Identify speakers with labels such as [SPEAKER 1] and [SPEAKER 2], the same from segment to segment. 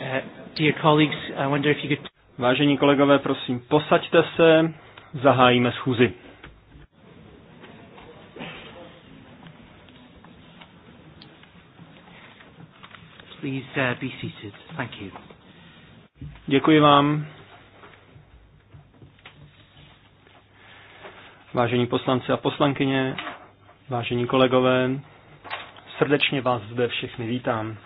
[SPEAKER 1] Uh, dear colleagues, I wonder if you could... Vážení kolegové, prosím, posaďte se, zahájíme schůzi.
[SPEAKER 2] Please uh, be seated. Thank you. Děkuji vám.
[SPEAKER 1] Vážení poslanci a poslankyně, vážení kolegové, srdečně vás zde všechny vítám.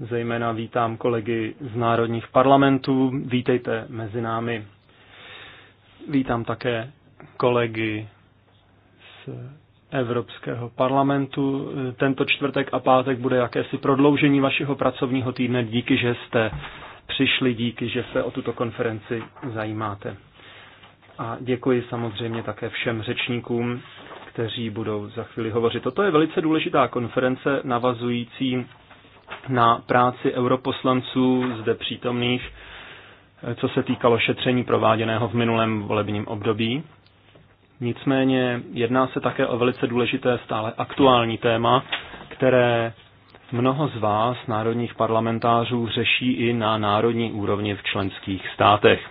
[SPEAKER 1] Zejména vítám kolegy z národních parlamentů. Vítejte mezi námi. Vítám také kolegy z Evropského parlamentu. Tento čtvrtek a pátek bude jakési prodloužení vašeho pracovního týdne. Díky, že jste přišli, díky, že se o tuto konferenci zajímáte. A děkuji samozřejmě také všem řečníkům, kteří budou za chvíli hovořit. Toto je velice důležitá konference navazující na práci europoslanců zde přítomných, eh, co se týkalo šetření prováděného v minulém volebním období. Nicméně jedná se také o velice důležité stále aktuální téma, které mnoho z vás, národních parlamentářů, řeší i na národní úrovni v členských státech.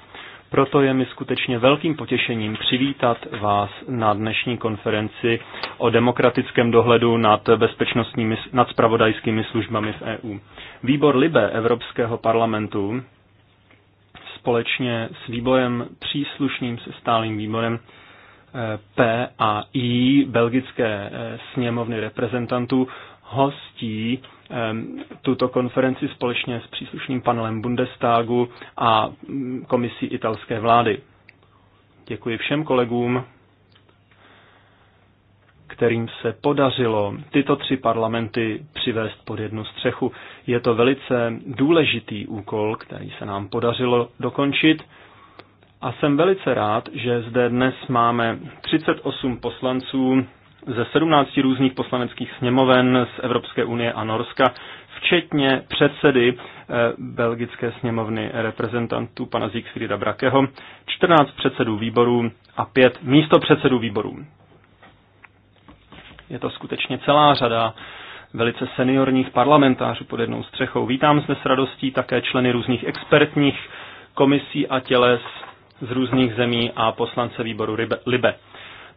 [SPEAKER 1] Proto je mi skutečně velkým potěšením přivítat vás na dnešní konferenci o demokratickém dohledu nad bezpečnostními, nad spravodajskými službami v EU. Výbor Libe Evropského parlamentu společně s výborem příslušným se stálým výborem eh, P a I Belgické eh, sněmovny reprezentantů hostí tuto konferenci společně s příslušným panelem Bundestagu a mm, komisí italské vlády. Děkuji všem kolegům, kterým se podařilo tyto tři parlamenty přivést pod jednu střechu. Je to velice důležitý úkol, který se nám podařilo dokončit. A jsem velice rád, že zde dnes máme 38 poslanců ze 17 různých poslaneckých sněmoven z Evropské unie a Norska, včetně předsedy eh, Belgické sněmovny reprezentantů pana Siegfrieda Brakeho, 14 předsedů výborů a 5 místo předsedů výborů. Je to skutečně celá řada velice seniorních parlamentářů pod jednou střechou. Vítám zde s radostí také členy různých expertních komisí a těles z různých zemí a poslance výboru Libe.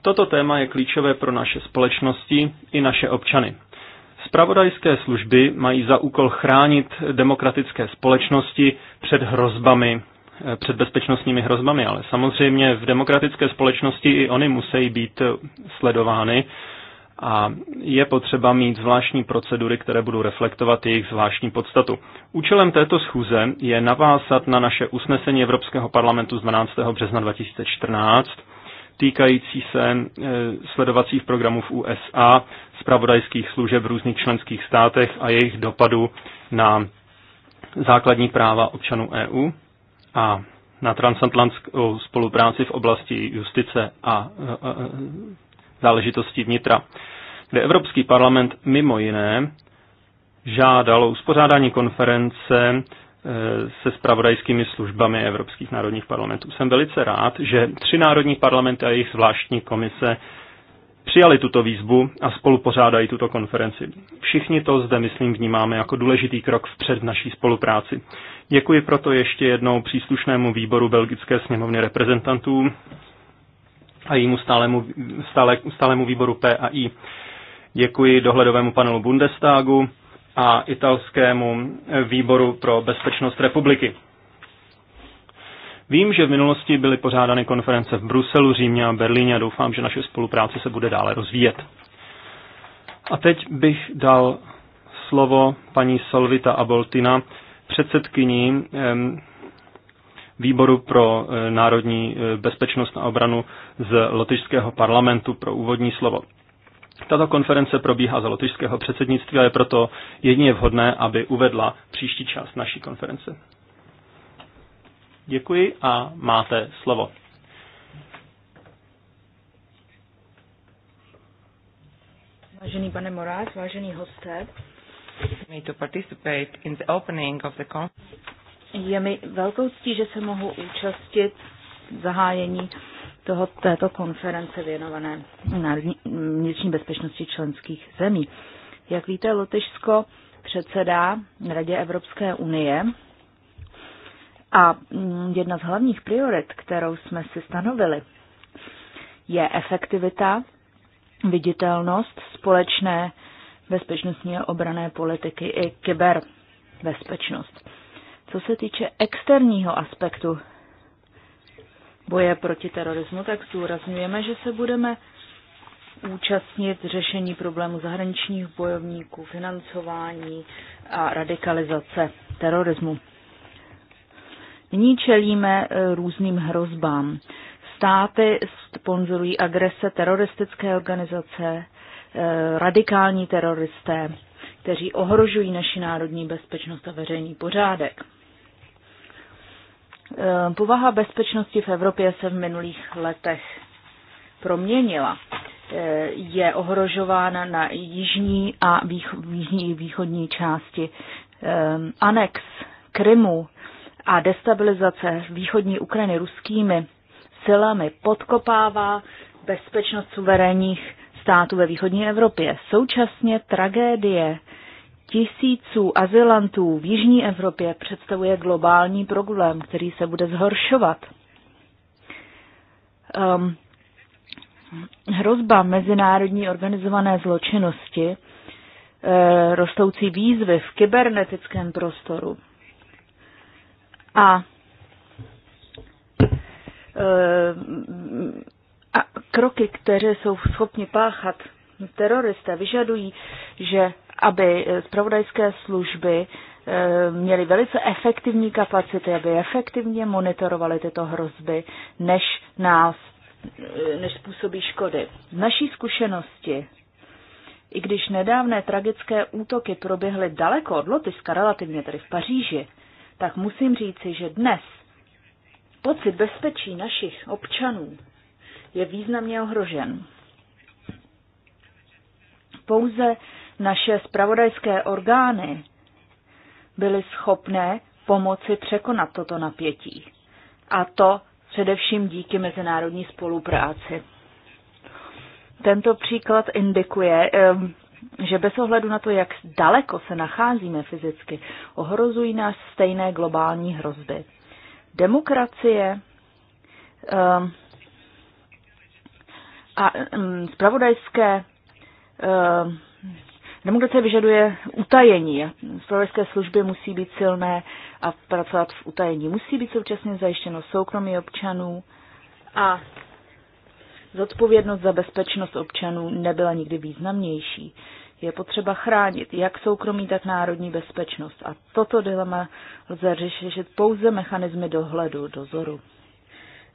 [SPEAKER 1] Toto téma je klíčové pro naše společnosti i naše občany. Spravodajské služby mají za úkol chránit demokratické společnosti před hrozbami, eh, před bezpečnostními hrozbami, ale samozřejmě v demokratické společnosti i oni musí být eh, sledovány a je potřeba mít zvláštní procedury, které budou reflektovat jejich zvláštní podstatu. Účelem této schůze je navázat na naše usnesení Evropského parlamentu z 12. března 2014 týkající se e, sledovacích programů v USA, zpravodajských služeb v různých členských státech a jejich dopadu na základní práva občanů EU a na transatlantskou spolupráci v oblasti justice a e, e, záležitostí vnitra, kde Evropský parlament mimo jiné žádal o uspořádání konference Eh, se spravodajskými službami evropských národních parlamentů. Jsem velice rád, že tři národní parlamenty a jejich zvláštní komise přijali tuto výzvu a spolu pořádají tuto konferenci. Všichni to zde, myslím, vnímáme jako důležitý krok vpřed v naší spolupráci. Děkuji proto ještě jednou příslušnému výboru Belgické sněmovny reprezentantů a jímu stálemu, stále, stálému výboru PAI. Děkuji dohledovému panelu Bundestagu a italskému výboru pro bezpečnost republiky. Vím, že v minulosti byly pořádány konference v Bruselu, Římě a Berlíně a doufám, že naše spolupráce se bude dále rozvíjet. A teď bych dal slovo paní Solvita Aboltina, předsedkyni Výboru pro eh, národní eh, bezpečnost a obranu z Lotyšského parlamentu pro úvodní slovo. Tato konference probíhá za lotyšského předsednictví a je proto jedině vhodné, aby uvedla příští část naší konference. Děkuji a máte slovo.
[SPEAKER 3] Vážený pane Morás, vážený hosté,
[SPEAKER 2] to participate
[SPEAKER 4] in the opening of the conference.
[SPEAKER 3] Je mi velkou ctí, že se mohu účastnit zahájení toho, této konference věnované národní vnitřní bezpečnosti členských zemí. Jak víte, Lotyšsko předsedá Radě Evropské unie a mm, jedna z hlavních priorit, kterou jsme si stanovili, je efektivita, viditelnost společné bezpečnostní a obrané politiky i kyberbezpečnost. Co se týče externího aspektu boje proti terorismu, tak zdůrazňujeme, že se budeme účastnit řešení problému zahraničních bojovníků, financování a radikalizace terorismu. Nyní čelíme e, různým hrozbám. Státy sponzorují agrese teroristické organizace, e, radikální teroristé, kteří ohrožují naši národní bezpečnost a veřejný pořádek. Eh, povaha bezpečnosti v Evropě se v minulých letech proměnila. Eh, je ohrožována na jižní a jižní východní části eh, anex Krymu a destabilizace východní Ukrajiny ruskými silami podkopává bezpečnost suverénních států ve východní Evropě. Současně tragédie tisíců azylantů v Jižní Evropě představuje globální problém, který se bude zhoršovat. Um, hrozba mezinárodní organizované zločinnosti, e, rostoucí výzvy v kybernetickém prostoru a, e, a kroky, které jsou schopni páchat teroristé, vyžadují, že aby eh, zpravodajské služby eh, měly velice efektivní kapacity, aby efektivně monitorovaly tyto hrozby, než nás eh, než způsobí škody. Z naší zkušenosti, i když nedávné tragické útoky proběhly daleko od Lotyšska, relativně tedy v Paříži, tak musím říci, že dnes pocit bezpečí našich občanů je významně ohrožen. Pouze naše spravodajské orgány byly schopné pomoci překonat toto napětí. A to především díky mezinárodní spolupráci. Tento příklad indikuje, ehm, že bez ohledu na to, jak daleko se nacházíme fyzicky, ohrozují nás stejné globální hrozby. Demokracie ehm, a ehm, spravodajské Demokracie vyžaduje utajení. Spravodajské služby musí být silné a pracovat v utajení. Musí být současně zajištěno soukromí občanů a zodpovědnost za bezpečnost občanů nebyla nikdy významnější. Je potřeba chránit jak soukromí, tak národní bezpečnost. A toto dilema lze řešit pouze mechanizmy dohledu, dozoru.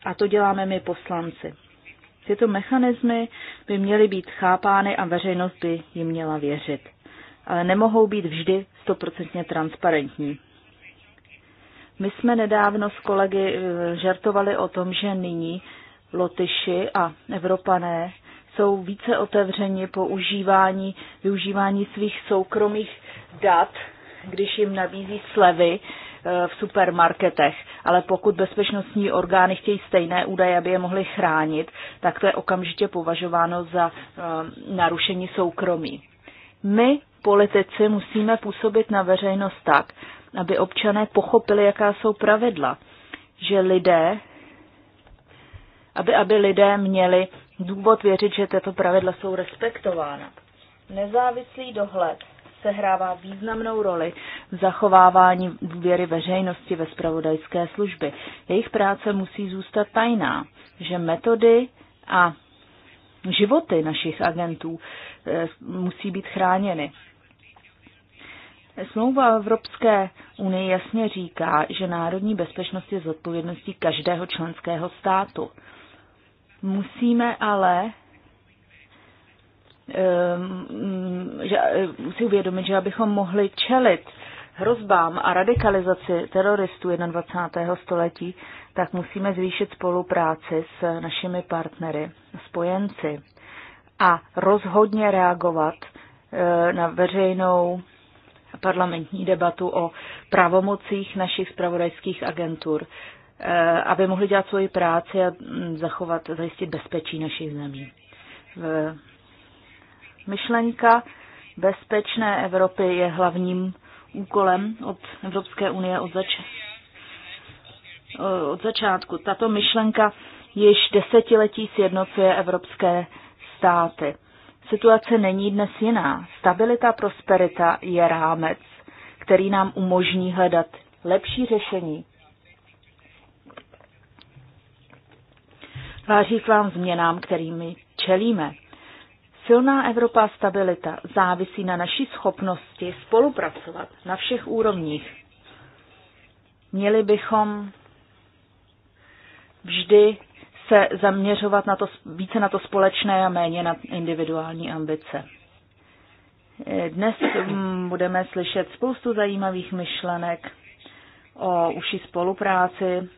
[SPEAKER 3] A to děláme my poslanci. Tyto mechanismy by měly být chápány a veřejnost by jim měla věřit, ale nemohou být vždy stoprocentně transparentní. My jsme nedávno s kolegy eh, žertovali o tom, že nyní Lotyši a Evropané jsou více otevřeni používání, využívání svých soukromých dat, když jim nabízí slevy v supermarketech, ale pokud bezpečnostní orgány chtějí stejné údaje, aby je mohly chránit, tak to je okamžitě považováno za eh, narušení soukromí. My, politici, musíme působit na veřejnost tak, aby občané pochopili, jaká jsou pravidla, že lidé, aby, aby lidé měli důvod věřit, že tato pravidla jsou respektována. Nezávislý dohled sehrává významnou roli v zachovávání důvěry veřejnosti ve spravodajské služby. Jejich práce musí zůstat tajná, že metody a životy našich agentů eh, musí být chráněny. Smlouva Evropské unie jasně říká, že národní bezpečnost je zodpovědností každého členského státu. Musíme ale Ehm, že, eh, si uvědomit, že abychom mohli čelit hrozbám a radikalizaci teroristů 21. století, tak musíme zvýšit spolupráci s našimi partnery, spojenci a rozhodně reagovat eh, na veřejnou parlamentní debatu o pravomocích našich spravodajských agentur, eh, aby mohli dělat svoji práci a hm, zachovat, zajistit bezpečí našich zemí. V Myšlenka bezpečné Evropy je hlavním úkolem od Evropské unie od, zač- od začátku. Tato myšlenka již desetiletí sjednocuje evropské státy. Situace není dnes jiná. Stabilita a prosperita je rámec, který nám umožní hledat lepší řešení. Tváří k vám změnám, kterými čelíme. Silná Evropa a stabilita závisí na naší schopnosti spolupracovat na všech úrovních. Měli bychom vždy se zaměřovat na to, více na to společné a méně na individuální ambice. Dnes budeme slyšet spoustu zajímavých myšlenek o uší spolupráci.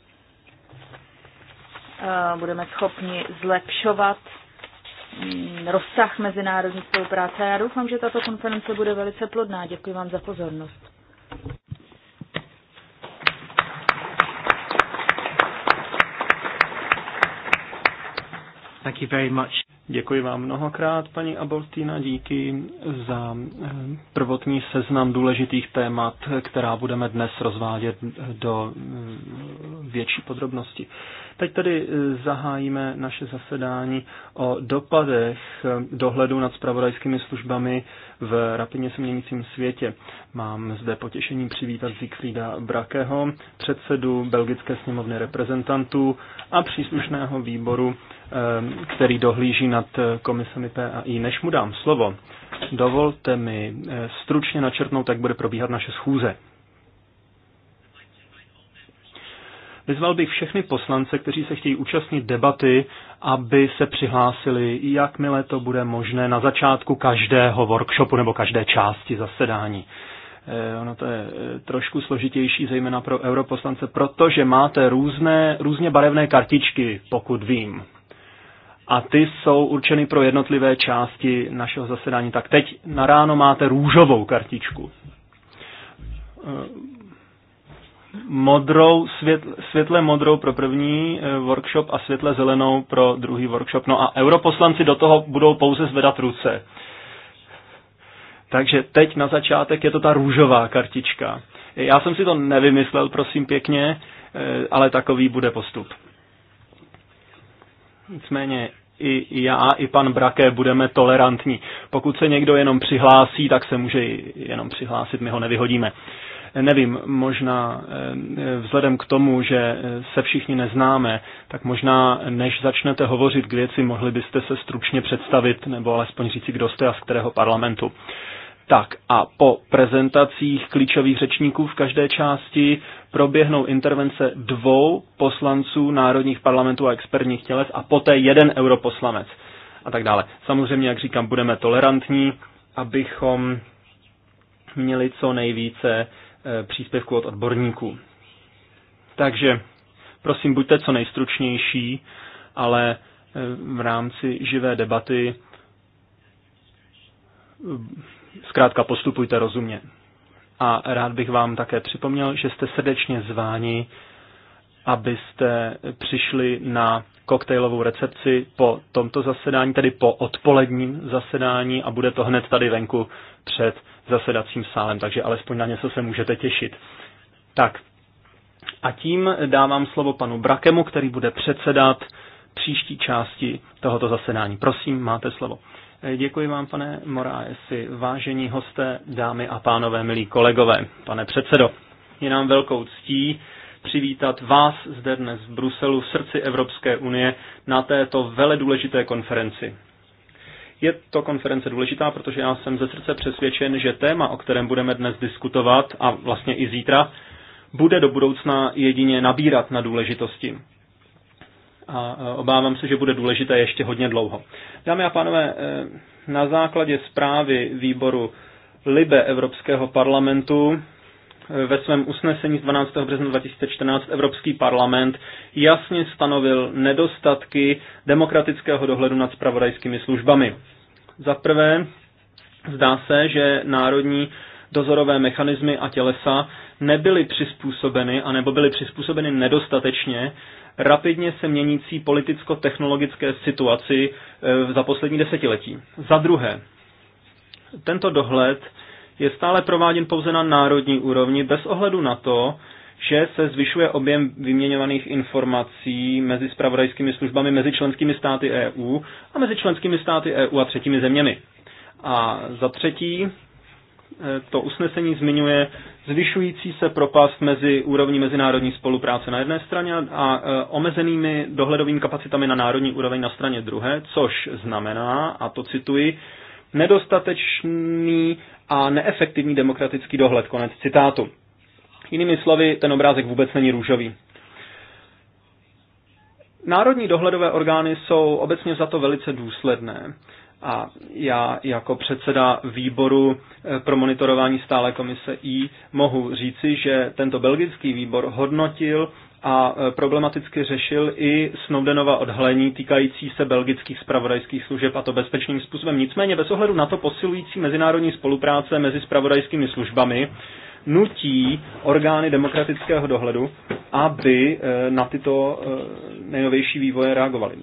[SPEAKER 3] Budeme schopni zlepšovat Mm, rozsah mezinárodní spolupráce. Já doufám, že tato konference bude velice plodná. Děkuji vám za pozornost.
[SPEAKER 1] Thank you very much. Děkuji vám mnohokrát, paní Aboltína, díky za eh, prvotní seznam důležitých témat, která budeme dnes rozvádět do eh, větší podrobnosti. Teď tedy eh, zahájíme naše zasedání o dopadech dohledu nad spravodajskými službami v rapidně se měnícím světě. Mám zde potěšení přivítat Siegfrieda Brakeho, předsedu Belgické sněmovny reprezentantů a příslušného výboru, eh, který dohlíží nad komisemi PAI. Než mu dám slovo, dovolte mi eh, stručně načrtnout, jak bude probíhat naše schůze. Vyzval bych všechny poslance, kteří se chtějí účastnit debaty, aby se přihlásili, jakmile to bude možné, na začátku každého workshopu nebo každé části zasedání. Eh, ono to je eh, trošku složitější, zejména pro europoslance, protože máte různé, různě barevné kartičky, pokud vím. A ty jsou určeny pro jednotlivé části našeho zasedání. Tak teď na ráno máte růžovou kartičku eh, modrou, světle, světle modrou pro první eh, workshop a světle zelenou pro druhý workshop. No a europoslanci do toho budou pouze zvedat ruce. Takže teď na začátek je to ta růžová kartička. Já jsem si to nevymyslel, prosím pěkně, eh, ale takový bude postup. Nicméně i já, i pan Braké budeme tolerantní. Pokud se někdo jenom přihlásí, tak se může jenom přihlásit, my ho nevyhodíme. Nevím, možná eh, vzhledem k tomu, že se všichni neznáme, tak možná než začnete hovořit k věci, mohli byste se stručně představit nebo alespoň říci, kdo jste a z kterého parlamentu. Tak a po prezentacích klíčových řečníků v každé části proběhnou intervence dvou poslanců národních parlamentů a expertních těles a poté jeden europoslanec a tak dále. Samozřejmě, jak říkám, budeme tolerantní, abychom měli co nejvíce Eh, příspěvku od odborníků. Takže prosím, buďte co nejstručnější, ale eh, v rámci živé debaty eh, zkrátka postupujte rozumně. A rád bych vám také připomněl, že jste srdečně zváni, abyste přišli na koktejlovou recepci po tomto zasedání, tedy po odpoledním zasedání a bude to hned tady venku před zasedacím sálem, takže alespoň na něco se můžete těšit. Tak a tím dávám slovo panu Brakemu, který bude předsedat příští části tohoto zasedání. Prosím, máte slovo. Děkuji vám, pane Moráesi, vážení hosté, dámy a pánové, milí kolegové, pane předsedo. Je nám velkou ctí přivítat vás zde dnes v Bruselu, v srdci Evropské unie, na této vele důležité konferenci. Je to konference důležitá, protože já jsem ze srdce přesvědčen, že téma, o kterém budeme dnes diskutovat a vlastně i zítra, bude do budoucna jedině nabírat na důležitosti. A e, obávám se, že bude důležité ještě hodně dlouho. Dámy a pánové, e, na základě zprávy výboru Libe Evropského parlamentu ve svém usnesení z 12. března 2014 Evropský parlament jasně stanovil nedostatky demokratického dohledu nad spravodajskými službami. Za prvé, zdá se, že národní dozorové mechanismy a tělesa nebyly přizpůsobeny, anebo byly přizpůsobeny nedostatečně rapidně se měnící politicko-technologické situaci eh, za poslední desetiletí. Za druhé, tento dohled je stále prováděn pouze na národní úrovni bez ohledu na to, že se zvyšuje objem vyměňovaných informací mezi spravodajskými službami, mezi členskými státy EU a mezi členskými státy EU a třetími zeměmi. A za třetí, e, to usnesení zmiňuje zvyšující se propast mezi úrovní mezinárodní spolupráce na jedné straně a e, omezenými dohledovými kapacitami na národní úroveň na straně druhé, což znamená, a to cituji, nedostatečný a neefektivní demokratický dohled. Konec citátu. Jinými slovy, ten obrázek vůbec není růžový. Národní dohledové orgány jsou obecně za to velice důsledné a já jako předseda výboru eh, pro monitorování stále komise I mohu říci, že tento belgický výbor hodnotil a e, problematicky řešil i Snowdenova odhalení týkající se belgických spravodajských služeb a to bezpečným způsobem. Nicméně bez ohledu na to posilující mezinárodní spolupráce mezi spravodajskými službami nutí orgány demokratického dohledu, aby e, na tyto e, nejnovější vývoje reagovaly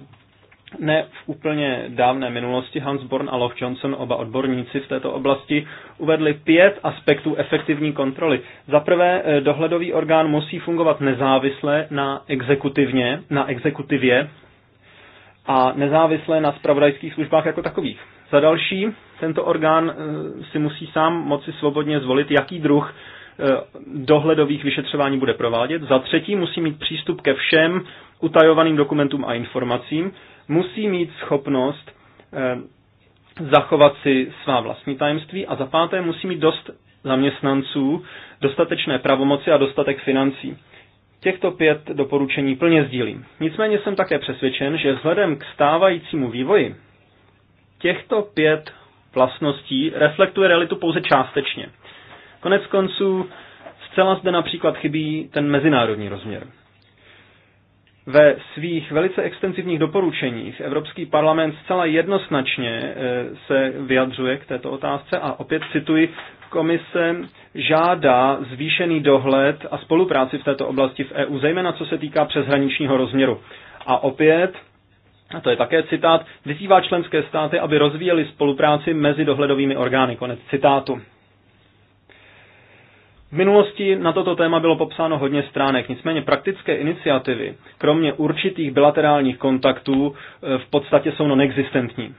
[SPEAKER 1] ne v úplně dávné minulosti Hans Born a Loch Johnson, oba odborníci v této oblasti, uvedli pět aspektů efektivní kontroly. Za prvé, eh, dohledový orgán musí fungovat nezávisle na exekutivně, na exekutivě a nezávisle na spravodajských službách jako takových. Za další, tento orgán eh, si musí sám moci svobodně zvolit, jaký druh eh, dohledových vyšetřování bude provádět. Za třetí musí mít přístup ke všem utajovaným dokumentům a informacím musí mít schopnost eh, zachovat si svá vlastní tajemství a za páté musí mít dost zaměstnanců, dostatečné pravomoci a dostatek financí. Těchto pět doporučení plně sdílím. Nicméně jsem také přesvědčen, že vzhledem k stávajícímu vývoji těchto pět vlastností reflektuje realitu pouze částečně. Konec konců zcela zde například chybí ten mezinárodní rozměr ve svých velice extenzivních doporučeních Evropský parlament zcela jednoznačně e, se vyjadřuje k této otázce a opět cituji, komise žádá zvýšený dohled a spolupráci v této oblasti v EU, zejména co se týká přeshraničního rozměru. A opět, a to je také citát, vyzývá členské státy, aby rozvíjeli spolupráci mezi dohledovými orgány. Konec citátu. V minulosti na toto téma bylo popsáno hodně stránek, nicméně praktické iniciativy, kromě určitých bilaterálních kontaktů, e, v podstatě jsou nonexistentní.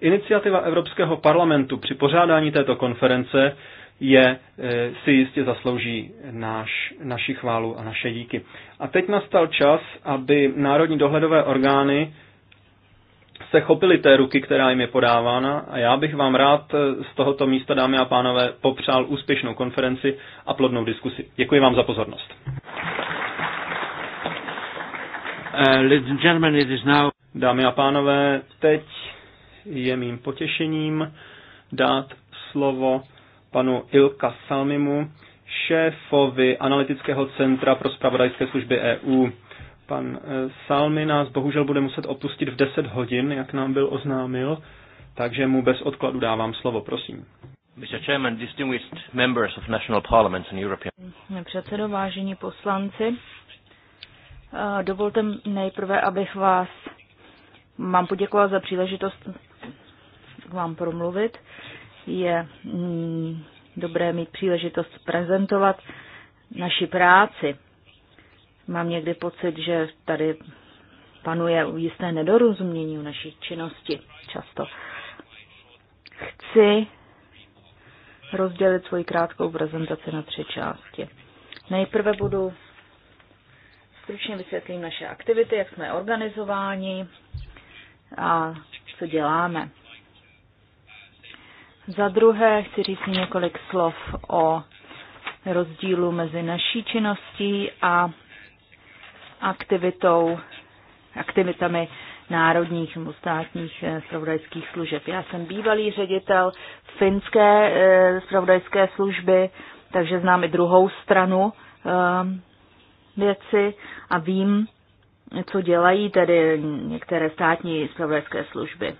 [SPEAKER 1] Iniciativa Evropského parlamentu při pořádání této konference je, e, si jistě zaslouží náš, naši chválu a naše díky. A teď nastal čas, aby národní dohledové orgány se chopili té ruky, která jim je podávána a já bych vám rád eh, z tohoto místa, dámy a pánové, popřál úspěšnou konferenci a plodnou diskusi. Děkuji vám za pozornost. Uh, dámy a pánové, teď je mým potěšením dát slovo panu Ilka Salmimu, šéfovi analytického centra pro spravodajské služby EU. Pan eh, Salmi nás bohužel bude muset opustit v 10 hodin, jak nám byl oznámil, takže mu bez odkladu dávám slovo, prosím. Mr. Chairman, distinguished members of national parliaments and European...
[SPEAKER 3] Předsedo, vážení poslanci, eh, dovolte nejprve, abych vás mám poděkovat za příležitost k vám promluvit. Je mm, dobré mít příležitost prezentovat naši práci. Mám někdy pocit, že tady panuje jisté nedorozumění u naší činnosti často. Chci rozdělit svoji krátkou prezentaci na tři části. Nejprve budu stručně vysvětlím naše aktivity, jak jsme organizováni a co děláme. Za druhé chci říct několik slov o rozdílu mezi naší činností a aktivitou, aktivitami národních nebo státních spravodajských eh, služeb. Já jsem bývalý ředitel finské spravodajské eh, služby, takže znám i druhou stranu eh, věci a vím, co dělají tedy některé státní spravodajské služby,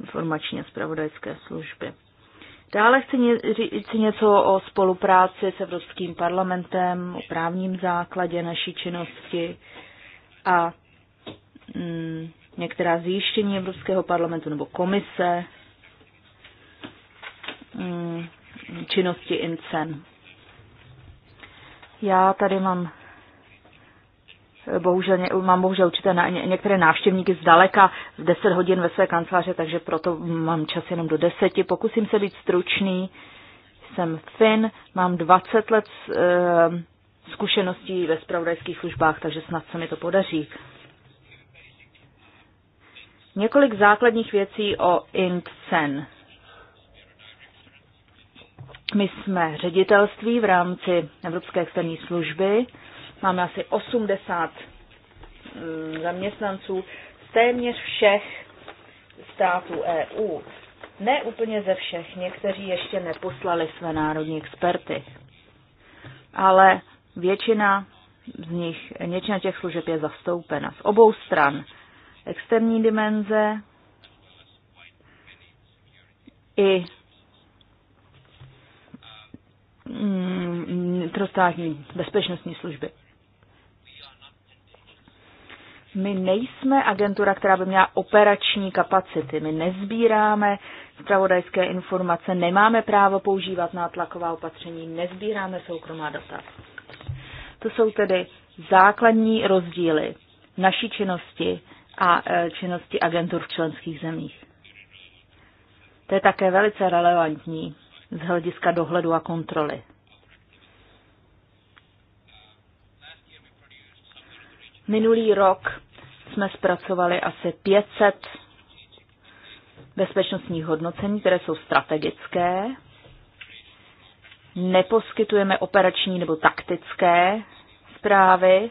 [SPEAKER 3] informační a spravodajské služby. Dále chci říct něco o spolupráci s Evropským parlamentem, o právním základě naší činnosti a mm, některá zjištění Evropského parlamentu nebo komise mm, činnosti INCEN. Já tady mám bohužel, mám bohužel určité ně, některé návštěvníky zdaleka v 10 hodin ve své kanceláře, takže proto mám čas jenom do 10. Pokusím se být stručný. Jsem Fin, mám 20 let e, zkušeností ve spravodajských službách, takže snad se mi to podaří. Několik základních věcí o INTCEN. My jsme ředitelství v rámci Evropské externí služby Máme asi 80 mm, zaměstnanců z téměř všech států EU. Ne úplně ze všech, někteří ještě neposlali své národní experty. Ale většina z nich, většina těch služeb je zastoupena z obou stran. Externí dimenze i mm, trostátní bezpečnostní služby. My nejsme agentura, která by měla operační kapacity. My nezbíráme zpravodajské informace, nemáme právo používat nátlaková opatření, nezbíráme soukromá data. To jsou tedy základní rozdíly naší činnosti a e, činnosti agentur v členských zemích. To je také velice relevantní z hlediska dohledu a kontroly. Minulý rok jsme zpracovali asi 500 bezpečnostních hodnocení, které jsou strategické. Neposkytujeme operační nebo taktické zprávy.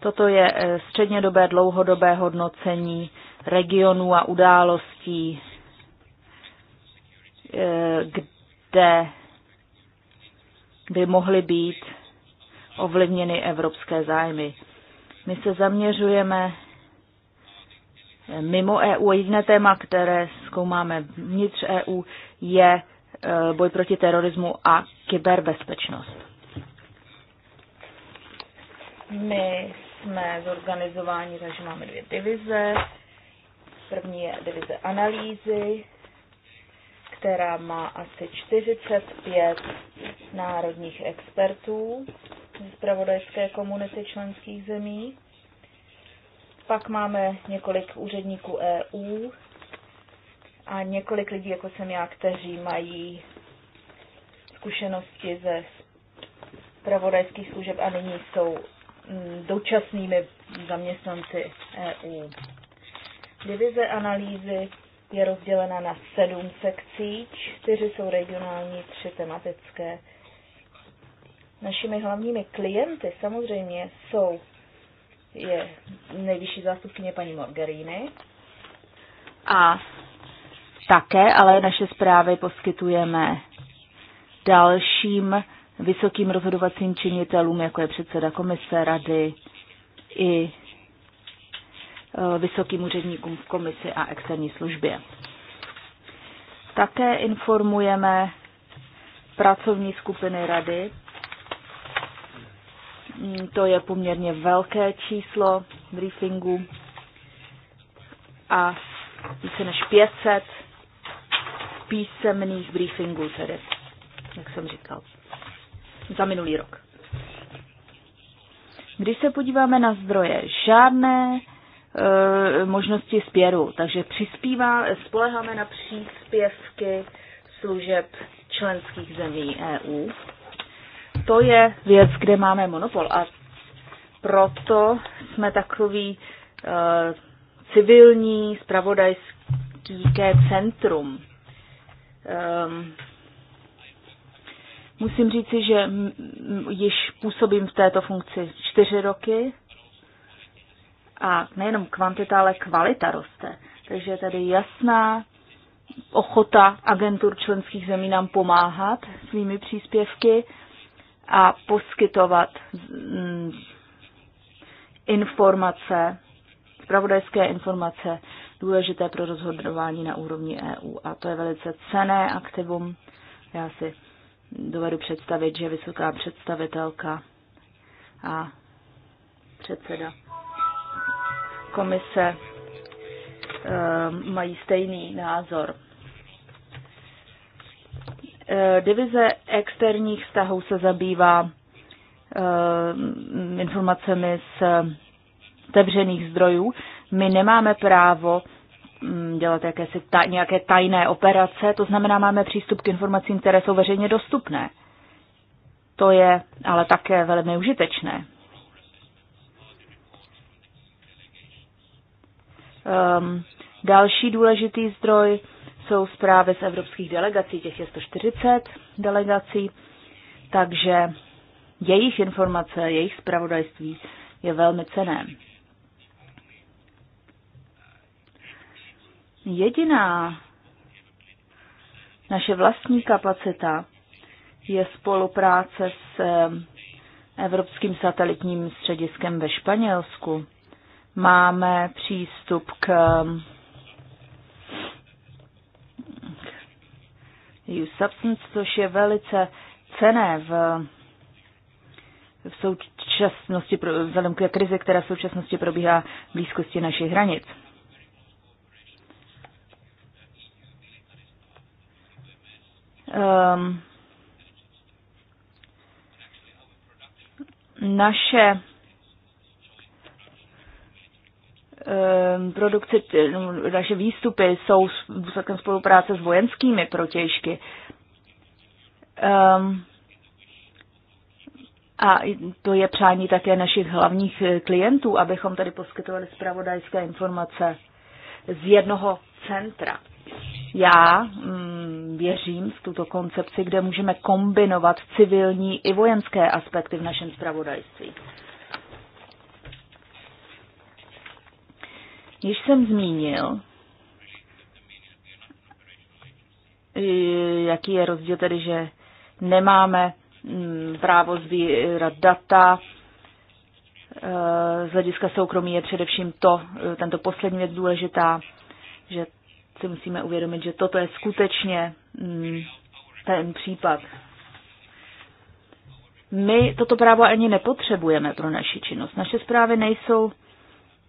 [SPEAKER 3] Toto je eh, střednědobé, dlouhodobé hodnocení regionů a událostí, eh, kde by mohly být ovlivněny evropské zájmy. My se zaměřujeme mimo EU. Jediné téma, které zkoumáme vnitř EU, je e, boj proti terorismu a kyberbezpečnost. My jsme zorganizováni, takže máme dvě divize. První je divize analýzy, která má asi 45 národních expertů zpravodajské komunity členských zemí. Pak máme několik úředníků EU a několik lidí, jako jsem já, kteří mají zkušenosti ze zpravodajských služeb a nyní jsou mm, dočasnými zaměstnanci EU. Divize analýzy je rozdělena na sedm sekcí, čtyři jsou regionální, tři tematické Našimi hlavními klienty samozřejmě jsou je nejvyšší zástupkyně paní Morgarini a také, ale naše zprávy poskytujeme dalším vysokým rozhodovacím činitelům, jako je předseda komise, rady i e, vysokým úředníkům v komisi a externí službě. Také informujeme pracovní skupiny rady Mm, to je poměrně velké číslo briefingu a více než 500 písemných briefingů tedy, jak jsem říkal, za minulý rok. Když se podíváme na zdroje, žádné e, možnosti spěru, takže přispívá, spoleháme na příspěvky služeb členských zemí EU to je věc, kde máme monopol a proto jsme takový uh, civilní spravodajské centrum. Um, musím říci, že již působím v této funkci čtyři roky a nejenom kvantita, ale kvalita roste. Takže je tady jasná ochota agentur členských zemí nám pomáhat svými příspěvky a poskytovat mm, informace, spravodajské informace důležité pro rozhodování na úrovni EU. A to je velice cené aktivum. Já si dovedu představit, že vysoká představitelka a předseda komise eh, mají stejný názor. Eh, divize externích vztahů se zabývá eh, informacemi z otevřených zdrojů. My nemáme právo mm, dělat jakési ta, nějaké tajné operace, to znamená, máme přístup k informacím, které jsou veřejně dostupné. To je ale také velmi užitečné. Um, další důležitý zdroj jsou zprávy z evropských delegací, těch je 140 delegací, takže jejich informace, jejich zpravodajství je velmi cené. Jediná naše vlastní kapacita je spolupráce s eh, Evropským satelitním střediskem ve Španělsku. Máme přístup k EU Substance, což je velice cené v, v současnosti, vzhledem k krizi, která v současnosti probíhá v blízkosti našich hranic. Um, naše Ehm, produkci, no, naše výstupy jsou důsledkem spolupráce s vojenskými protěžky. Um, ehm, a to je přání také našich hlavních eh, klientů, abychom tady poskytovali zpravodajské informace z jednoho centra. Já mm, věřím v tuto koncepci, kde můžeme kombinovat civilní i vojenské aspekty v našem zpravodajství. Již jsem zmínil, jaký je rozdíl tedy, že nemáme mm, právo sbírat data. Eh, z hlediska soukromí je především to, eh, tento poslední věc důležitá, že si musíme uvědomit, že toto je skutečně mm, ten případ. My toto právo ani nepotřebujeme pro naši činnost. Naše zprávy nejsou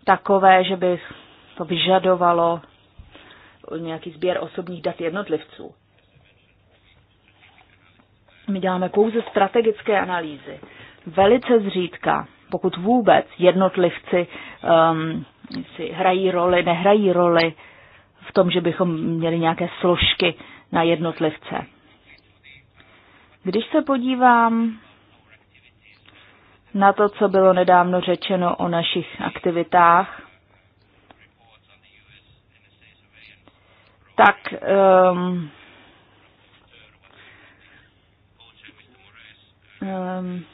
[SPEAKER 3] takové, že bych to vyžadovalo nějaký sběr osobních dat jednotlivců. My děláme pouze strategické analýzy. Velice zřídka, pokud vůbec jednotlivci um, si hrají roli, nehrají roli v tom, že bychom měli nějaké složky na jednotlivce. Když se podívám na to, co bylo nedávno řečeno o našich aktivitách, tak um, um,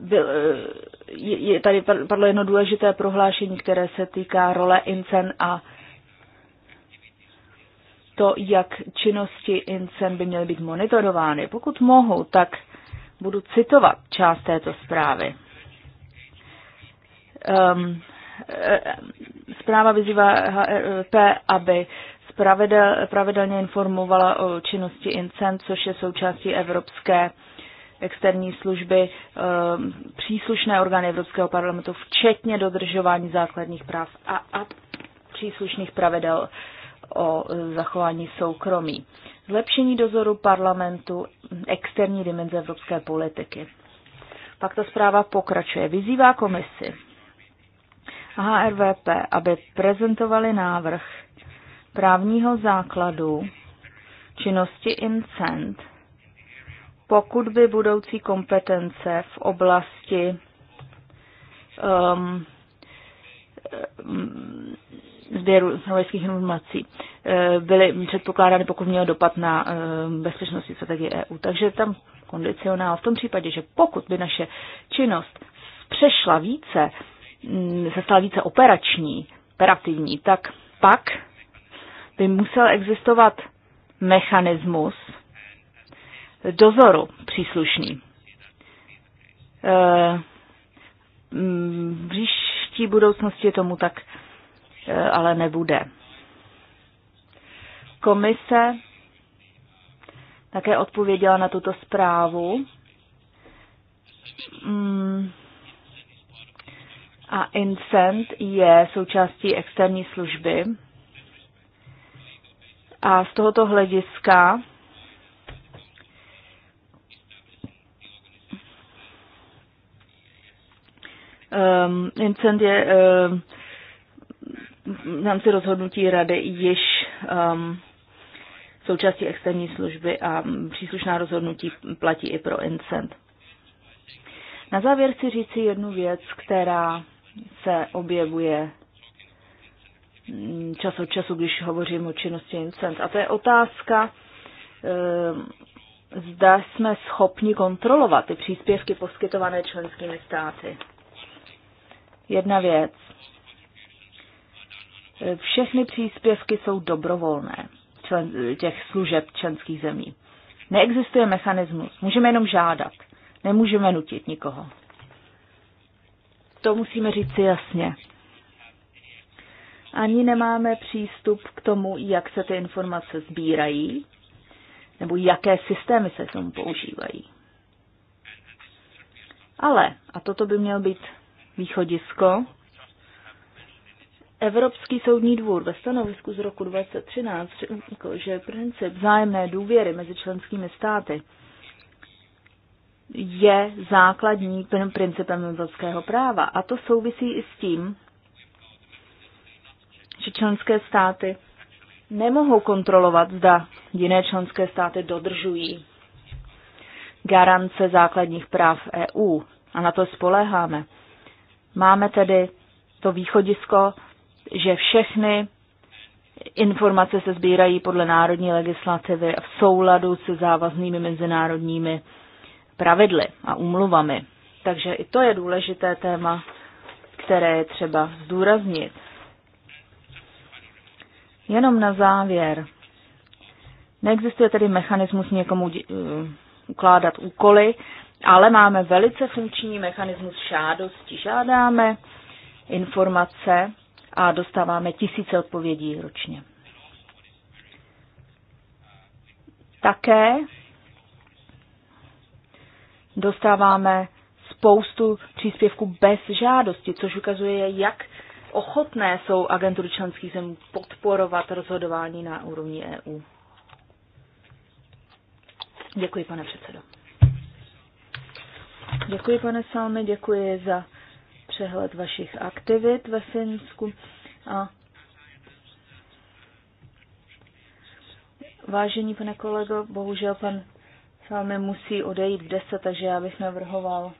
[SPEAKER 3] byl, je, je, tady padlo jedno důležité prohlášení, které se týká role INCEN a to, jak činnosti INCEN by měly být monitorovány. Pokud mohu, tak budu citovat část této zprávy. Um, Eh, zpráva vyzývá HRP, e aby pravidel, pravidelně informovala o činnosti INCEN, což je součástí Evropské externí služby, eh, příslušné orgány Evropského parlamentu, včetně dodržování základních práv a, a příslušných pravidel o zachování soukromí. Zlepšení dozoru parlamentu, externí dimenze evropské politiky. Pak ta zpráva pokračuje. Vyzývá komisi, HRVP, aby prezentovali návrh právního základu činnosti incent, pokud by budoucí kompetence v oblasti um, um sběru zpravodajských informací eh, byly předpokládány, pokud měl dopad na eh, bezpečnostní strategii EU. Takže tam kondicionál v tom případě, že pokud by naše činnost přešla více Mm, se stala více operační, operativní, tak pak by musel existovat mechanismus dozoru příslušný. E, mm, v příští budoucnosti tomu tak e, ale nebude. Komise také odpověděla na tuto zprávu mm, a Incent je součástí externí služby. A z tohoto hlediska um, Incent je um, v rámci rozhodnutí rady již um, součástí externí služby a příslušná rozhodnutí platí i pro Incent. Na závěr chci říci jednu věc, která se objevuje mm, čas od času, když hovořím o činnosti incent. A to je otázka, eh, zda jsme schopni kontrolovat ty příspěvky poskytované členskými státy. Jedna věc. Všechny příspěvky jsou dobrovolné člen, těch služeb členských zemí. Neexistuje mechanismus. Můžeme jenom žádat. Nemůžeme nutit nikoho to musíme říci jasně. Ani nemáme přístup k tomu, jak se ty informace sbírají, nebo jaké systémy se k tomu používají. Ale, a toto by měl být východisko, Evropský soudní dvůr ve stanovisku z roku 2013 řekl, že princip vzájemné důvěry mezi členskými státy je základní principem evropského práva. A to souvisí i s tím, že členské státy nemohou kontrolovat, zda jiné členské státy dodržují garance základních práv EU. A na to spoléháme. Máme tedy to východisko, že všechny informace se sbírají podle národní legislativy a v souladu se závaznými mezinárodními pravidly a umluvami, Takže i to je důležité téma, které je třeba zdůraznit. Jenom na závěr. Neexistuje tedy mechanismus někomu eh, ukládat úkoly, ale máme velice funkční mechanismus žádosti. Žádáme informace a dostáváme tisíce odpovědí ročně. Také dostáváme spoustu příspěvků bez žádosti, což ukazuje, jak ochotné jsou agentury členských zemí podporovat rozhodování na úrovni EU. Děkuji, pane předsedo. Děkuji, pane Salmi, děkuji za přehled vašich aktivit ve Finsku. A vážení pane kolego, bohužel pan Salme musí odejít v deset, takže já bych navrhoval,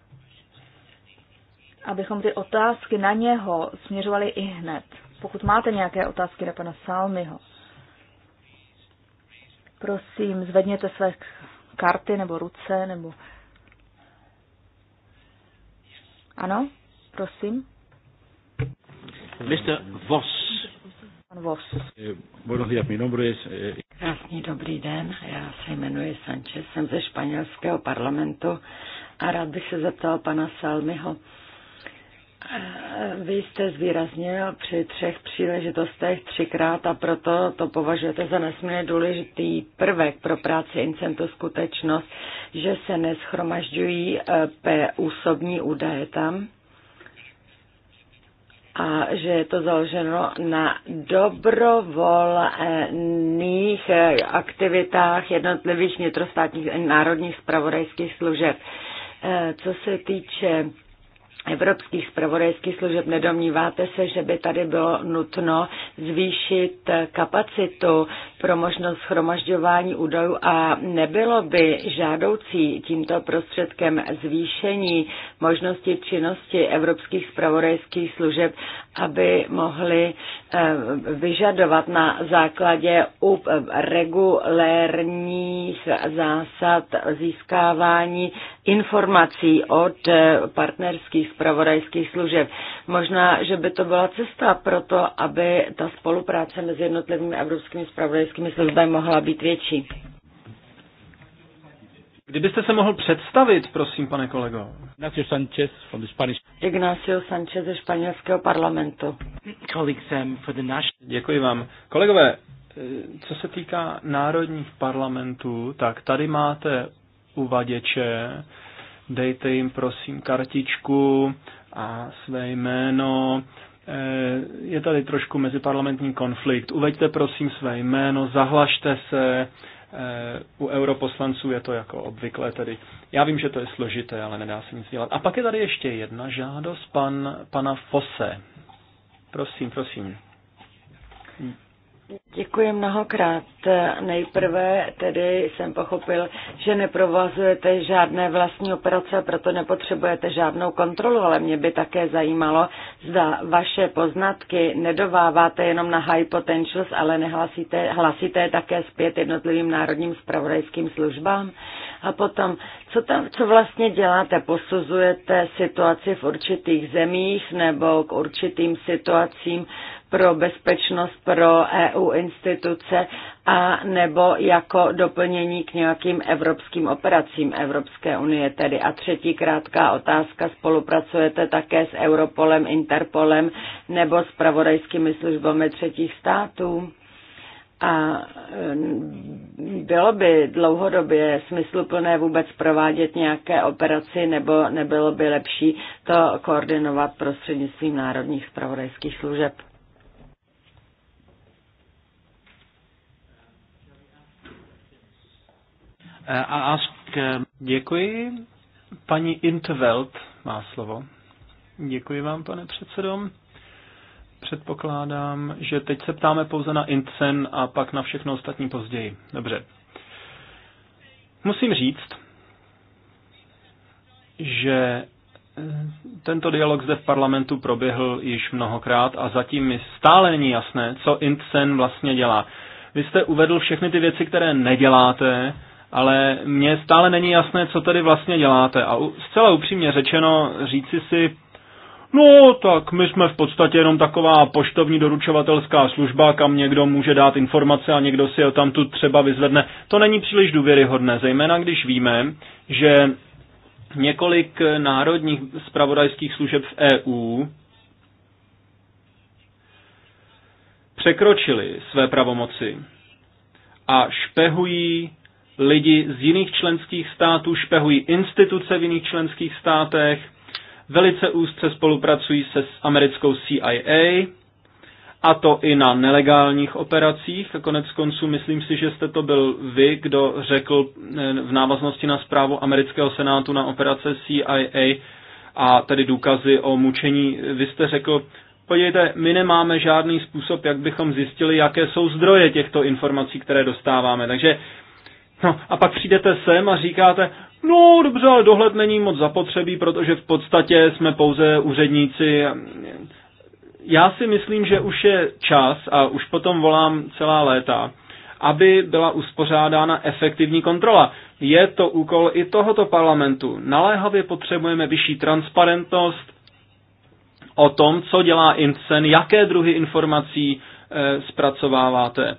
[SPEAKER 3] abychom ty otázky na něho směřovali i hned. Pokud máte nějaké otázky na pana Salmiho, prosím, zvedněte své karty nebo ruce, nebo... Ano,
[SPEAKER 4] prosím.
[SPEAKER 5] Mr. Voss. Vos. Eh, eh,
[SPEAKER 4] Krásný dobrý den, já se jmenuji Sanchez, jsem ze španělského parlamentu a rád bych se zeptal pana Salmiho. Eh, vy jste zvýraznil při třech příležitostech třikrát a proto to považujete za nesmírně důležitý prvek pro práci Incentu skutečnost, že se neschromažďují úsobní údaje tam, a že je to založeno na dobrovolných aktivitách jednotlivých vnitrostátních národních spravodajských služeb. Eh, co se týče evropských spravodajských služeb, nedomníváte se, že by tady bylo nutno zvýšit kapacitu pro možnost schromažďování údajů a nebylo by žádoucí tímto prostředkem zvýšení možnosti činnosti evropských spravodajských služeb, aby mohli eh, vyžadovat na základě eh, regulérních zásad získávání informací od eh, partnerských spravodajských služeb. Možná, že by to byla cesta pro to, aby ta spolupráce mezi jednotlivými evropskými spravodajskými zpravodajskými službami mohla být větší. Kdybyste se mohl představit, prosím, pane kolego. Ignacio Sanchez from the Spanish. Ignacio Sanchez ze španělského parlamentu. Um, Děkuji vám.
[SPEAKER 1] Kolegové, eh, co se týká národních parlamentů, tak tady máte uvaděče, dejte jim prosím kartičku a své jméno Eh, je tady trošku meziparlamentní konflikt. Uveďte prosím své jméno, zahlašte se, eh, u europoslanců je to jako obvykle tedy. Já vím, že to je složité, ale nedá se nic dělat. A pak je tady ještě jedna žádost pan, pana Fose. Prosím, prosím.
[SPEAKER 4] Děkuji mnohokrát. Nejprve tedy jsem pochopil, že neprovazujete žádné vlastní operace, proto nepotřebujete žádnou kontrolu, ale mě by také zajímalo, zda vaše poznatky nedováváte jenom na high potentials, ale nehlasíte, hlasíte je také zpět jednotlivým národním spravodajským službám. A potom, co, tam, co vlastně děláte? Posuzujete situaci v určitých zemích nebo k určitým situacím pro bezpečnost pro EU instituce a nebo jako doplnění k nějakým evropským operacím Evropské unie tedy. A třetí krátká otázka, spolupracujete také s Europolem, Interpolem nebo s pravodajskými službami třetích států? A mm, bylo by dlouhodobě smysluplné vůbec provádět nějaké operaci, nebo nebylo by lepší to koordinovat prostřednictvím národních spravodajských služeb?
[SPEAKER 2] Eh, a
[SPEAKER 1] ask... Eh, děkuji. Paní Intveld má slovo. Děkuji vám, pane předsedo. Předpokládám, že teď se ptáme pouze na Intcen a pak na všechno ostatní později. Dobře. Musím říct, že eh, tento dialog zde v parlamentu proběhl již mnohokrát a zatím mi stále není jasné, co Intcen vlastně dělá. Vy jste uvedl všechny ty věci, které neděláte, ale mně stále není jasné, co tady vlastně děláte. A zcela upřímně řečeno, říci si, no tak my jsme v podstatě jenom taková poštovní doručovatelská služba, kam někdo může dát informace a někdo si je tam tu třeba vyzvedne. To není příliš důvěryhodné, zejména když víme, že několik národních spravodajských služeb v EU překročili své pravomoci a špehují lidi z jiných členských států, špehují instituce v jiných členských státech, velice úzce spolupracují se s americkou CIA, a to i na nelegálních operacích. A konec konců, myslím si, že jste to byl vy, kdo řekl eh, v návaznosti na zprávu amerického senátu na operace CIA a tedy důkazy o mučení. Vy jste řekl, podívejte, my nemáme žádný způsob, jak bychom zjistili, jaké jsou zdroje těchto informací, které dostáváme. Takže No a pak přijdete sem a říkáte, no dobře, ale dohled není moc zapotřebí, protože v podstatě jsme pouze úředníci. Já si myslím, že už je čas a už potom volám celá léta, aby byla uspořádána efektivní kontrola. Je to úkol i tohoto parlamentu. Naléhavě potřebujeme vyšší transparentnost o tom, co dělá INCEN, jaké druhy informací e, zpracováváte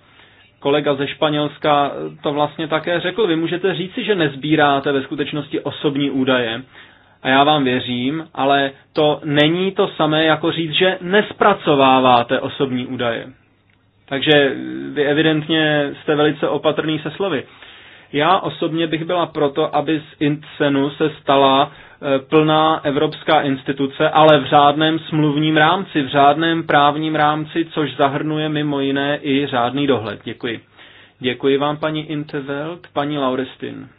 [SPEAKER 1] kolega ze Španělska to vlastně také řekl. Vy můžete říci, že nezbíráte ve skutečnosti osobní údaje, a já vám věřím, ale to není to samé jako říct, že nespracováváte osobní údaje. Takže vy evidentně jste velice opatrný se slovy. Já osobně bych byla proto, aby z Incenu se stala Eh, plná evropská instituce, ale v řádném smluvním rámci, v řádném právním rámci, což zahrnuje mimo jiné i řádný dohled. Děkuji. Děkuji vám, paní Intervelt, paní Laurestin.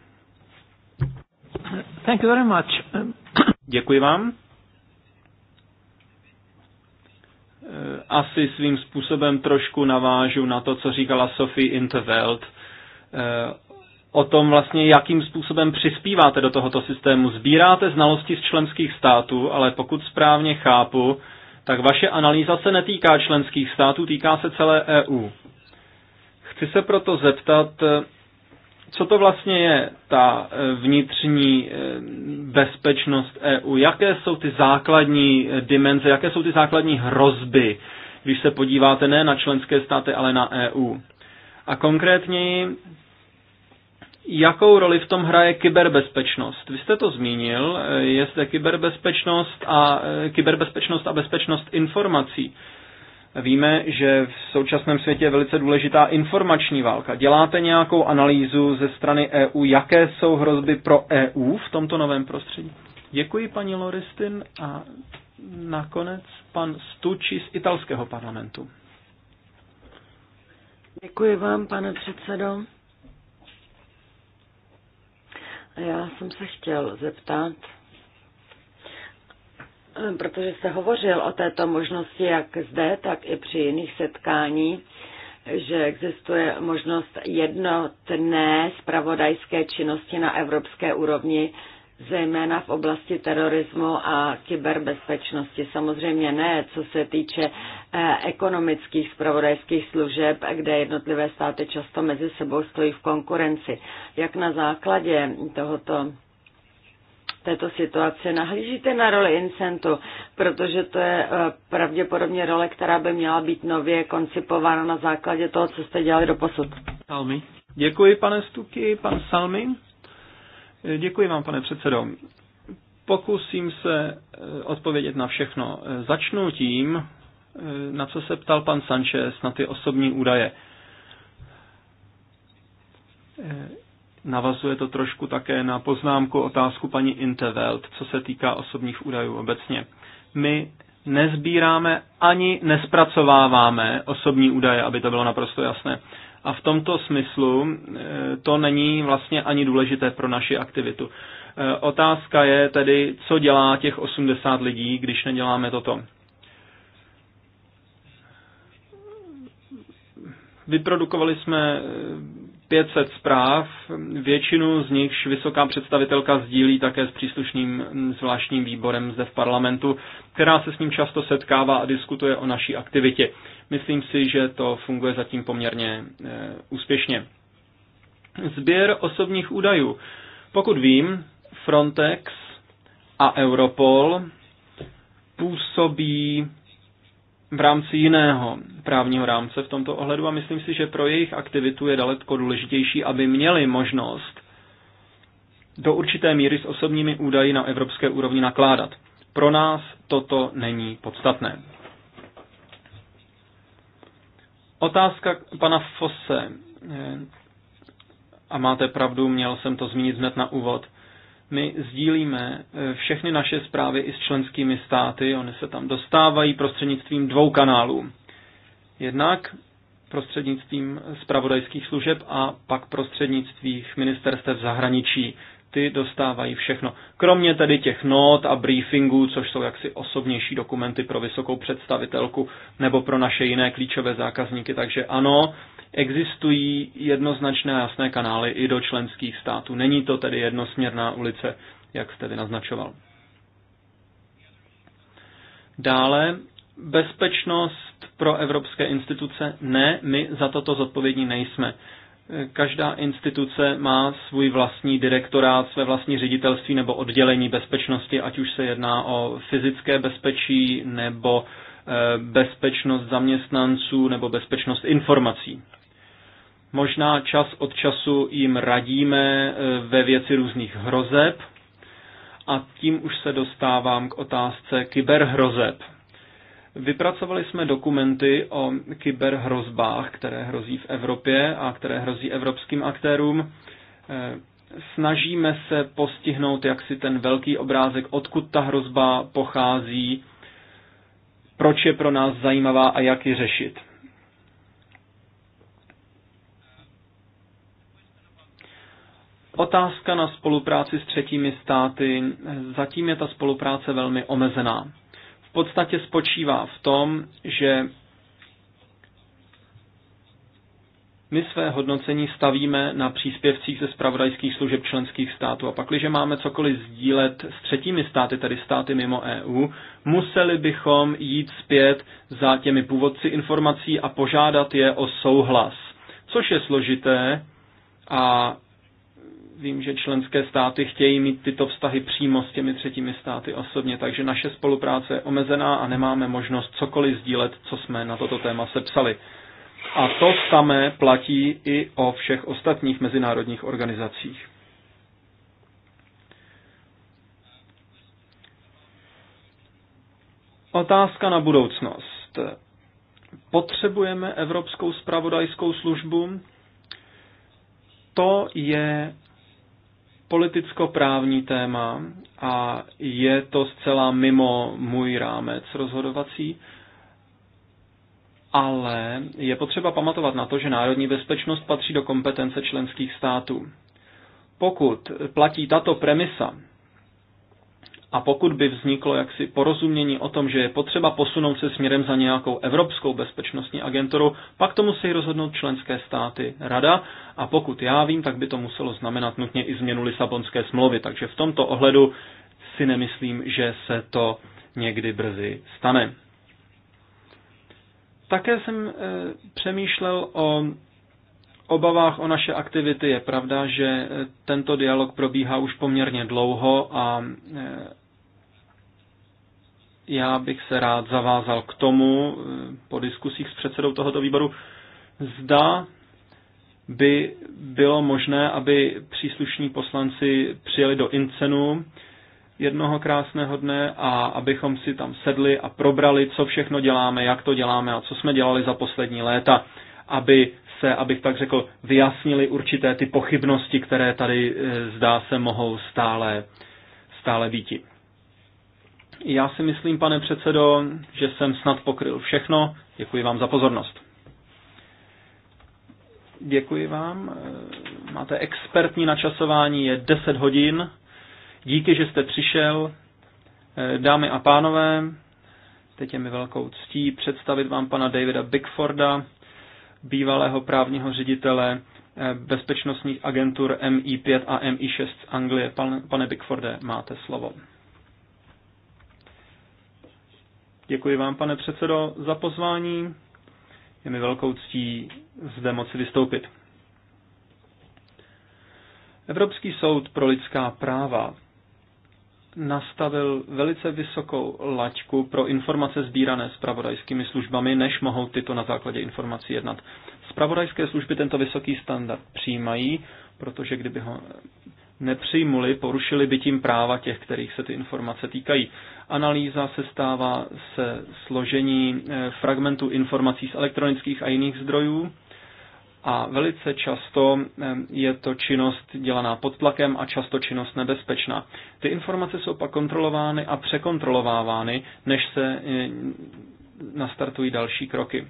[SPEAKER 2] Thank you very much.
[SPEAKER 1] Děkuji vám. Eh, asi svým způsobem trošku navážu na to, co říkala Sophie Intervelt eh, o tom vlastně, jakým způsobem přispíváte do tohoto systému. Sbíráte znalosti z členských států, ale pokud správně chápu, tak vaše analýza se netýká členských států, týká se celé EU. Chci se proto zeptat, co to vlastně je ta e, vnitřní e, bezpečnost EU, jaké jsou ty základní e, dimenze, jaké jsou ty základní hrozby, když se podíváte ne na členské státy, ale na EU. A konkrétně, Jakou roli v tom hraje kyberbezpečnost? Vy jste to zmínil, eh, je zde kyberbezpečnost a, eh, kyberbezpečnost a bezpečnost informací. Víme, že v současném světě je velice důležitá informační válka. Děláte nějakou analýzu ze strany EU, jaké jsou hrozby pro EU v tomto novém prostředí? Děkuji, paní Loristin. A nakonec pan Stucci z italského parlamentu.
[SPEAKER 4] Děkuji vám, pane předsedo. Já jsem se chtěl zeptat, protože jste hovořil o této možnosti jak zde, tak i při jiných setkání, že existuje možnost jednotné spravodajské činnosti na evropské úrovni zejména v oblasti terorismu a kyberbezpečnosti. Samozřejmě ne, co se týče eh, ekonomických spravodajských služeb, kde jednotlivé státy často mezi sebou stojí v konkurenci. Jak na základě tohoto této situace nahlížíte na roli Incentu, protože to je eh, pravděpodobně role, která by měla být nově koncipována na základě toho, co jste dělali do posud.
[SPEAKER 1] Salmi. Děkuji, pane Stuky. Pan Salmi. Děkuji vám, pane předsedo. Pokusím se eh, odpovědět na všechno. Eh, začnu tím, eh, na co se ptal pan Sanchez, na ty osobní údaje. Navazuje to trošku také na poznámku otázku paní Intervelt, co se týká osobních údajů obecně. My nezbíráme ani nespracováváme osobní údaje, aby to bylo naprosto jasné a v tomto smyslu e, to není vlastně ani důležité pro naši aktivitu. E, otázka je tedy, co dělá těch 80 lidí, když neděláme toto. Vyprodukovali jsme 500 zpráv, většinu z nich vysoká představitelka sdílí také s příslušným mm, zvláštním výborem zde v parlamentu, která se s ním často setkává a diskutuje o naší aktivitě. Myslím si, že to funguje zatím poměrně e, úspěšně. Sběr osobních údajů. Pokud vím, Frontex a Europol působí v rámci jiného právního rámce v tomto ohledu a myslím si, že pro jejich aktivitu je daleko důležitější, aby měli možnost do určité míry s osobními údaji na evropské úrovni nakládat. Pro nás toto není podstatné. Otázka pana Fosse. Eh, a máte pravdu, měl jsem to zmínit hned na úvod. My sdílíme eh, všechny naše zprávy i s členskými státy, oni se tam dostávají prostřednictvím dvou kanálů. Jednak prostřednictvím zpravodajských služeb a pak prostřednictvím ministerstev zahraničí. Ty dostávají všechno. Kromě tedy těch not a briefingů, což jsou jaksi osobnější dokumenty pro vysokou představitelku nebo pro naše jiné klíčové zákazníky. Takže ano, existují jednoznačné jasné kanály i do členských států. Není to tedy jednosměrná ulice, jak jste vy naznačoval. Dále, bezpečnost pro evropské instituce. Ne, my za toto zodpovědní nejsme. Každá instituce má svůj vlastní direktorát, své vlastní ředitelství nebo oddělení bezpečnosti, ať už se jedná o fyzické bezpečí nebo eh, bezpečnost zaměstnanců nebo bezpečnost informací. Možná čas od času jim radíme eh, ve věci různých hrozeb a tím už se dostávám k otázce kyberhrozeb. Vypracovali jsme dokumenty o kyberhrozbách, které hrozí v Evropě a které hrozí evropským aktérům. Eh, snažíme se postihnout jak si ten velký obrázek, odkud ta hrozba pochází, proč je pro nás zajímavá a jak ji řešit. Otázka na spolupráci s třetími státy. Zatím je ta spolupráce velmi omezená. V podstatě spočívá v tom, že my své hodnocení stavíme na příspěvcích ze spravodajských služeb členských států. A pak, když máme cokoliv sdílet s třetími státy, tedy státy mimo EU, museli bychom jít zpět za těmi původci informací a požádat je o souhlas. Což je složité a Vím, že členské státy chtějí mít tyto vztahy přímo s těmi třetími státy osobně, takže naše spolupráce je omezená a nemáme možnost cokoliv sdílet, co jsme na toto téma sepsali. A to samé platí i o všech ostatních mezinárodních organizacích. Otázka na budoucnost. Potřebujeme Evropskou spravodajskou službu? To je politicko-právní téma a je to zcela mimo můj rámec rozhodovací, ale je potřeba pamatovat na to, že národní bezpečnost patří do kompetence členských států. Pokud platí tato premisa, a pokud by vzniklo jaksi porozumění o tom, že je potřeba posunout se směrem za nějakou evropskou bezpečnostní agenturu, pak to musí rozhodnout členské státy rada a pokud já vím, tak by to muselo znamenat nutně i změnu Lisabonské smlouvy. Takže v tomto ohledu si nemyslím, že se to někdy brzy stane. Také jsem e, přemýšlel o obavách o naše aktivity je pravda, že e, tento dialog probíhá už poměrně dlouho a e, já bych se rád zavázal k tomu eh, po diskusích s předsedou tohoto výboru, zda by bylo možné, aby příslušní poslanci přijeli do Incenu jednoho krásného dne a abychom si tam sedli a probrali, co všechno děláme, jak to děláme a co jsme dělali za poslední léta, aby se, abych tak řekl, vyjasnili určité ty pochybnosti, které tady eh, zdá se mohou stále, stále býti. Já si myslím, pane předsedo, že jsem snad pokryl všechno. Děkuji vám za pozornost. Děkuji vám. Eh, máte expertní načasování, je 10 hodin. Díky, že jste přišel. Eh, dámy a pánové, teď je mi velkou ctí představit vám pana Davida Bigforda, bývalého právního ředitele eh, bezpečnostních agentur MI5 a MI6 Anglie. pane Bigforde, máte slovo. Děkuji vám, pane předsedo, za pozvání. Je mi velkou ctí zde moci vystoupit. Evropský soud pro lidská práva nastavil velice vysokou laťku pro informace sbírané spravodajskými službami, než mohou tyto na základě informací jednat. Spravodajské služby tento vysoký standard přijímají, protože kdyby ho nepřijmuli, porušili by tím práva těch, kterých se ty informace týkají. Analýza se stává se složení eh, fragmentů informací z elektronických a jiných zdrojů a velice často eh, je to činnost dělaná pod tlakem a často činnost nebezpečná. Ty informace jsou pak kontrolovány a překontrolovávány, než se eh, nastartují další kroky.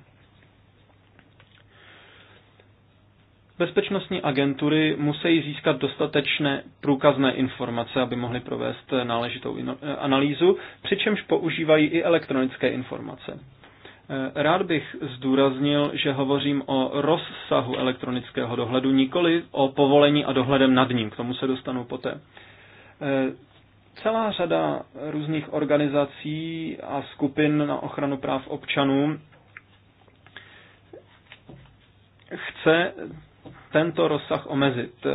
[SPEAKER 1] Bezpečnostní agentury musí získat dostatečné průkazné informace, aby mohly provést náležitou eh, analýzu, přičemž používají i elektronické informace. Eh, rád bych zdůraznil, že hovořím o rozsahu elektronického dohledu, nikoli o povolení a dohledem nad ním. K tomu se dostanu poté. Eh, celá řada různých organizací a skupin na ochranu práv občanů chce tento rozsah omezit.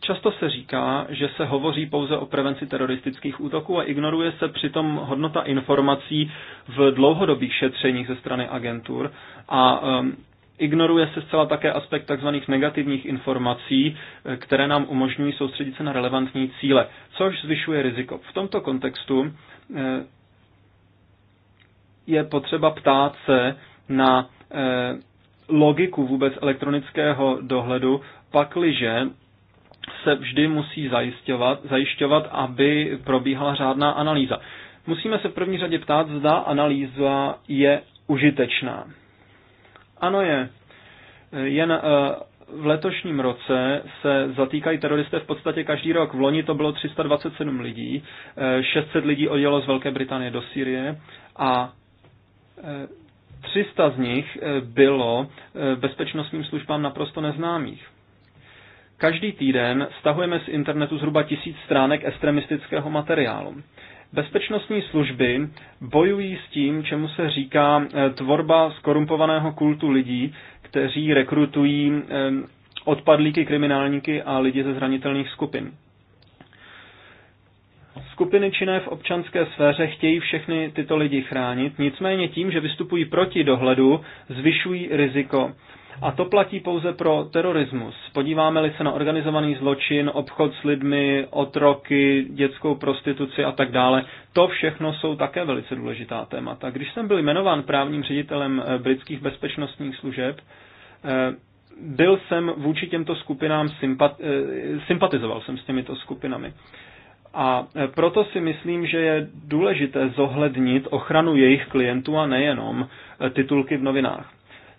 [SPEAKER 1] Často se říká, že se hovoří pouze o prevenci teroristických útoků a ignoruje se přitom hodnota informací v dlouhodobých šetřeních ze strany agentur a um, ignoruje se zcela také aspekt tzv. negativních informací, které nám umožňují soustředit se na relevantní cíle, což zvyšuje riziko. V tomto kontextu uh, je potřeba ptát se na uh, logiku vůbec elektronického dohledu, pakliže se vždy musí zajišťovat, zajišťovat, aby probíhala řádná analýza. Musíme se v první řadě ptát, zda analýza je užitečná. Ano je. Jen eh, v letošním roce se zatýkají teroristé v podstatě každý rok. V loni to bylo 327 lidí, 600 eh, lidí odjelo z Velké Británie do Sýrie a eh, 300 z nich eh, bylo eh, bezpečnostním službám naprosto neznámých. Každý týden stahujeme z internetu zhruba tisíc stránek extremistického materiálu. Bezpečnostní služby bojují s tím, čemu se říká eh, tvorba skorumpovaného kultu lidí, kteří rekrutují odpadlíky, kriminálníky a lidi ze zranitelných skupin. Skupiny činné v občanské sféře chtějí všechny tyto lidi chránit, nicméně tím, že vystupují proti dohledu, zvyšují riziko. A to platí pouze pro terorismus. Podíváme-li se na organizovaný zločin, obchod s lidmi, otroky, dětskou prostituci a tak dále, to všechno jsou také velice důležitá témata. Když jsem byl jmenován právním ředitelem eh, britských bezpečnostních služeb, eh, byl jsem vůči těmto skupinám, sympat, eh, sympatizoval jsem s těmito skupinami. A e, proto si myslím, že je důležité zohlednit ochranu jejich klientů a nejenom e, titulky v novinách.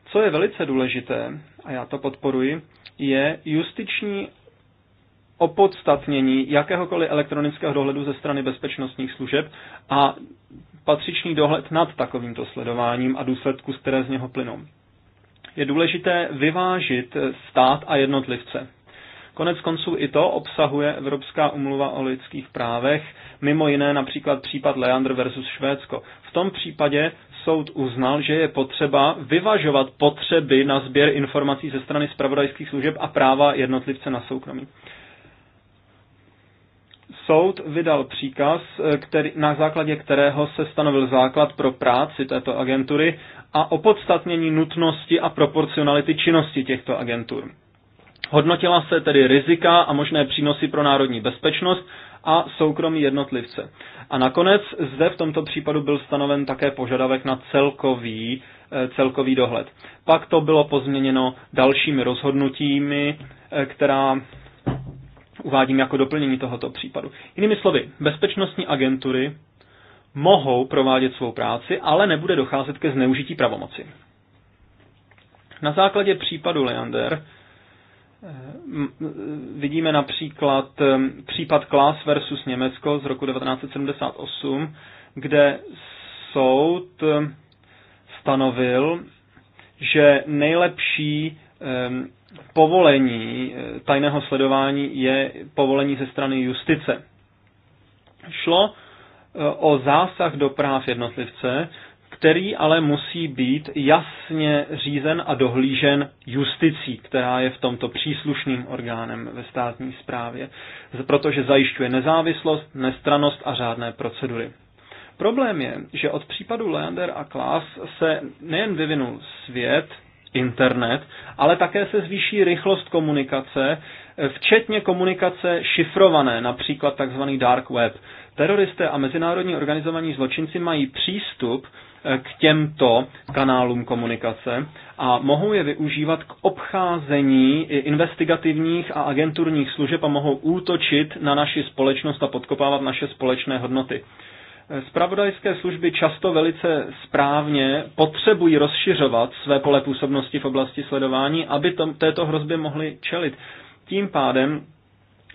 [SPEAKER 1] Co je velice důležité, a já to podporuji, je justiční opodstatnění jakéhokoliv elektronického dohledu ze strany bezpečnostních služeb a patřičný dohled nad takovýmto sledováním a důsledku, které z něho plynou. Je důležité vyvážit stát a jednotlivce. Konec konců i to obsahuje Evropská umluva o lidských právech, mimo jiné například případ Leandr versus Švédsko. V tom případě soud uznal, že je potřeba vyvažovat potřeby na sběr informací ze strany spravodajských služeb a práva jednotlivce na soukromí. Soud vydal příkaz, který, na základě kterého se stanovil základ pro práci této agentury a opodstatnění nutnosti a proporcionality činnosti těchto agentur. Hodnotila se tedy rizika a možné přínosy pro národní bezpečnost a soukromí jednotlivce. A nakonec zde v tomto případu byl stanoven také požadavek na celkový, eh, celkový dohled. Pak to bylo pozměněno dalšími rozhodnutími, eh, která uvádím jako doplnění tohoto případu. Jinými slovy, bezpečnostní agentury mohou provádět svou práci, ale nebude docházet ke zneužití pravomoci. Na základě případu Leander Eh, eh, vidíme například eh, případ Klaas versus Německo z roku 1978, kde soud stanovil, že nejlepší povolení tajného sledování je povolení ze strany justice. Šlo o zásah do práv jednotlivce, který ale musí být jasně řízen a dohlížen justicí, která je v tomto příslušným orgánem ve státní správě, protože zajišťuje nezávislost, nestranost a řádné procedury. Problém je, že od případu Leander a Klaas se nejen vyvinul svět, internet, ale také se zvýší rychlost komunikace, včetně komunikace šifrované, například tzv. dark web. Teroristé a mezinárodní organizovaní zločinci mají přístup k těmto kanálům komunikace a mohou je využívat k obcházení investigativních a agenturních služeb a mohou útočit na naši společnost a podkopávat naše společné hodnoty. Spravodajské služby často velice správně potřebují rozšiřovat své pole působnosti v oblasti sledování, aby to, této hrozbě mohly čelit. Tím pádem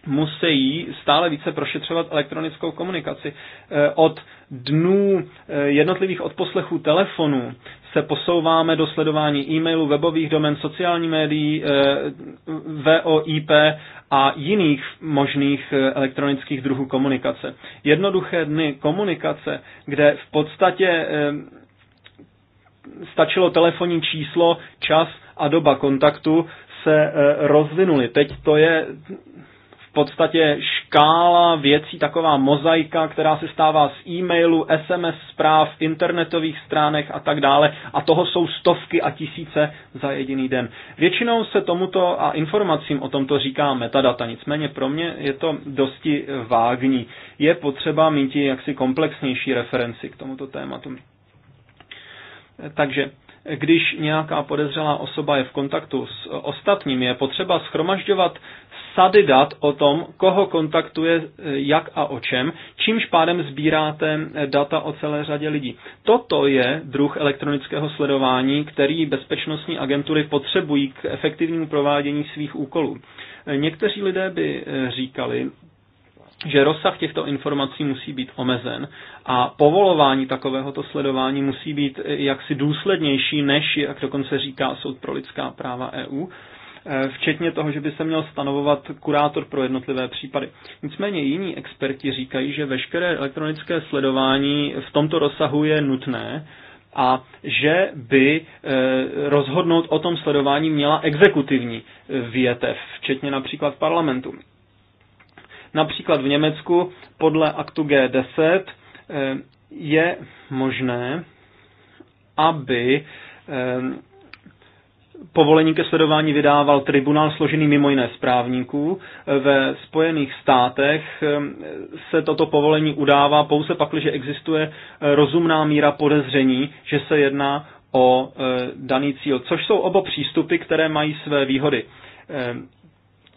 [SPEAKER 1] musí stále více prošetřovat elektronickou komunikaci. Eh, od dnů eh, jednotlivých odposlechů telefonů se posouváme do sledování e mailů webových domen, sociální médií, eh, VOIP a jiných možných elektronických druhů komunikace. Jednoduché dny komunikace, kde v podstatě stačilo telefonní číslo, čas a doba kontaktu, se rozvinuly. Teď to je podstatě škála věcí, taková mozaika, která se stává z e-mailu, SMS zpráv, internetových stránek a tak dále. A toho jsou stovky a tisíce za jediný den. Většinou se tomuto a informacím o tomto říká metadata, nicméně pro mě je to dosti vágní. Je potřeba mít jaksi komplexnější referenci k tomuto tématu. Takže když nějaká podezřelá osoba je v kontaktu s ostatními, je potřeba schromažďovat sady dat o tom, koho kontaktuje, eh, jak a o čem, čímž pádem sbíráte eh, data o celé řadě lidí. Toto je druh elektronického sledování, který bezpečnostní agentury potřebují k efektivnímu provádění svých úkolů. Eh, někteří lidé by říkali, že rozsah těchto informací musí být omezen a povolování takovéhoto sledování musí být jaksi důslednější, než, jak dokonce říká Soud pro lidská práva EU, Eh, včetně toho, že by se měl stanovovat kurátor pro jednotlivé případy. Nicméně jiní experti říkají, že veškeré elektronické sledování v tomto rozsahu je nutné a že by eh, rozhodnout o tom sledování měla exekutivní eh, větev, včetně například parlamentu. Například v Německu podle aktu G10 je možné, aby povolení ke sledování vydával tribunál složený mimo jiné správníků. Ve Spojených státech ehm, se toto povolení udává pouze pak, že existuje eh, rozumná míra podezření, že se jedná o eh, daný cíl, což jsou oba přístupy, které mají své výhody. Ehm,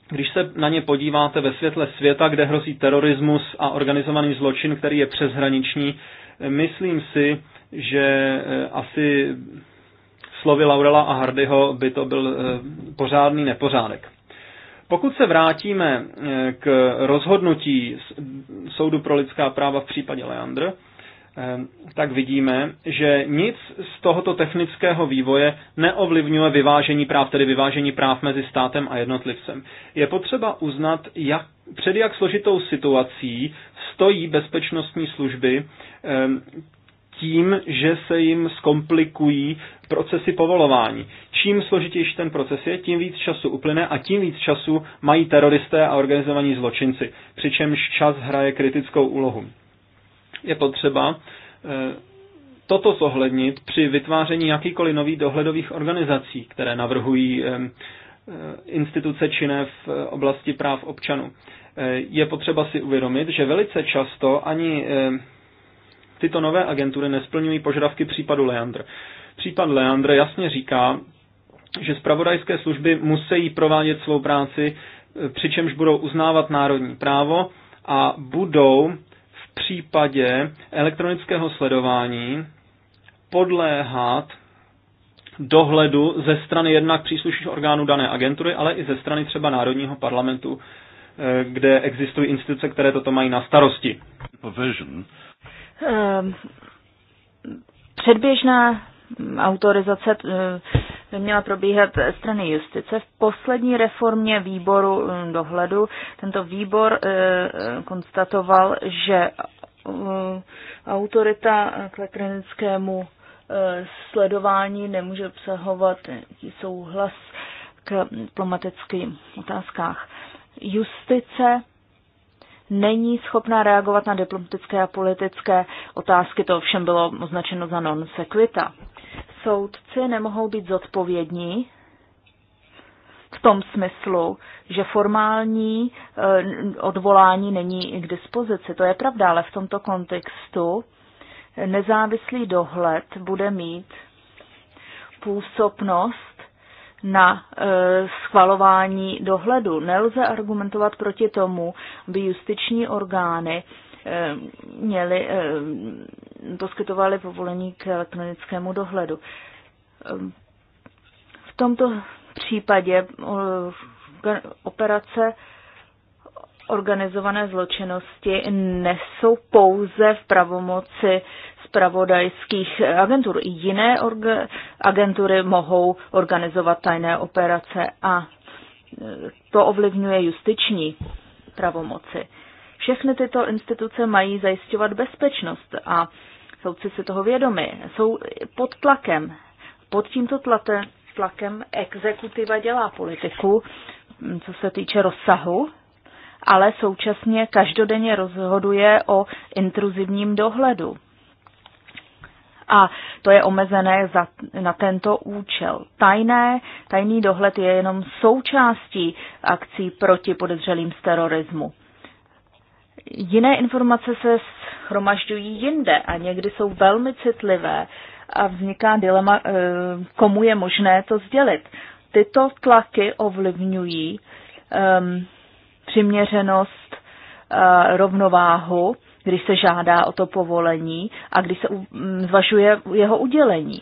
[SPEAKER 1] když se na ně podíváte ve světle světa, kde hrozí terorismus a organizovaný zločin, který je přeshraniční, eh, myslím si, že asi slovy Laurela a Hardyho by to byl eh, pořádný nepořádek. Pokud se vrátíme eh, k rozhodnutí Soudu pro lidská práva v případě Leandr, eh, tak vidíme, že nic z tohoto technického vývoje neovlivňuje vyvážení práv, tedy vyvážení práv mezi státem a jednotlivcem. Je potřeba uznat, jak, před jak složitou situací stojí bezpečnostní služby, tím, že se jim zkomplikují procesy povolování. Čím složitější ten proces je, tím víc času uplyne a tím víc času mají teroristé a organizovaní zločinci, přičemž čas hraje kritickou úlohu. Je potřeba eh, toto zohlednit při vytváření jakýkoliv nových dohledových organizací, které navrhují eh, eh, instituce činné v oblasti práv občanů. Je potřeba si uvědomit, že velice často ani Tyto nové agentury nesplňují požadavky případu Leandr. Případ Leandr jasně říká, že zpravodajské služby musí provádět svou práci, e, přičemž budou uznávat národní právo a budou v případě elektronického sledování podléhat dohledu ze strany jednak příslušných orgánů dané agentury, ale i ze strany třeba Národního parlamentu, e, kde existují instituce, které toto mají na starosti.
[SPEAKER 2] Ehm,
[SPEAKER 3] předběžná autorizace eh, měla probíhat strany justice. V poslední reformě výboru eh, dohledu tento výbor eh, konstatoval, že autorita k elektronickému sledování nemůže obsahovat souhlas k diplomatickým otázkách. Justice není schopná reagovat na diplomatické a politické otázky, to všem bylo označeno za non sequita. Soudci nemohou být zodpovědní v tom smyslu, že formální eh, odvolání není k dispozici. To je pravda, ale v tomto kontextu nezávislý dohled bude mít působnost na e, schvalování dohledu. Nelze argumentovat proti tomu, by justiční orgány e, měli, e, poskytovali povolení k elektronickému dohledu. V tomto případě operace organizované zločinnosti nesou pouze v pravomoci spravodajských agentur. Jiné orga- agentury mohou organizovat tajné operace a e, to ovlivňuje justiční pravomoci. Všechny tyto instituce mají zajišťovat bezpečnost a soudci si toho vědomi. Jsou pod tlakem. Pod tímto tlakem exekutiva dělá politiku, co se týče rozsahu ale současně každodenně rozhoduje o intruzivním dohledu. A to je omezené za, na tento účel. Tajné, tajný dohled je jenom součástí akcí proti podezřelým z terorismu. Jiné informace se schromažďují jinde a někdy jsou velmi citlivé a vzniká dilema, eh, komu je možné to sdělit. Tyto tlaky ovlivňují um, přiměřenost, eh, rovnováhu, když se žádá o to povolení a když se mm, zvažuje jeho udělení.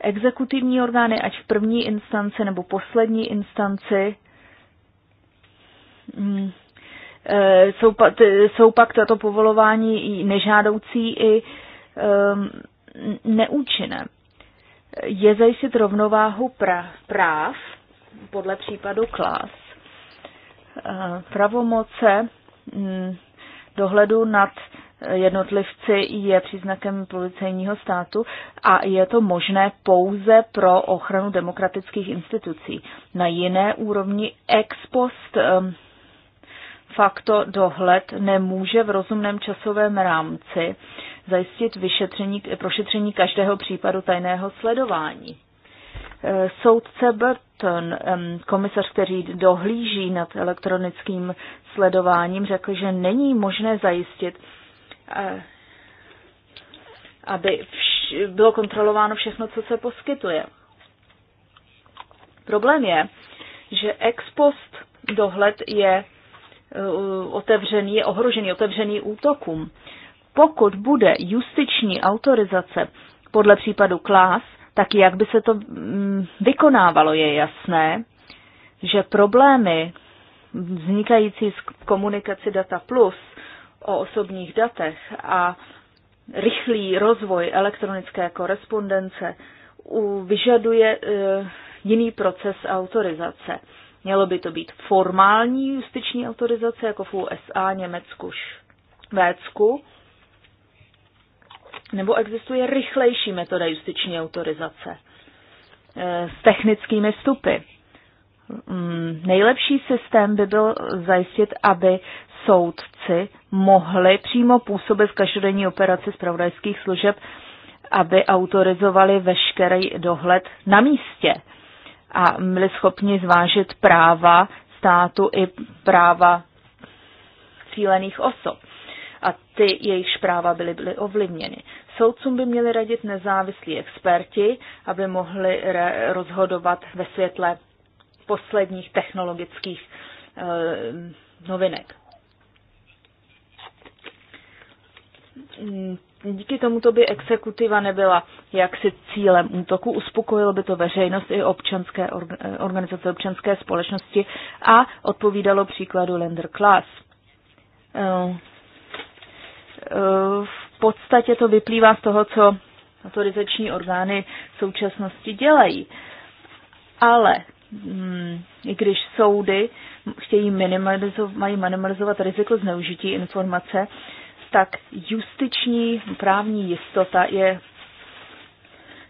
[SPEAKER 3] Exekutivní orgány, ať v první instanci nebo poslední instanci, mm, eh, jsou, jsou pak tato povolování nežádoucí i ehm, neúčinné. Je zajistit rovnováhu práv podle případu klas Eh, pravomoce mm, dohledu nad jednotlivci je příznakem policejního státu a je to možné pouze pro ochranu demokratických institucí. Na jiné úrovni ex post facto dohled nemůže v rozumném časovém rámci zajistit vyšetření, prošetření každého případu tajného sledování. Soudce Burton, komisař, který dohlíží nad elektronickým sledováním, řekl, že není možné zajistit, eh, aby bylo kontrolováno všechno, co se poskytuje. Problém je, že ex post dohled je eh, otevřený, je ohrožený, otevřený útokům. Pokud bude justiční autorizace podle případu Klás, tak jak by se to mm, vykonávalo, je jasné, že problémy vznikající z komunikaci Data Plus o osobních datech a rychlý rozvoj elektronické korespondence vyžaduje eh, jiný proces autorizace. Mělo by to být formální justiční autorizace, jako v USA, Německu, Švédsku, nebo existuje rychlejší metoda justiční autorizace eh, s technickými vstupy. Mm, nejlepší systém by byl zajistit, aby soudci mohli přímo působit v každodenní operaci zpravodajských služeb, aby autorizovali veškerý dohled na místě a byli schopni zvážit práva státu i práva cílených osob. A ty jejichž práva byly, byly ovlivněny. Soudcům by měli radit nezávislí experti, aby mohli rozhodovat ve světle posledních technologických e, novinek. Díky tomuto by exekutiva nebyla jaksi cílem útoku, uspokojilo by to veřejnost i občanské eh, organizace občanské společnosti a odpovídalo příkladu Lender Class. E, podstatě to vyplývá z toho, co autorizační orgány v současnosti dělají. Ale mm, i když soudy chtějí minimalizovat, mají minimalizovat riziko zneužití informace, tak justiční právní jistota je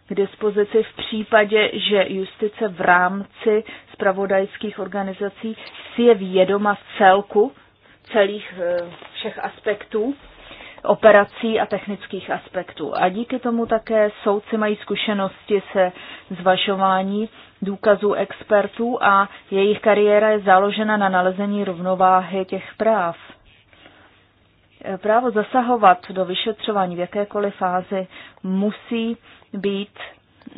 [SPEAKER 3] k dispozici v případě, že justice v rámci spravodajských organizací si je vědoma celku celých eh, všech aspektů operací a technických aspektů. A díky tomu také soudci mají zkušenosti se zvažování důkazů expertů a jejich kariéra je založena na nalezení rovnováhy těch práv. Právo zasahovat do vyšetřování v jakékoliv fázi musí být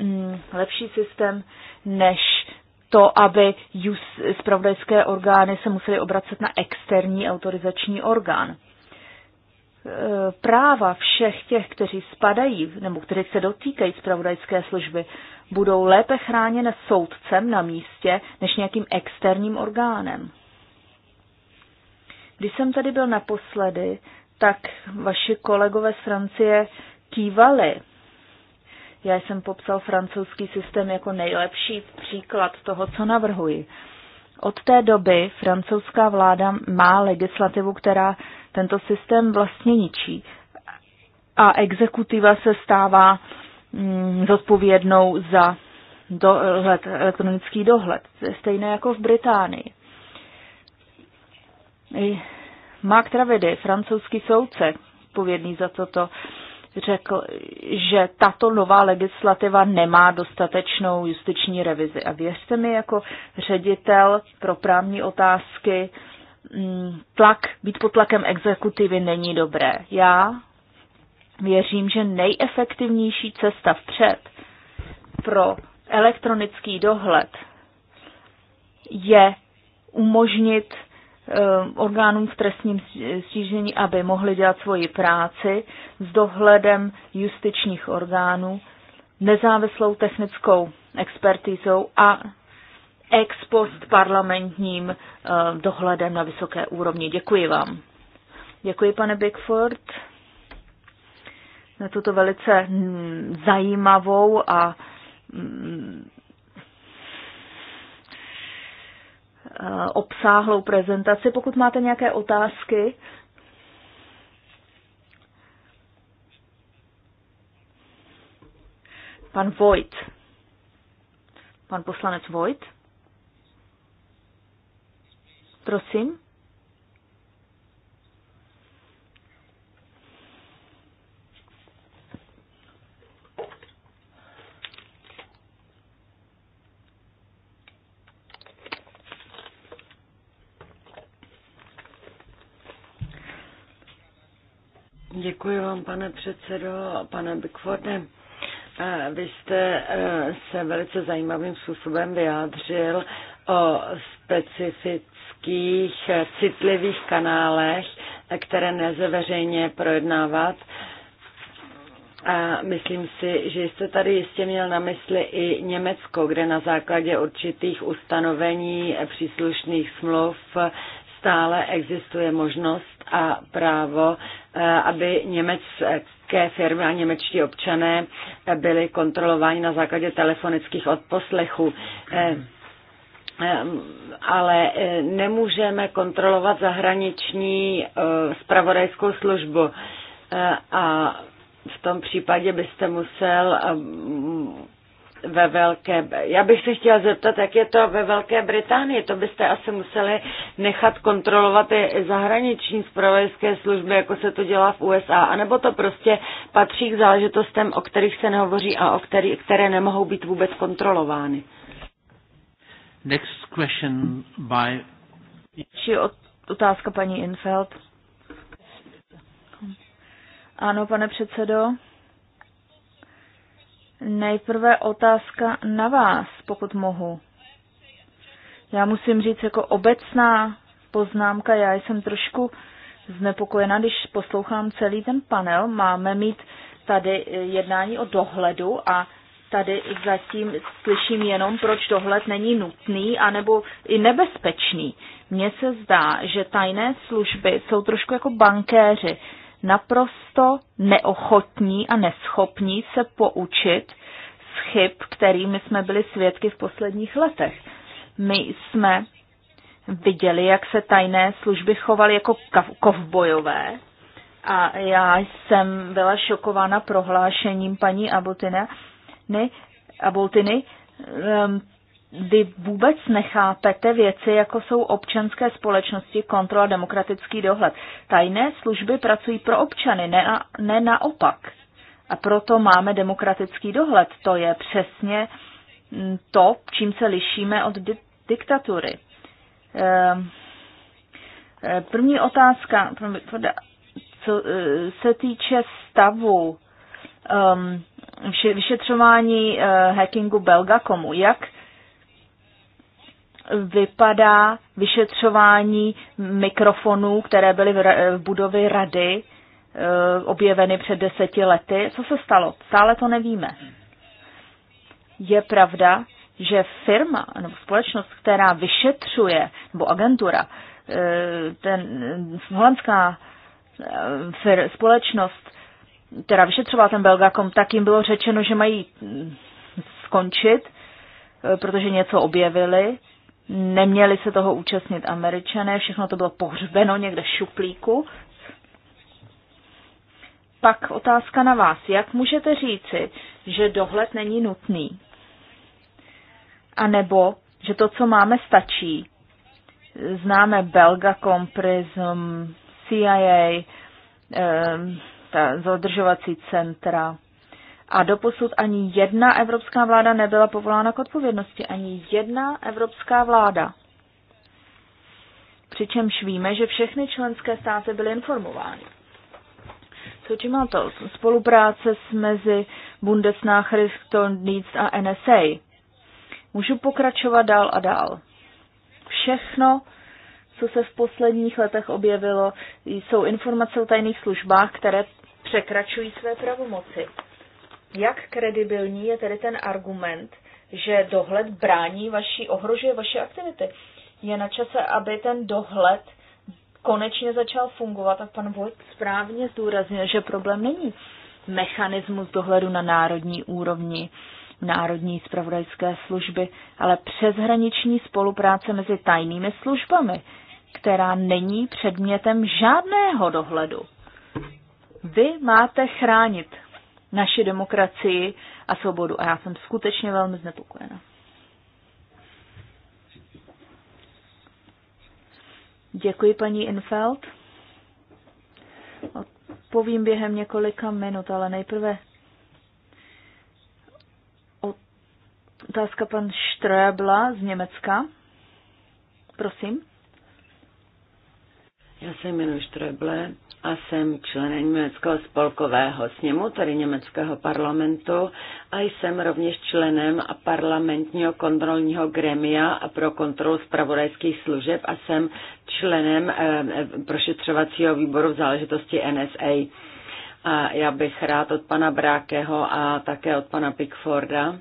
[SPEAKER 3] mm, lepší systém než to, aby spravodajské orgány se musely obracet na externí autorizační orgán. Eh, práva všech těch, kteří spadají nebo kteří se dotýkají zpravodajské služby, budou lépe chráněny soudcem na místě než nějakým externím orgánem. Když jsem tady byl naposledy, tak vaši kolegové z Francie kývali. Já jsem popsal francouzský systém jako nejlepší příklad toho, co navrhuji. Od té doby francouzská vláda má legislativu, která tento systém vlastně ničí. A exekutiva se stává mm, zodpovědnou za dohled, elektronický dohled. Stejné jako v Británii. Mark Travedy, francouzský soudce, odpovědný za toto, řekl, že tato nová legislativa nemá dostatečnou justiční revizi. A věřte mi, jako ředitel pro právní otázky Mm, tlak, být pod tlakem exekutivy není dobré. Já věřím, že nejefektivnější cesta vpřed pro elektronický dohled je umožnit um, orgánům v trestním stížení, aby mohli dělat svoji práci s dohledem justičních orgánů, nezávislou technickou expertizou a ex post parlamentním eh, dohledem na vysoké úrovni. Děkuji vám. Děkuji, pane Bigford, na tuto velice hm, zajímavou a hm, eh, obsáhlou prezentaci. Pokud máte nějaké otázky, pan Vojt, pan poslanec Vojt. Prosím.
[SPEAKER 4] Děkuji vám, pane předsedo a pane Bickforde. Eh, vy jste eh, se velice zajímavým způsobem vyjádřil o specifických citlivých kanálech, které nelze veřejně projednávat. A myslím si, že jste tady jistě měl na mysli i Německo, kde na základě určitých ustanovení příslušných smluv stále existuje možnost a právo, eh, aby německé firmy a němečtí občané byli kontrolováni na základě telefonických odposlechů. Eh, Ehm, ale eh, nemůžeme kontrolovat zahraniční spravodajskou eh, službu. Eh, a v tom případě byste musel ehm, ve Velké... Já bych se chtěla zeptat, jak je to ve Velké Británii. To byste asi museli nechat kontrolovat i zahraniční zpravodajské služby, jako se to dělá v USA. A nebo to prostě patří k záležitostem, o kterých se nehovoří a o který, které nemohou být vůbec kontrolovány.
[SPEAKER 2] Next question by...
[SPEAKER 4] Či otázka
[SPEAKER 3] paní Infeld. Ano, pane předsedo. Nejprve otázka na vás, pokud mohu. Já musím říct jako obecná poznámka, já jsem trošku znepokojena, když poslouchám celý ten panel. Máme mít tady eh, jednání o dohledu a tady zatím slyším jenom, proč dohled není nutný anebo i nebezpečný. Mně se zdá, že tajné služby jsou trošku jako bankéři, naprosto neochotní a neschopní se poučit z chyb, kterými jsme byli svědky v posledních letech. My jsme viděli, jak se tajné služby chovaly jako kovbojové, a já jsem byla šokována prohlášením paní Abutina, ne, a Boltiny, ehm, vy vůbec nechápete věci, jako jsou občanské společnosti, kontrola, demokratický dohled. Tajné služby pracují pro občany, ne, a, ne naopak. A proto máme demokratický dohled. To je přesně mm, to, čím se lišíme od di- diktatury. Ehm, e, první otázka, co e, se týče stavu um, vyšetřování uh, hackingu Belgacomu. Jak vypadá vyšetřování mikrofonů, které byly v, v budově rady uh, objeveny před deseti lety? Co se stalo? Stále to nevíme. Je pravda, že firma nebo společnost, která vyšetřuje, nebo agentura, eh, ten holandská společnost teda vyšetřoval ten Belgakom, tak jim bylo řečeno, že mají mm, skončit, e, protože něco objevili. Neměli se toho účastnit američané, všechno to bylo pohřbeno někde v šuplíku. Pak otázka na vás. Jak můžete říci, že dohled není nutný? A nebo, že to, co máme, stačí? Známe Belga Comprism, CIA, e, ta zadržovací centra. A doposud ani jedna evropská vláda nebyla povolána k odpovědnosti. Ani jedna evropská vláda. Přičemž víme, že všechny členské státy byly informovány. Co má to? Spolupráce s mezi Bundesnachrichtendienst a NSA. Můžu pokračovat dál a dál. Všechno, co se v posledních letech objevilo, jsou informace o tajných službách, které překračují své pravomoci. Jak kredibilní je tedy ten argument, že dohled brání vaší, ohrožuje vaše aktivity? Je na čase, aby ten dohled konečně začal fungovat a pan Vojt správně zdůraznil, že problém není mechanismus dohledu na národní úrovni, národní spravodajské služby, ale přeshraniční spolupráce mezi tajnými službami, která není předmětem žádného dohledu. Vy máte chránit naši demokracii a svobodu a já jsem skutečně velmi znepokojena. Děkuji, paní Infeld. Odpovím během několika minut, ale nejprve otázka pan Štrebla z Německa. Prosím.
[SPEAKER 4] Já se jmenuji Štreble a jsem členem Německého spolkového sněmu, tedy Německého parlamentu, a jsem rovněž členem parlamentního kontrolního gremia a pro kontrolu zpravodajských služeb a jsem členem eh, prošetřovacího výboru v záležitosti NSA. A já bych rád od pana Brákeho a také od pana Pickforda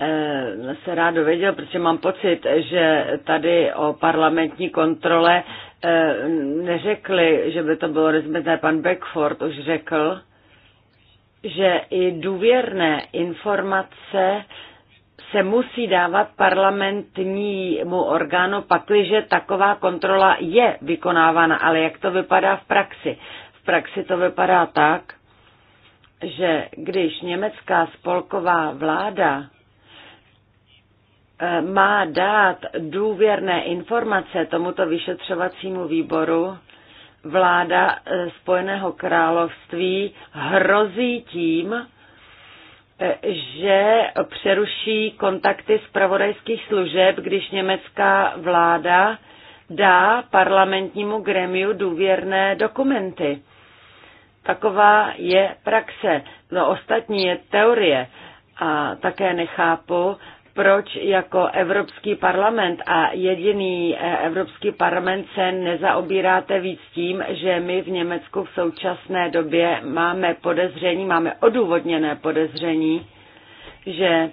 [SPEAKER 4] Eh, se rád dověděl, protože mám pocit, že tady o parlamentní kontrole eh, neřekli, že by to bylo nezbytné. Pan Beckford už řekl, že i důvěrné informace se musí dávat parlamentnímu orgánu, pakliže taková kontrola je vykonávána. Ale jak to vypadá v praxi? V praxi to vypadá tak, že když německá spolková vláda Eh, má dát důvěrné informace tomuto vyšetřovacímu výboru, vláda eh, Spojeného království hrozí tím, eh, že přeruší kontakty z pravodajských služeb, když německá vláda dá parlamentnímu gremiu důvěrné dokumenty. Taková je praxe. No ostatní je teorie. A také nechápu, proč jako Evropský parlament a jediný eh, Evropský parlament se nezaobíráte víc tím, že my v Německu v současné době máme podezření, máme odůvodněné podezření, že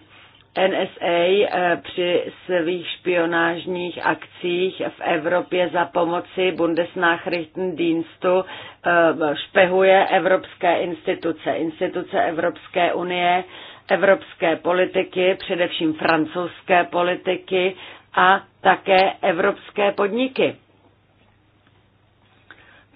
[SPEAKER 4] NSA eh, při svých špionážních akcích v Evropě za pomoci Bundesnachrichtendienstu eh, špehuje evropské instituce, instituce Evropské unie, evropské politiky, především francouzské politiky a také evropské podniky.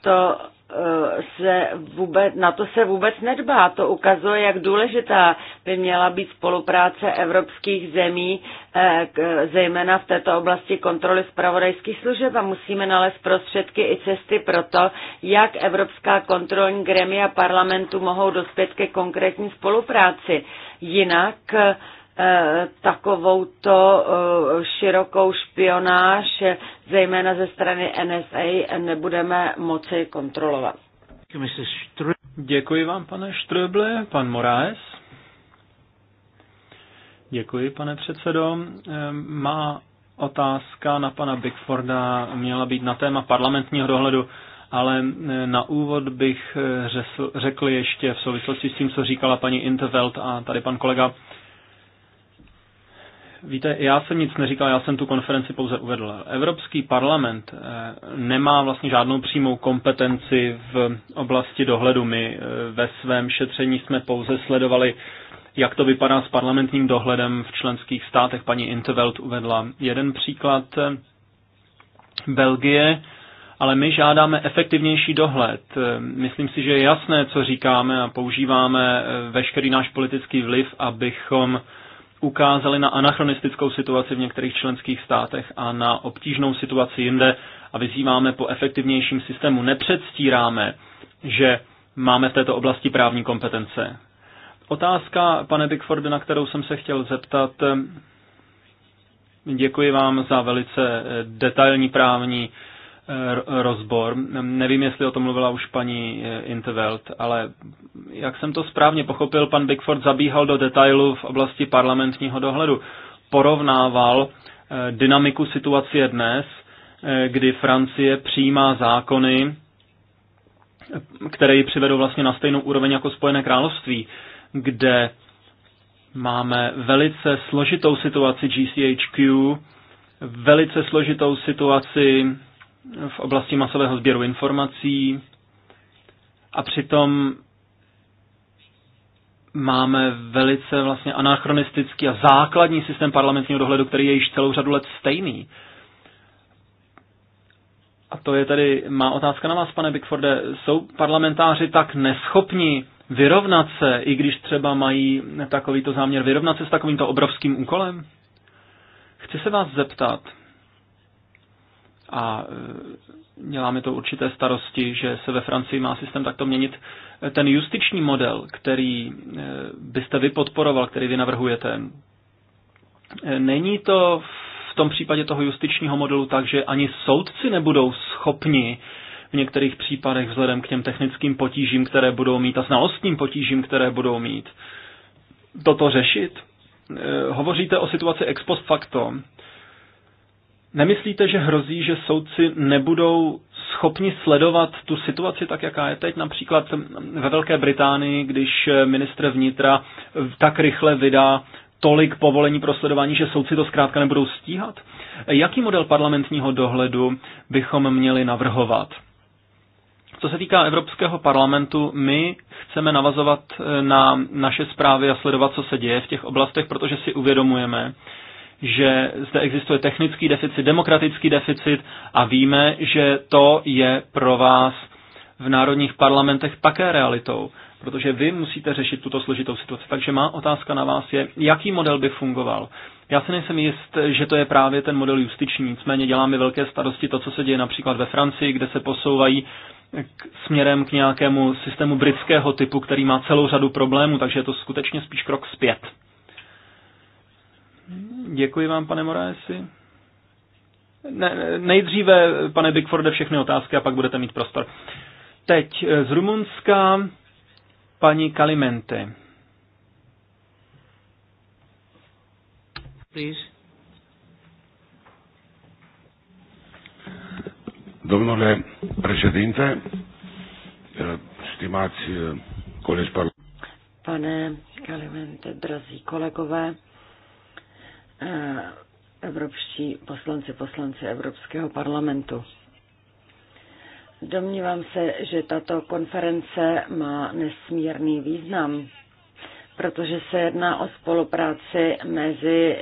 [SPEAKER 4] To Eh, se vůbec, na to se vůbec nedbá. To ukazuje, jak důležitá by měla být spolupráce evropských zemí, eh, zejména v této oblasti kontroly zpravodajských služeb a musíme nalézt prostředky i cesty pro to, jak evropská kontrolní gremia parlamentu mohou dospět ke konkrétní spolupráci. Jinak eh, Eh, takovouto eh, širokou špionáž, eh, zejména ze strany NSA, nebudeme moci kontrolovat.
[SPEAKER 1] Děkuji vám, pane Štrble. Pan Moraes. Děkuji, pane předsedo. Má otázka na pana Bigforda měla být na téma parlamentního dohledu, ale na úvod bych řekl ještě v souvislosti s tím, co říkala paní Intervelt a tady pan kolega Víte, já jsem nic neříkal, já jsem tu konferenci pouze uvedl. Evropský parlament eh, nemá vlastně žádnou přímou kompetenci v oblasti dohledu. My eh, ve svém šetření jsme pouze sledovali, jak to vypadá s parlamentním dohledem v členských státech. Paní Intervelt uvedla jeden příklad eh, Belgie, ale my žádáme efektivnější dohled. Myslím si, že je jasné, co říkáme a používáme veškerý náš politický vliv, abychom ukázali na anachronistickou situaci v některých členských státech a na obtížnou situaci jinde a vyzýváme po efektivnějším systému. Nepředstíráme, že máme v této oblasti právní kompetence. Otázka, pane Bigford, na kterou jsem se chtěl zeptat. Děkuji vám za velice eh, detailní právní rozbor. Nevím, jestli o tom mluvila už paní eh, Intervelt, ale jak jsem to správně pochopil, pan Bickford zabíhal do detailu v oblasti parlamentního dohledu. Porovnával eh, dynamiku situace dnes, eh, kdy Francie přijímá zákony, které ji přivedou vlastně na stejnou úroveň jako Spojené království, kde máme velice složitou situaci GCHQ, velice složitou situaci v oblasti masového sběru informací a přitom máme velice vlastně anachronistický a základní systém parlamentního dohledu, který je již celou řadu let stejný. A to je tedy má otázka na vás, pane Bigforde. Jsou parlamentáři tak neschopni vyrovnat se, i když třeba mají takovýto záměr vyrovnat se s takovýmto obrovským úkolem? Chci se vás zeptat, a e, děláme to určité starosti, že se ve Francii má systém takto měnit. Ten justiční model, který e, byste vy podporoval, který vy navrhujete, e, není to v tom případě toho justičního modelu tak, že ani soudci nebudou schopni v některých případech vzhledem k těm technickým potížím, které budou mít a znalostním potížím, které budou mít, toto řešit? Hovoříte o situaci ex post facto, Nemyslíte, že hrozí, že soudci nebudou schopni sledovat tu situaci tak, jaká je teď? Například ve Velké Británii, když ministr vnitra tak rychle vydá tolik povolení pro sledování, že soudci to zkrátka nebudou stíhat? Jaký model parlamentního dohledu bychom měli navrhovat? Co se týká Evropského parlamentu, my chceme navazovat na naše zprávy a sledovat, co se děje v těch oblastech, protože si uvědomujeme, že zde existuje technický deficit, demokratický deficit a víme, že to je pro vás v národních parlamentech také realitou, protože vy musíte řešit tuto složitou situaci. Takže má otázka na vás je, jaký model by fungoval. Já si nejsem jist, že to je právě ten model justiční, nicméně děláme velké starosti to, co se děje například ve Francii, kde se posouvají k, směrem k nějakému systému britského typu, který má celou řadu problémů, takže je to skutečně spíš krok zpět. Děkuji vám, pane Moraesi. Ne, nejdříve, pane Bigforde, všechny otázky a pak budete mít prostor. Teď eh, z Rumunska paní Kalimente.
[SPEAKER 2] Please. Domnule președinte, eh, stimați eh, colegi parlamentari.
[SPEAKER 4] Pane Kalimente, drazí kolegové, Eh, evropští poslanci, poslanci Evropského parlamentu. Domnívám se, že tato konference má nesmírný význam, protože se jedná o spolupráci mezi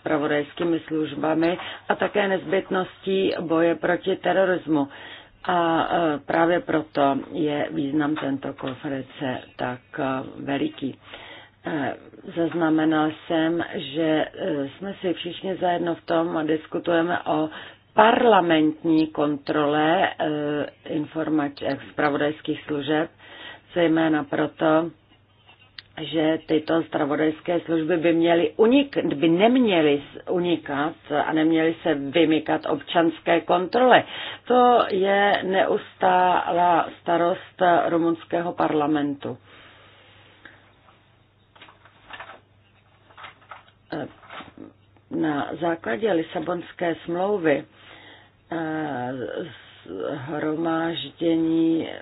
[SPEAKER 4] spravodajskými službami a také nezbytností boje proti terorismu. A eh, právě proto je význam této konference tak eh, veliký. Zaznamenal jsem, že e, jsme si všichni zajedno v tom a diskutujeme o parlamentní kontrole e, informačních eh, zpravodajských služeb, zejména proto, že tyto zpravodajské služby by, měly unik, by neměly unikat a neměly se vymykat občanské kontrole. To je neustálá starost rumunského parlamentu. Eh, na základě Lisabonské smlouvy zhromáždění eh,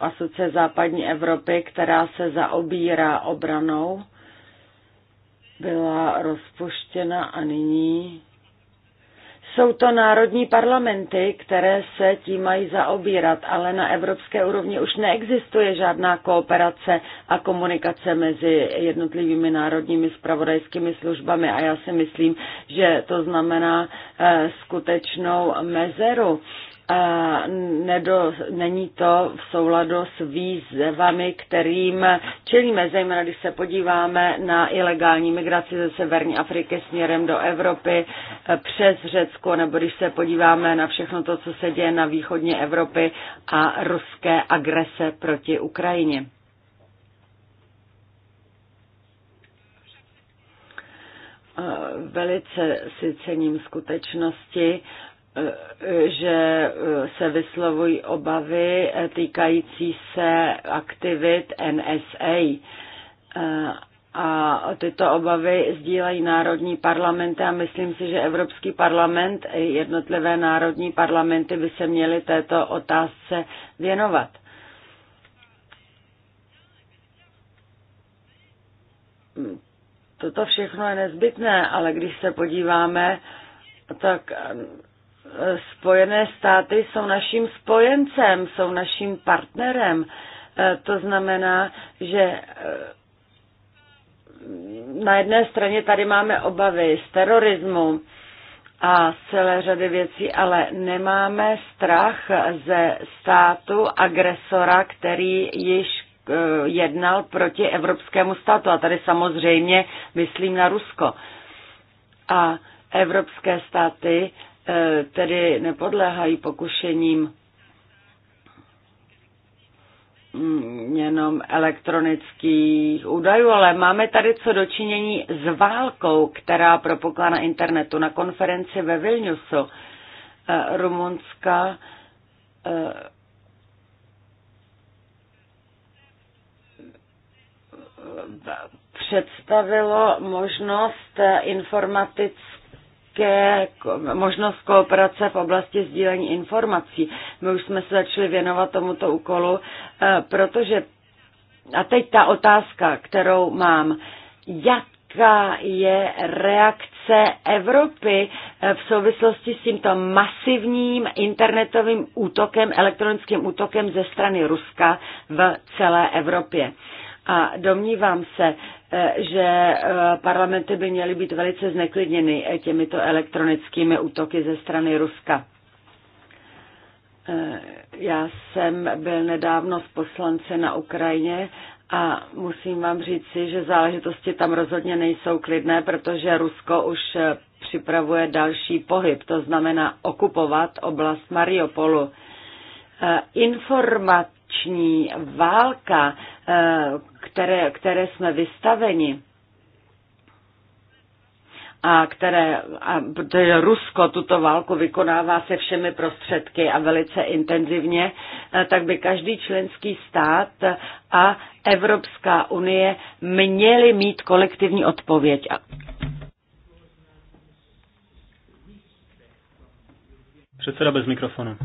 [SPEAKER 4] Asoce západní Evropy, která se zaobírá obranou, byla rozpuštěna a nyní jsou to národní parlamenty, které se tím mají zaobírat, ale na evropské úrovni už neexistuje žádná kooperace a komunikace mezi jednotlivými národními spravodajskými službami a já si myslím, že to znamená eh, skutečnou mezeru nedo, není to v souladu s výzvami, kterým čelíme, zejména když se podíváme na ilegální migraci ze severní Afriky směrem do Evropy e, přes Řecko, nebo když se podíváme na všechno to, co se děje na východní Evropy a ruské agrese proti Ukrajině. E, velice si cením skutečnosti, že eh, se vyslovují obavy eh, týkající se aktivit NSA. Eh, a tyto obavy sdílejí národní parlamenty a myslím si, že Evropský parlament i jednotlivé národní parlamenty by se měly této otázce věnovat. Toto všechno je nezbytné, ale když se podíváme, tak Spojené státy jsou naším spojencem, jsou naším partnerem. E, to znamená, že e, na jedné straně tady máme obavy z terorismu a z celé řady věcí, ale nemáme strach ze státu agresora, který již e, jednal proti evropskému státu. A tady samozřejmě myslím na Rusko. A evropské státy E, tedy nepodléhají pokušením mm, jenom elektronických údajů, ale máme tady co dočinění s válkou, která propukla na internetu. Na konferenci ve Vilniusu e, Rumunska e, představilo možnost informatické také možnost kooperace v oblasti sdílení informací. My už jsme se začali věnovat tomuto úkolu, eh, protože a teď ta otázka, kterou mám, jaká je reakce Evropy eh, v souvislosti s tímto masivním internetovým útokem, elektronickým útokem ze strany Ruska v celé Evropě. A domnívám se, Eh, že eh, parlamenty by měly být velice zneklidněny eh, těmito elektronickými útoky ze strany Ruska. Já jsem byl nedávno s poslanci na Ukrajině a musím vám říci, že záležitosti tam rozhodně nejsou klidné, protože Rusko už připravuje další pohyb, to znamená okupovat oblast Mariupolu. Informat informační válka, eh, které, které jsme vystaveni, a které, a protože Rusko tuto válku vykonává se všemi prostředky a velice intenzivně, eh, tak by každý členský stát a Evropská unie měli mít kolektivní odpověď. Předseda
[SPEAKER 1] bez mikrofonu.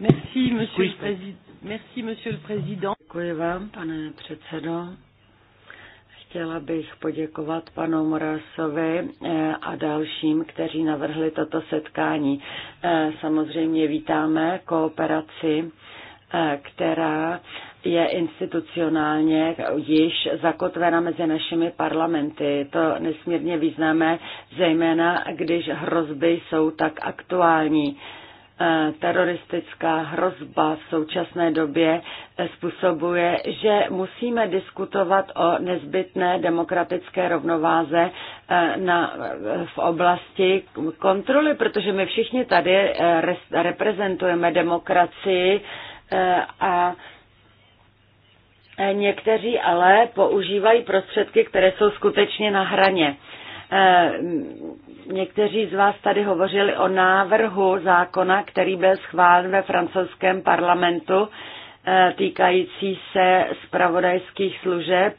[SPEAKER 4] Merci, monsieur le président. Merci, monsieur le président. Děkuji vám, pane předsedo. Chtěla bych poděkovat panu Morasovi eh, a dalším, kteří navrhli toto setkání. Eh, samozřejmě vítáme kooperaci, eh, která je institucionálně již zakotvena mezi našimi parlamenty. To nesmírně významné, zejména když hrozby jsou tak aktuální Eh, teroristická hrozba v současné době eh, způsobuje, že musíme diskutovat o nezbytné demokratické rovnováze eh, na, v oblasti kontroly, protože my všichni tady reprezentujeme demokracii a někteří ale používají prostředky, které jsou skutečně na hraně Někteří z vás tady hovořili o návrhu zákona, který byl schválen ve francouzském parlamentu eh, týkající se spravodajských služeb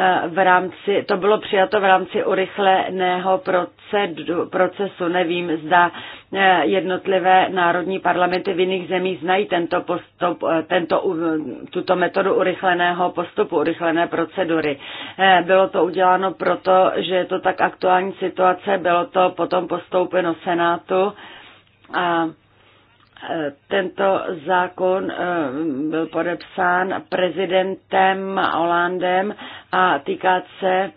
[SPEAKER 4] Eh, v rámci, to bylo přijato v rámci urychleného procedu, procesu. Nevím, zda eh, jednotlivé národní parlamenty v jiných zemích znají tento postup, eh, tento, tuto metodu urychleného postupu, urychlené procedury. Bylo to uděláno proto, že je to tak aktuální situace, bylo to potom postoupeno Senátu a tento zákon eh, byl podepsán prezidentem Holandem a týká se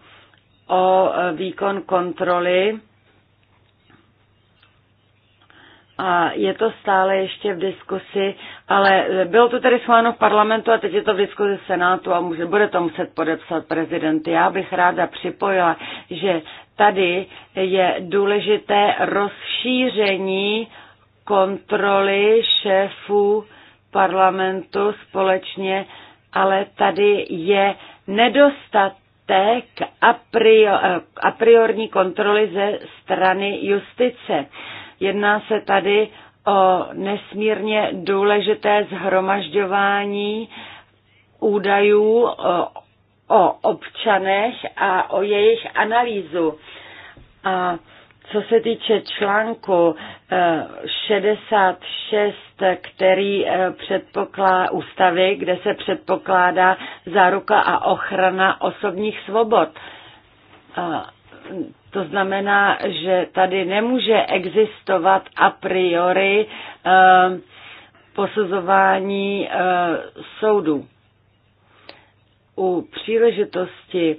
[SPEAKER 4] o eh, výkon kontroly a je to stále ještě v diskusi, ale bylo to tedy schváleno v parlamentu a teď je to v diskusi v Senátu a může, bude to muset podepsat prezident. Já bych ráda připojila, že tady je důležité rozšíření kontroly šéfů parlamentu společně, ale tady je nedostatek a, prior, a priorní kontroly ze strany justice. Jedná se tady o nesmírně důležité zhromažďování údajů o, o občanech a o jejich analýzu. A co se týče článku 66, eh, který eh, předpokládá ústavy, kde se předpokládá záruka a ochrana osobních svobod. To znamená, že tady nemůže existovat a priori eh, posuzování soudu U příležitosti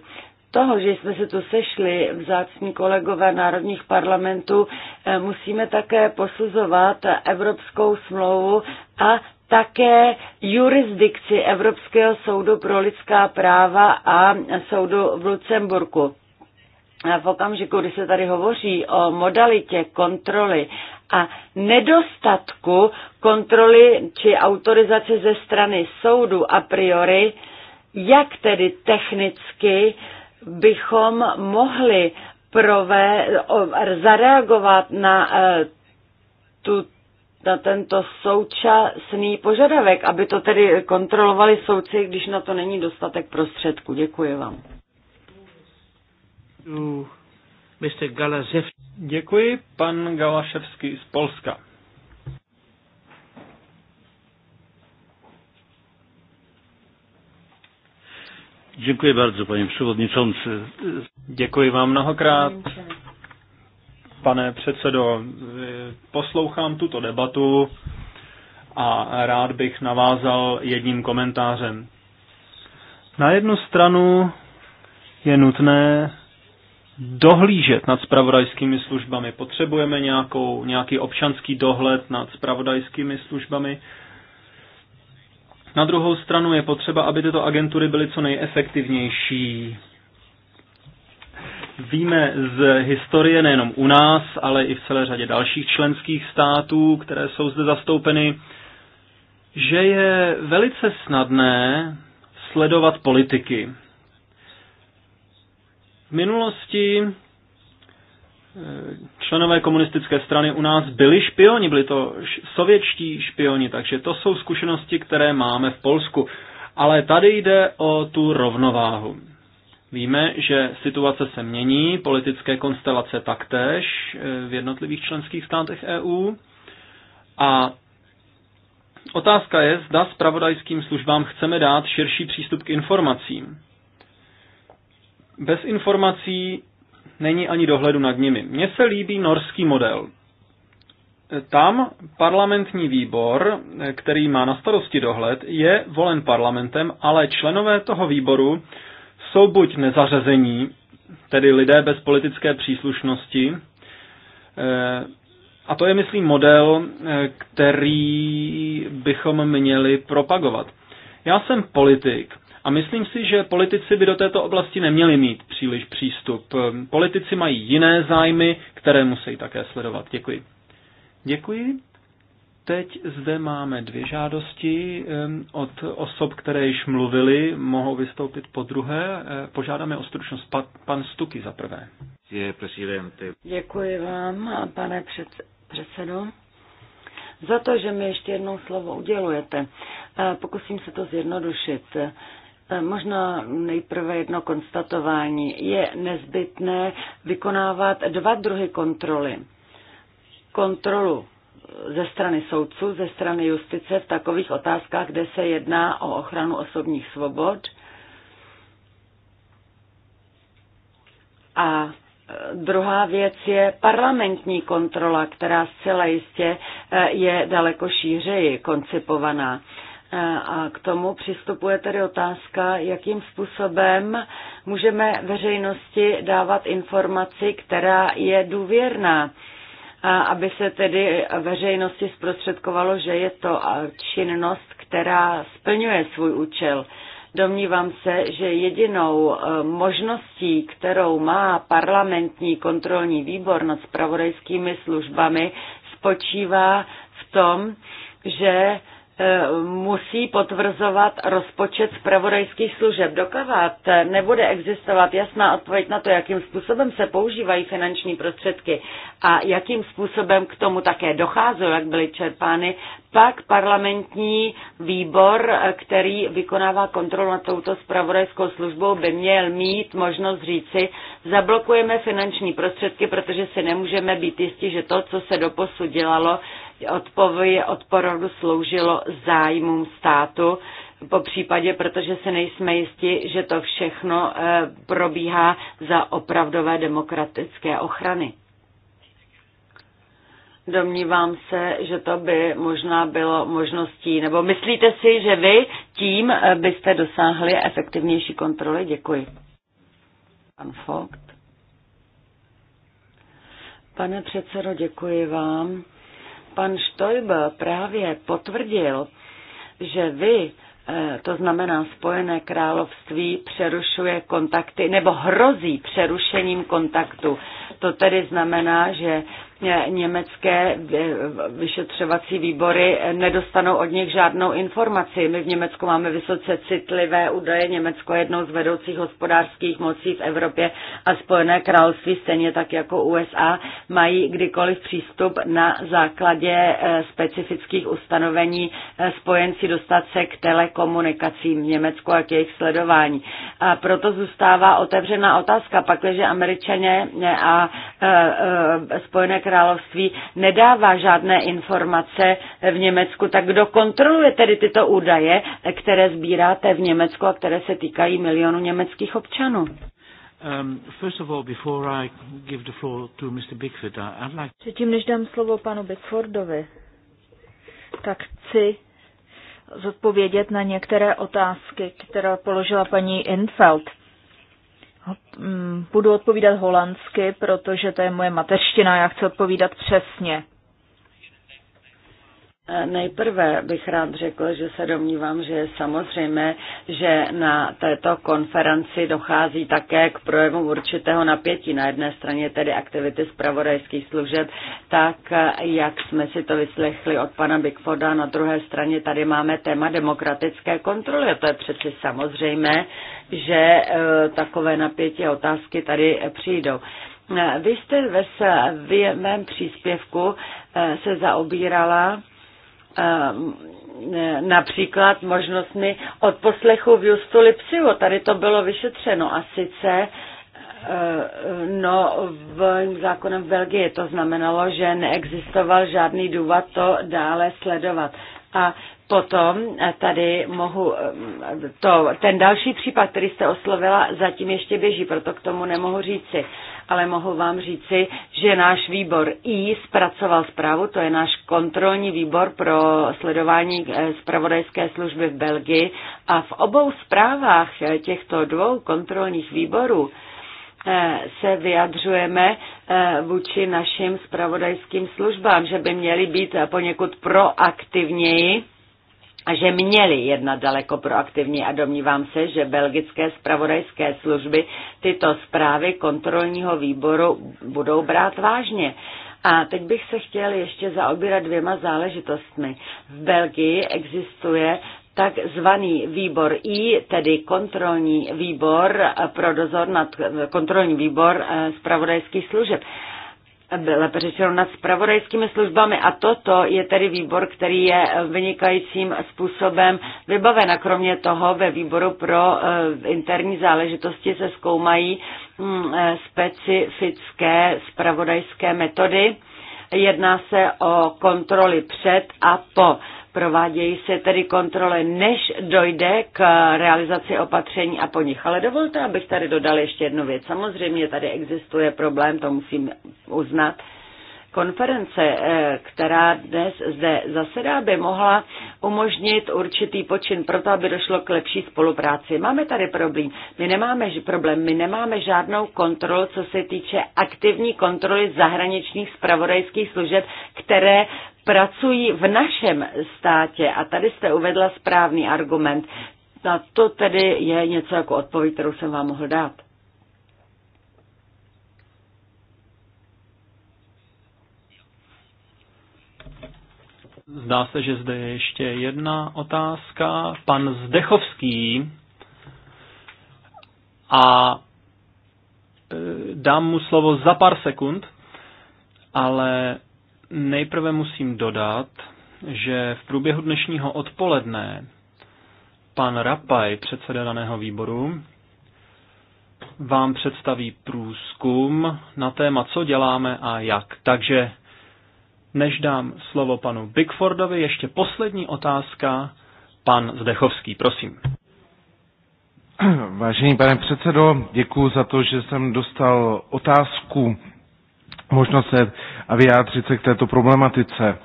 [SPEAKER 4] toho, že jsme se tu sešli, vzácní kolegové národních parlamentů, eh, musíme také posuzovat Evropskou smlouvu a také jurisdikci Evropského soudu pro lidská práva a soudu v Lucemburku. V okamžiku, kdy se tady hovoří o modalitě kontroly a nedostatku kontroly či autorizace ze strany soudu a priori, jak tedy technicky uh, bychom mohli prové, zareagovat na, e, tu, na tento současný požadavek, aby to tedy kontrolovali soudci, když na to není dostatek prostředků. Děkuji vám.
[SPEAKER 1] Děkuji, pan Galaševský z Polska.
[SPEAKER 2] Děkuji bardzo, paní předsedající.
[SPEAKER 1] Děkuji vám mnohokrát. Pane předsedo, poslouchám tuto debatu a rád bych navázal jedním komentářem. Na jednu stranu je nutné dohlížet nad spravodajskými službami. Potřebujeme nějakou, nějaký občanský dohled nad spravodajskými službami na druhou stranu je potřeba, aby tyto agentury byly co nejefektivnější. Víme z historie nejenom u nás, ale i v celé řadě dalších členských států, které jsou zde zastoupeny, že je velice snadné sledovat politiky. V minulosti členové komunistické strany u nás byli špioni, byli to sovětští špioni, takže to jsou zkušenosti, které máme v Polsku. Ale tady jde o tu rovnováhu. Víme, že situace se mění, politické konstelace taktéž eh, v jednotlivých členských státech EU. A otázka je, zda spravodajským službám chceme dát širší přístup k informacím. Bez informací není ani dohledu nad nimi. Mně se líbí norský model. Tam parlamentní výbor, který má na starosti dohled, je volen parlamentem, ale členové toho výboru jsou buď nezařazení, tedy lidé bez politické příslušnosti, eh, a to je, myslím, model, eh, který bychom měli propagovat. Já jsem politik a myslím si, že politici by do této oblasti neměli mít příliš přístup. Politici mají jiné zájmy, které musí také sledovat. Děkuji. Děkuji. Teď zde máme dvě žádosti od osob, které již mluvili, mohou vystoupit po druhé. E, požádáme o stručnost pa, pan Stuky za prvé.
[SPEAKER 4] Děkuji vám, pane předsedo, za to, že mi ještě jednou slovo udělujete. E, pokusím se to zjednodušit. Eh, možná nejprve jedno konstatování. Je nezbytné vykonávat dva druhy kontroly. Kontrolu ze strany soudců, ze strany justice v takových otázkách, kde se jedná o ochranu osobních svobod a eh, Druhá věc je parlamentní kontrola, která zcela jistě eh, je daleko šířeji koncipovaná. A k tomu přistupuje tedy otázka, jakým způsobem můžeme veřejnosti dávat informaci, která je důvěrná, a aby se tedy veřejnosti zprostředkovalo, že je to činnost, která splňuje svůj účel. Domnívám se, že jedinou eh, možností, kterou má parlamentní kontrolní výbor nad spravodajskými službami, spočívá v tom, že E, musí potvrzovat rozpočet zpravodajských služeb. Dokavat nebude existovat jasná odpověď na to, jakým způsobem se používají finanční prostředky a jakým způsobem k tomu také docházelo, jak byly čerpány, pak parlamentní výbor, který vykonává kontrolu nad touto spravodajskou službou, by měl mít možnost říci, zablokujeme finanční prostředky, protože si nemůžeme být jistí, že to, co se doposud dělalo, odporodu sloužilo zájmům státu, po případě, protože se nejsme jisti, že to všechno eh, probíhá za opravdové demokratické ochrany. Domnívám se, že to by možná bylo možností, nebo myslíte si, že vy tím eh, byste dosáhli efektivnější kontroly? Děkuji. Pan Fogt. Pane předsedo, děkuji vám. Pan Stoiber právě potvrdil, že vy, eh, to znamená Spojené království, přerušuje kontakty nebo hrozí přerušením kontaktu. To tedy znamená, že Vlastně německé vyšetřovací výbory nedostanou od nich žádnou informaci. My v Německu máme vysoce citlivé údaje. Německo je jednou z vedoucích hospodářských mocí v Evropě a Spojené království, stejně tak jako USA, mají kdykoliv přístup na základě eh, specifických ustanovení eh, spojenci dostat se k telekomunikacím v Německu a k jejich sledování. A proto zůstává otevřená otázka, pakliže američané a eh, Spojené království království nedává žádné informace v Německu, tak kdo kontroluje tedy tyto údaje, které sbíráte v Německu a které se týkají milionu německých občanů?
[SPEAKER 2] Um, uh,
[SPEAKER 4] Předtím, než dám slovo panu Bickfordovi,
[SPEAKER 3] tak chci zodpovědět na některé otázky, které položila paní Infeld Mm, budu odpovídat holandsky, protože to je moje mateřština, já chci odpovídat přesně.
[SPEAKER 4] Eh, nejprve bych rád řekl, že se domnívám, že je samozřejmé, že na této konferenci dochází také k projevu určitého napětí. Na jedné straně tedy aktivity zpravodajských služeb, tak eh, jak jsme si to vyslechli od pana Bigfoda. na druhé straně tady máme téma demokratické kontroly. A to je přeci samozřejmé, že eh, takové napětí a otázky tady přijdou. Vy jste ve svém příspěvku se zaobírala Ehm, e, například možnostmi od poslechu v Justu Lipsiu. Tady to bylo vyšetřeno a sice e, No, v zákonem v Belgii to znamenalo, že neexistoval žádný důvod to dále sledovat. A Potom eh, tady mohu, eh, to, ten další případ, který jste oslovila, zatím ještě běží, proto k tomu nemohu říci. Ale mohu vám říci, že náš výbor I zpracoval zprávu, to je náš kontrolní výbor pro sledování eh, zpravodajské služby v Belgii. A v obou zprávách těchto dvou kontrolních výborů se vyjadřujeme vůči našim spravodajským službám, že by měly být poněkud proaktivněji a že měli jednat daleko proaktivně a domnívám se, že belgické spravodajské služby tyto zprávy kontrolního výboru budou brát vážně. A teď bych se chtěl ještě zaobírat dvěma záležitostmi. V Belgii existuje takzvaný výbor I, tedy kontrolní výbor pro dozor nad kontrolní výbor spravodajských eh, služeb lépe řečeno nad spravodajskými službami a toto je tedy výbor, který je vynikajícím způsobem vybaven. A kromě toho ve výboru pro eh, interní záležitosti se zkoumají hm, eh, specifické spravodajské metody. Jedná se o kontroly před a po Provádějí se tedy kontroly, než dojde k realizaci opatření a po nich. Ale dovolte, abych tady dodal ještě jednu věc. Samozřejmě tady existuje problém, to musím uznat. Konference, eh, která dnes zde zasedá, by mohla umožnit určitý počin pro to, aby došlo k lepší spolupráci. Máme tady problém. My nemáme problém, my nemáme žádnou kontrolu, co se týče aktivní kontroly zahraničních spravodajských služeb, které pracují v našem státě. A tady jste uvedla správný argument. A to tedy je něco jako odpověď, kterou jsem vám mohl dát.
[SPEAKER 2] Zdá
[SPEAKER 1] se, že zde je ještě jedna otázka. Pan Zdechovský a e, dám mu slovo za pár sekund, ale Nejprve musím dodat, že v průběhu dnešního odpoledne pan Rapaj, předseda daného výboru, vám představí průzkum na téma, co děláme a jak. Takže než dám slovo panu Bigfordovi, ještě poslední otázka, pan Zdechovský, prosím.
[SPEAKER 5] Vážený pane předsedo, děkuji za to, že jsem dostal otázku možnost a vyjádřit se k této problematice.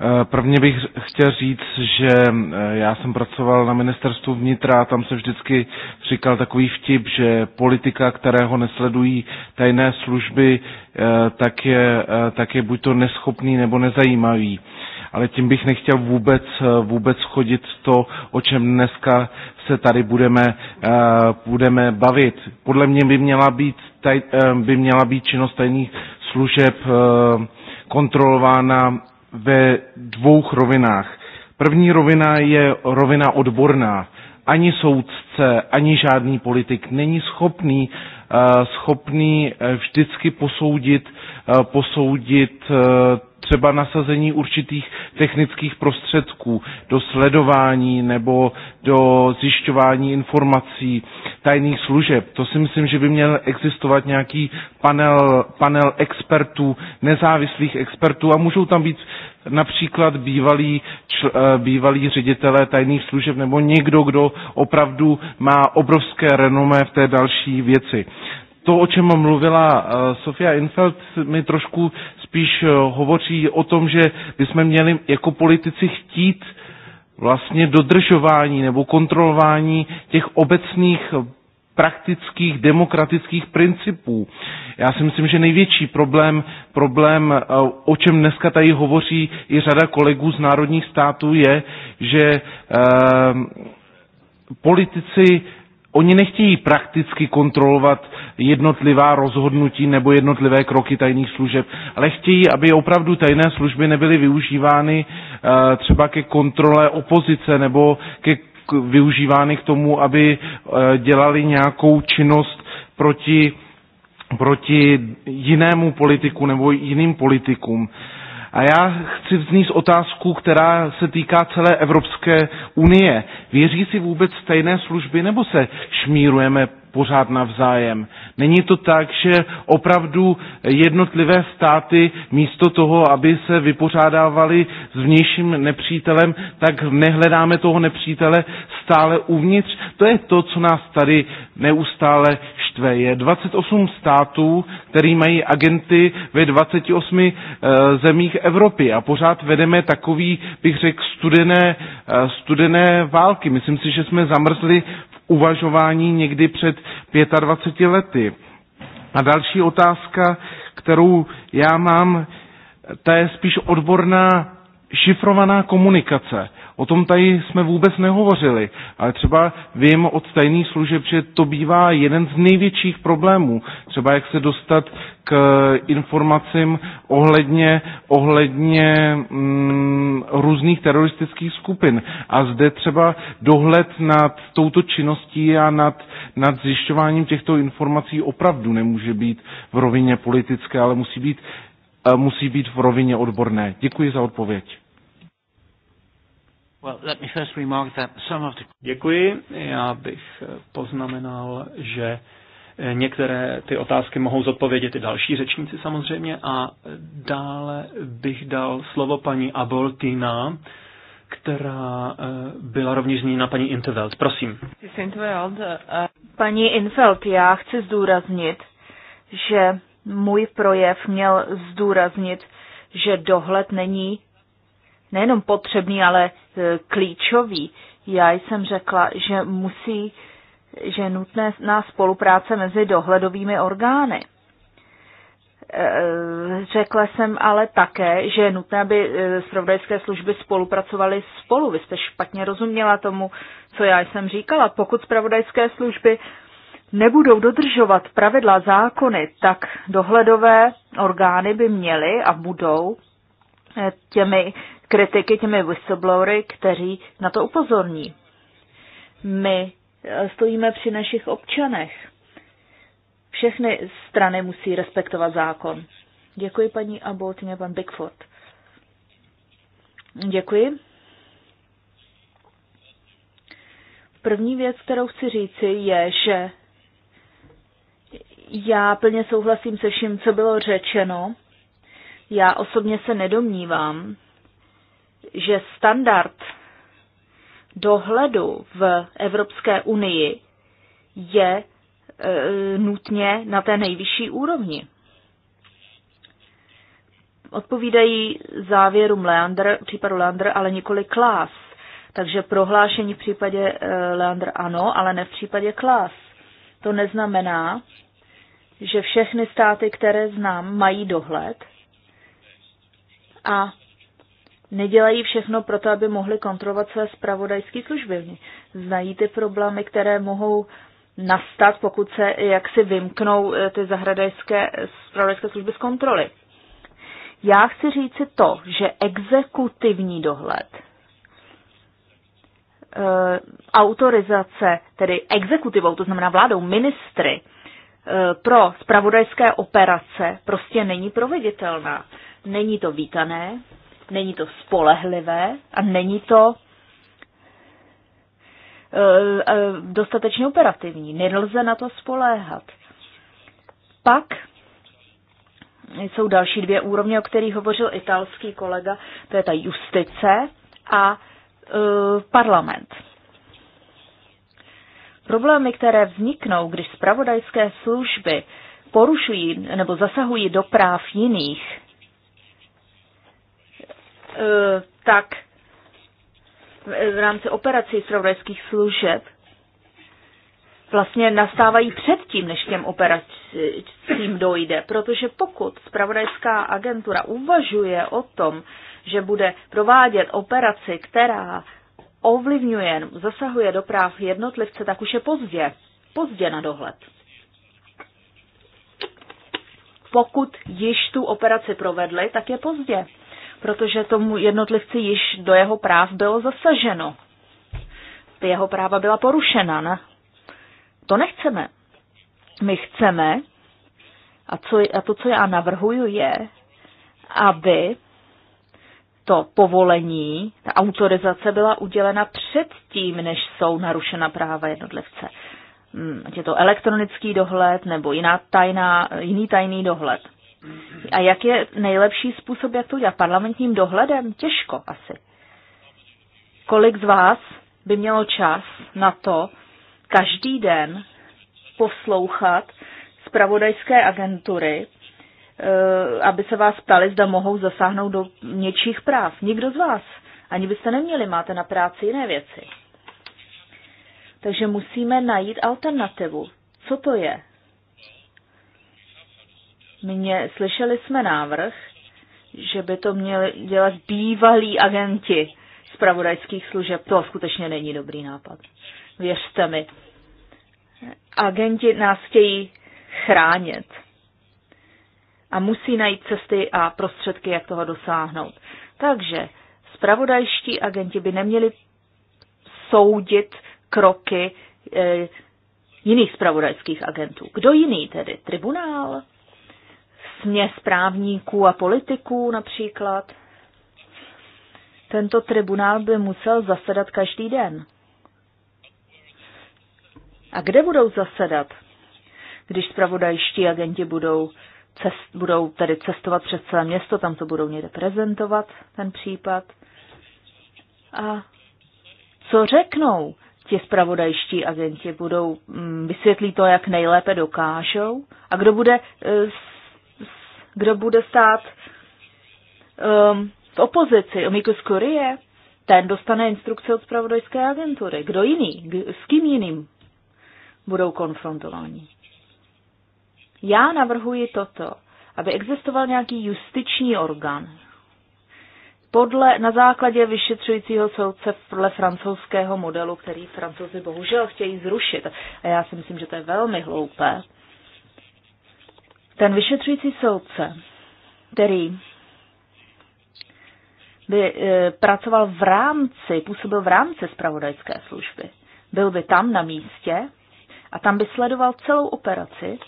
[SPEAKER 5] Eh, prvně bych chtěl říct, že eh, já jsem pracoval na ministerstvu vnitra a tam se vždycky říkal takový vtip, že politika, kterého nesledují tajné služby, eh, tak je, tak je buď to neschopný nebo nezajímavý. Ale tím bych nechtěl vůbec, vůbec chodit to, o čem dneska se tady budeme, budeme bavit. Podle mě by měla být, taj, by měla být činnost tajných služeb eh, kontrolována ve dvou rovinách. První rovina je rovina odborná. Ani soudce, ani žádný politik není schopný, eh, schopný eh, vždycky posoudit, posoudit třeba nasazení určitých technických prostředků do sledování nebo do zjišťování informací tajných služeb. To si myslím, že by měl existovat nějaký panel, panel expertů, nezávislých expertů a můžou tam být například bývalí, čl, eh, bývalí ředitelé tajných služeb nebo někdo, kdo opravdu má obrovské renomé v té další věci to, o čem mluvila eh, Sofia Infeld, mi trošku spíš eh, hovoří o tom, že bychom měli jako politici chtít vlastně dodržování nebo kontrolování těch obecných praktických demokratických principů. Já si myslím, že největší problém, problém, eh, o čem dneska tady hovoří i řada kolegů z národních států, je, že eh, politici Oni nechtějí prakticky kontrolovat jednotlivá rozhodnutí nebo jednotlivé kroky tajných služeb, ale chtějí, aby opravdu tajné služby nebyly využívány eh, třeba ke kontrole opozice nebo ke využívány k tomu, aby eh, dělali nějakou činnost proti, proti jinému politiku nebo jiným politikům. A já chci vznést otázku, která se týká celé Evropské unie. Věří si vůbec stejné služby nebo se šmírujeme pořád navzájem. Není to tak, že opravdu jednotlivé státy místo toho, aby se vypořádávali s vnějším nepřítelem, tak nehledáme toho nepřítele stále uvnitř. To je to, co nás tady neustále štve. Je 28 států, který mají agenty ve 28 eh, zemích Evropy a pořád vedeme takový, bych řekl, studené, eh, studené války. Myslím si, že jsme zamrzli uvažování někdy před 25 lety. A další otázka, kterou já mám, ta je spíš odborná šifrovaná komunikace. O tom tady jsme vůbec nehovořili, ale třeba vím od tajných služeb, že to bývá jeden z největších problémů. Třeba jak se dostat k informacím ohledně, ohledně mm, různých teroristických skupin. A zde třeba dohled nad touto činností a nad, nad zjišťováním těchto informací opravdu nemůže být v rovině politické, ale musí být, eh, musí být v rovině odborné. Děkuji za odpověď.
[SPEAKER 2] Děkuji. Já bych
[SPEAKER 1] poznamenal, že eh, některé ty otázky mohou zodpovědět i další řečníci samozřejmě a dále bych dal slovo paní Aboltina, která eh, byla rovněž zmíněna paní Intervelt. Prosím.
[SPEAKER 3] Paní Infeld, já chci zdůraznit, že můj projev měl zdůraznit, že dohled není nejenom potřebný, ale e, klíčový. Já jsem řekla, že musí, že je nutné na spolupráce mezi dohledovými orgány. E, řekla jsem ale také, že je nutné, aby e, zpravodajské služby spolupracovaly spolu. Vy jste špatně rozuměla tomu, co já jsem říkala. Pokud zpravodajské služby nebudou dodržovat pravidla zákony, tak dohledové orgány by měly a budou těmi kritiky těmi whistleblowery, kteří na to upozorní. My eh, stojíme při našich občanech. Všechny strany musí respektovat zákon. Děkuji paní Abotně, pan Bigford. Děkuji. První věc, kterou chci říci, je, že já plně souhlasím se vším, co bylo řečeno. Já osobně se nedomnívám, že standard dohledu v Evropské unii je e, nutně na té nejvyšší úrovni. Odpovídají závěrům Leander, případu Leander, ale nikoli Klás. Takže prohlášení v případě e, Leander ano, ale ne v případě Klás. To neznamená, že všechny státy, které znám, mají dohled a nedělají všechno pro to, aby mohli kontrolovat své spravodajské služby. Znají ty problémy, které mohou nastat, pokud se jaksi vymknou eh, ty zahradajské spravodajské služby z kontroly. Já chci říci to, že exekutivní dohled, eh, autorizace, tedy exekutivou, to znamená vládou, ministry, eh, pro spravodajské operace prostě není proveditelná. Není to vítané, není to spolehlivé a není to eh, eh, dostatečně operativní. Nelze na to spoléhat. Pak jsou další dvě úrovně, o kterých hovořil italský kolega, to je ta justice a eh, parlament. Problémy, které vzniknou, když zpravodajské služby porušují nebo zasahují do práv jiných, Eh, tak v rámci operací zpravodajských služeb vlastně nastávají předtím, než k těm operacím dojde. Protože pokud spravodajská agentura uvažuje o tom, že bude provádět operaci, která ovlivňuje, zasahuje do práv jednotlivce, tak už je pozdě. Pozdě na dohled. Pokud již tu operaci provedli, tak je pozdě protože tomu jednotlivci již do jeho práv bylo zasaženo. Ty jeho práva byla porušena. Ne? To nechceme. My chceme, a, co, a to, co já navrhuju, je, aby to povolení, ta autorizace byla udělena předtím, než jsou narušena práva jednotlivce. Hm, ať je to elektronický dohled nebo jiná tajná, jiný tajný dohled. A jak je nejlepší způsob, jak to udělat? Parlamentním dohledem? Těžko asi. Kolik z vás by mělo čas na to každý den poslouchat zpravodajské agentury, eh, aby se vás ptali, zda mohou zasáhnout do něčích práv. Nikdo z vás. Ani byste neměli, máte na práci jiné věci. Takže musíme najít alternativu. Co to je? Mě, slyšeli jsme návrh, že by to měli dělat bývalí agenti zpravodajských služeb. To skutečně není dobrý nápad. Věřte mi. Agenti nás chtějí chránit a musí najít cesty a prostředky, jak toho dosáhnout. Takže spravodajští agenti by neměli soudit kroky e, jiných spravodajských agentů. Kdo jiný tedy? Tribunál? směs vlastně právníků a politiků například. Tento tribunál by musel zasedat každý den. A kde budou zasedat, když spravodajští agenti budou, cest, budou tedy cestovat přes celé město, tam to budou někde prezentovat, ten případ? A co řeknou ti spravodajští agenti? Budou, mm, vysvětlí to, jak nejlépe dokážou? A kdo bude eh, kdo bude stát um, v opozici. Omikus Kurie, ten dostane instrukce od spravodajské agentury. Kdo jiný? S kým jiným budou konfrontováni? Já navrhuji toto, aby existoval nějaký justiční orgán. Podle, na základě vyšetřujícího soudce podle francouzského modelu, který francouzi bohužel chtějí zrušit. A já si myslím, že to je velmi hloupé ten vyšetřující soudce, který by e, pracoval v rámci, působil v rámci spravodajské služby, byl by tam na místě a tam by sledoval celou operaci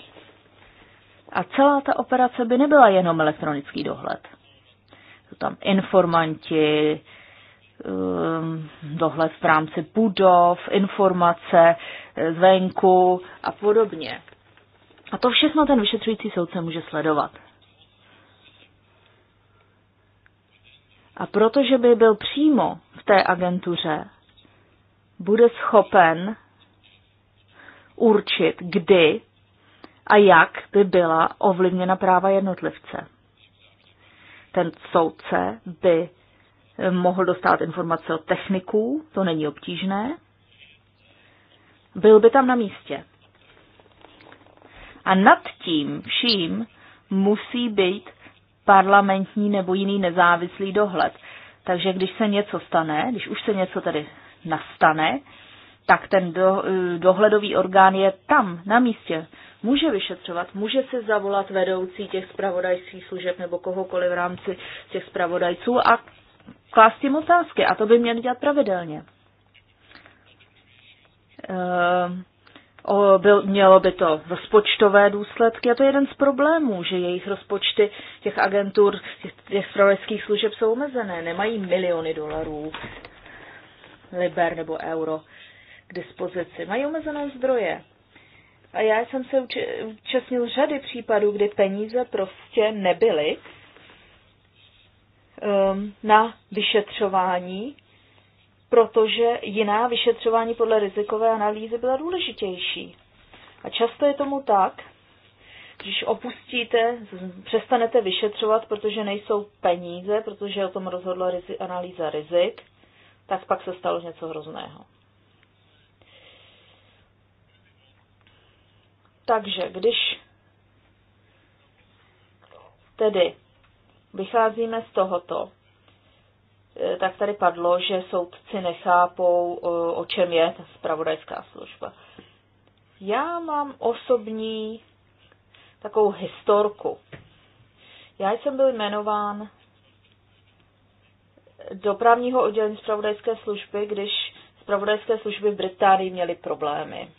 [SPEAKER 3] a celá ta operace by nebyla jenom elektronický dohled. Jsou tam informanti, ehm, dohled v rámci budov, informace e, zvenku a podobně. A to všechno ten vyšetřující soudce může sledovat. A protože by byl přímo v té agentuře, bude schopen určit, kdy a jak by byla ovlivněna práva jednotlivce. Ten soudce by eh, mohl dostat informace od techniků, to není obtížné. Byl by tam na místě. A nad tím vším musí být parlamentní nebo jiný nezávislý dohled. Takže když se něco stane, když už se něco tady nastane, tak ten do, eh, dohledový orgán je tam, na místě. Může vyšetřovat, může se zavolat vedoucí těch spravodajských služeb nebo kohokoliv v rámci těch spravodajců a klást jim otázky. A to by měli dělat pravidelně. Eh, O, byl, mělo by to rozpočtové důsledky a to je jeden z problémů, že jejich rozpočty těch agentur, těch, těch spravodajských služeb jsou omezené, nemají miliony dolarů, liber nebo euro k dispozici, mají omezené zdroje. A já jsem se účastnil řady případů, kdy peníze prostě nebyly um, na vyšetřování protože jiná vyšetřování podle rizikové analýzy byla důležitější. A často je tomu tak, když opustíte, přestanete vyšetřovat, protože nejsou peníze, protože o tom rozhodla rizi, analýza rizik, tak pak se stalo něco hrozného. Takže když tedy vycházíme z tohoto, Eh, tak tady padlo, že soudci nechápou, eh, o čem je ta spravodajská služba. Já mám osobní takovou historku. Já jsem byl jmenován do právního oddělení spravodajské služby, když spravodajské služby v Británii měly problémy.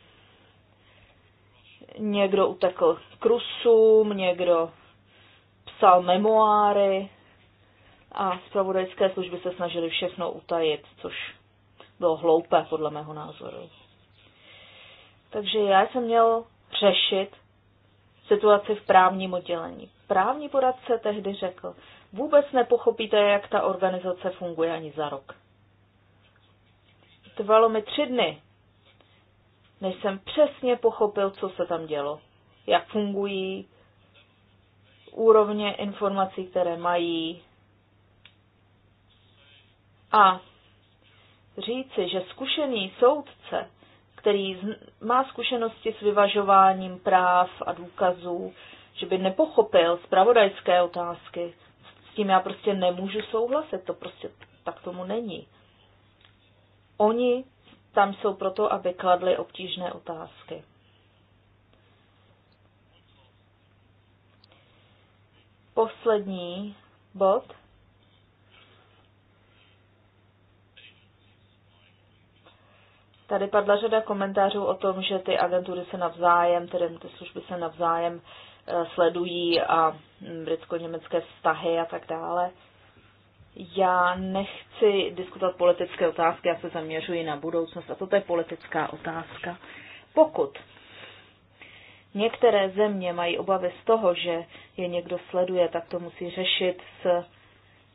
[SPEAKER 3] Někdo utekl k Rusům, někdo psal memoáry, a zpravodajské služby se snažily všechno utajit, což bylo hloupé podle mého názoru. Takže já jsem měl řešit situaci v právním oddělení. Právní poradce tehdy řekl, vůbec nepochopíte, jak ta organizace funguje ani za rok. Trvalo mi tři dny, než jsem přesně pochopil, co se tam dělo, jak fungují úrovně informací, které mají, a říci, že zkušený soudce, který má zkušenosti s vyvažováním práv a důkazů, že by nepochopil zpravodajské otázky, s tím já prostě nemůžu souhlasit, to prostě tak tomu není. Oni tam jsou proto, aby kladli obtížné otázky. Poslední bod Tady padla řada komentářů o tom, že ty agentury se navzájem, tedy ty služby se navzájem eh, sledují a mm, britsko-německé vztahy a tak dále. Já nechci diskutovat politické otázky, já se zaměřuji na budoucnost a toto je politická otázka. Pokud některé země mají obavy z toho, že je někdo sleduje, tak to musí řešit s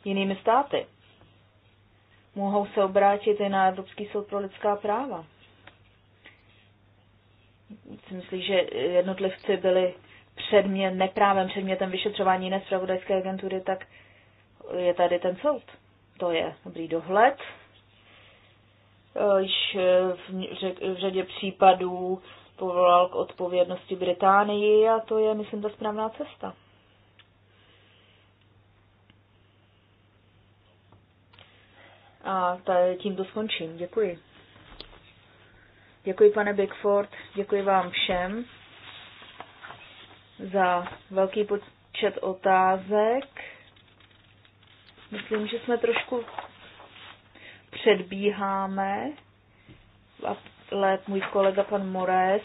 [SPEAKER 3] jinými státy mohou se obrátit i na Evropský soud pro lidská práva. Si myslí, že jednotlivci byli předmě, neprávem předmětem vyšetřování jiné agentury, tak je tady ten soud. To je dobrý dohled. Již v řadě případů povolal k odpovědnosti Británii a to je, myslím, ta správná cesta. A tím to skončím. Děkuji. Děkuji, pane Bigford, děkuji vám všem za velký počet otázek. Myslím, že jsme trošku předbíháme, let můj kolega pan Mores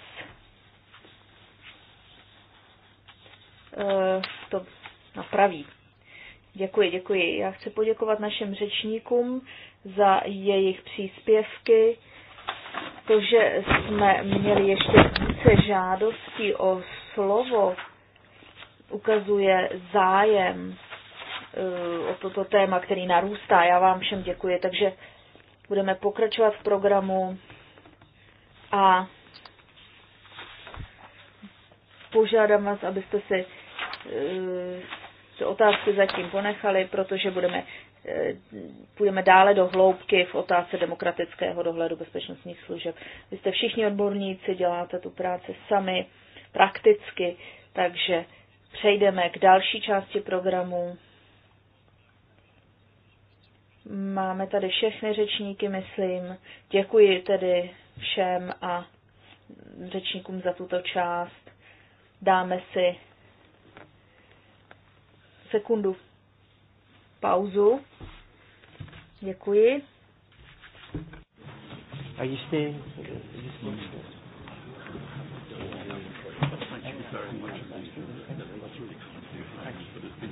[SPEAKER 3] eh, to napraví. Děkuji, děkuji. Já chci poděkovat našim řečníkům za jejich příspěvky. To, že jsme měli ještě více žádostí o slovo, ukazuje zájem eh, o toto téma, který narůstá. Já vám všem děkuji, takže budeme pokračovat v programu a požádám vás, abyste si
[SPEAKER 2] eh,
[SPEAKER 3] otázky zatím ponechali, protože budeme, eh, půjdeme dále do hloubky v otázce demokratického dohledu bezpečnostních služeb. Vy jste všichni odborníci, děláte tu práci sami, prakticky, takže přejdeme k další části programu. Máme tady všechny řečníky, myslím. Děkuji tedy všem a řečníkům za tuto část. Dáme si sekundu pauzu. Děkuji.
[SPEAKER 2] A jistě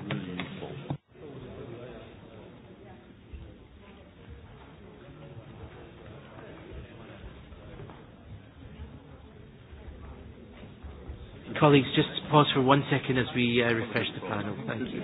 [SPEAKER 2] Thank you Colleagues, just pause for one second as we uh, refresh the panel. Thank you.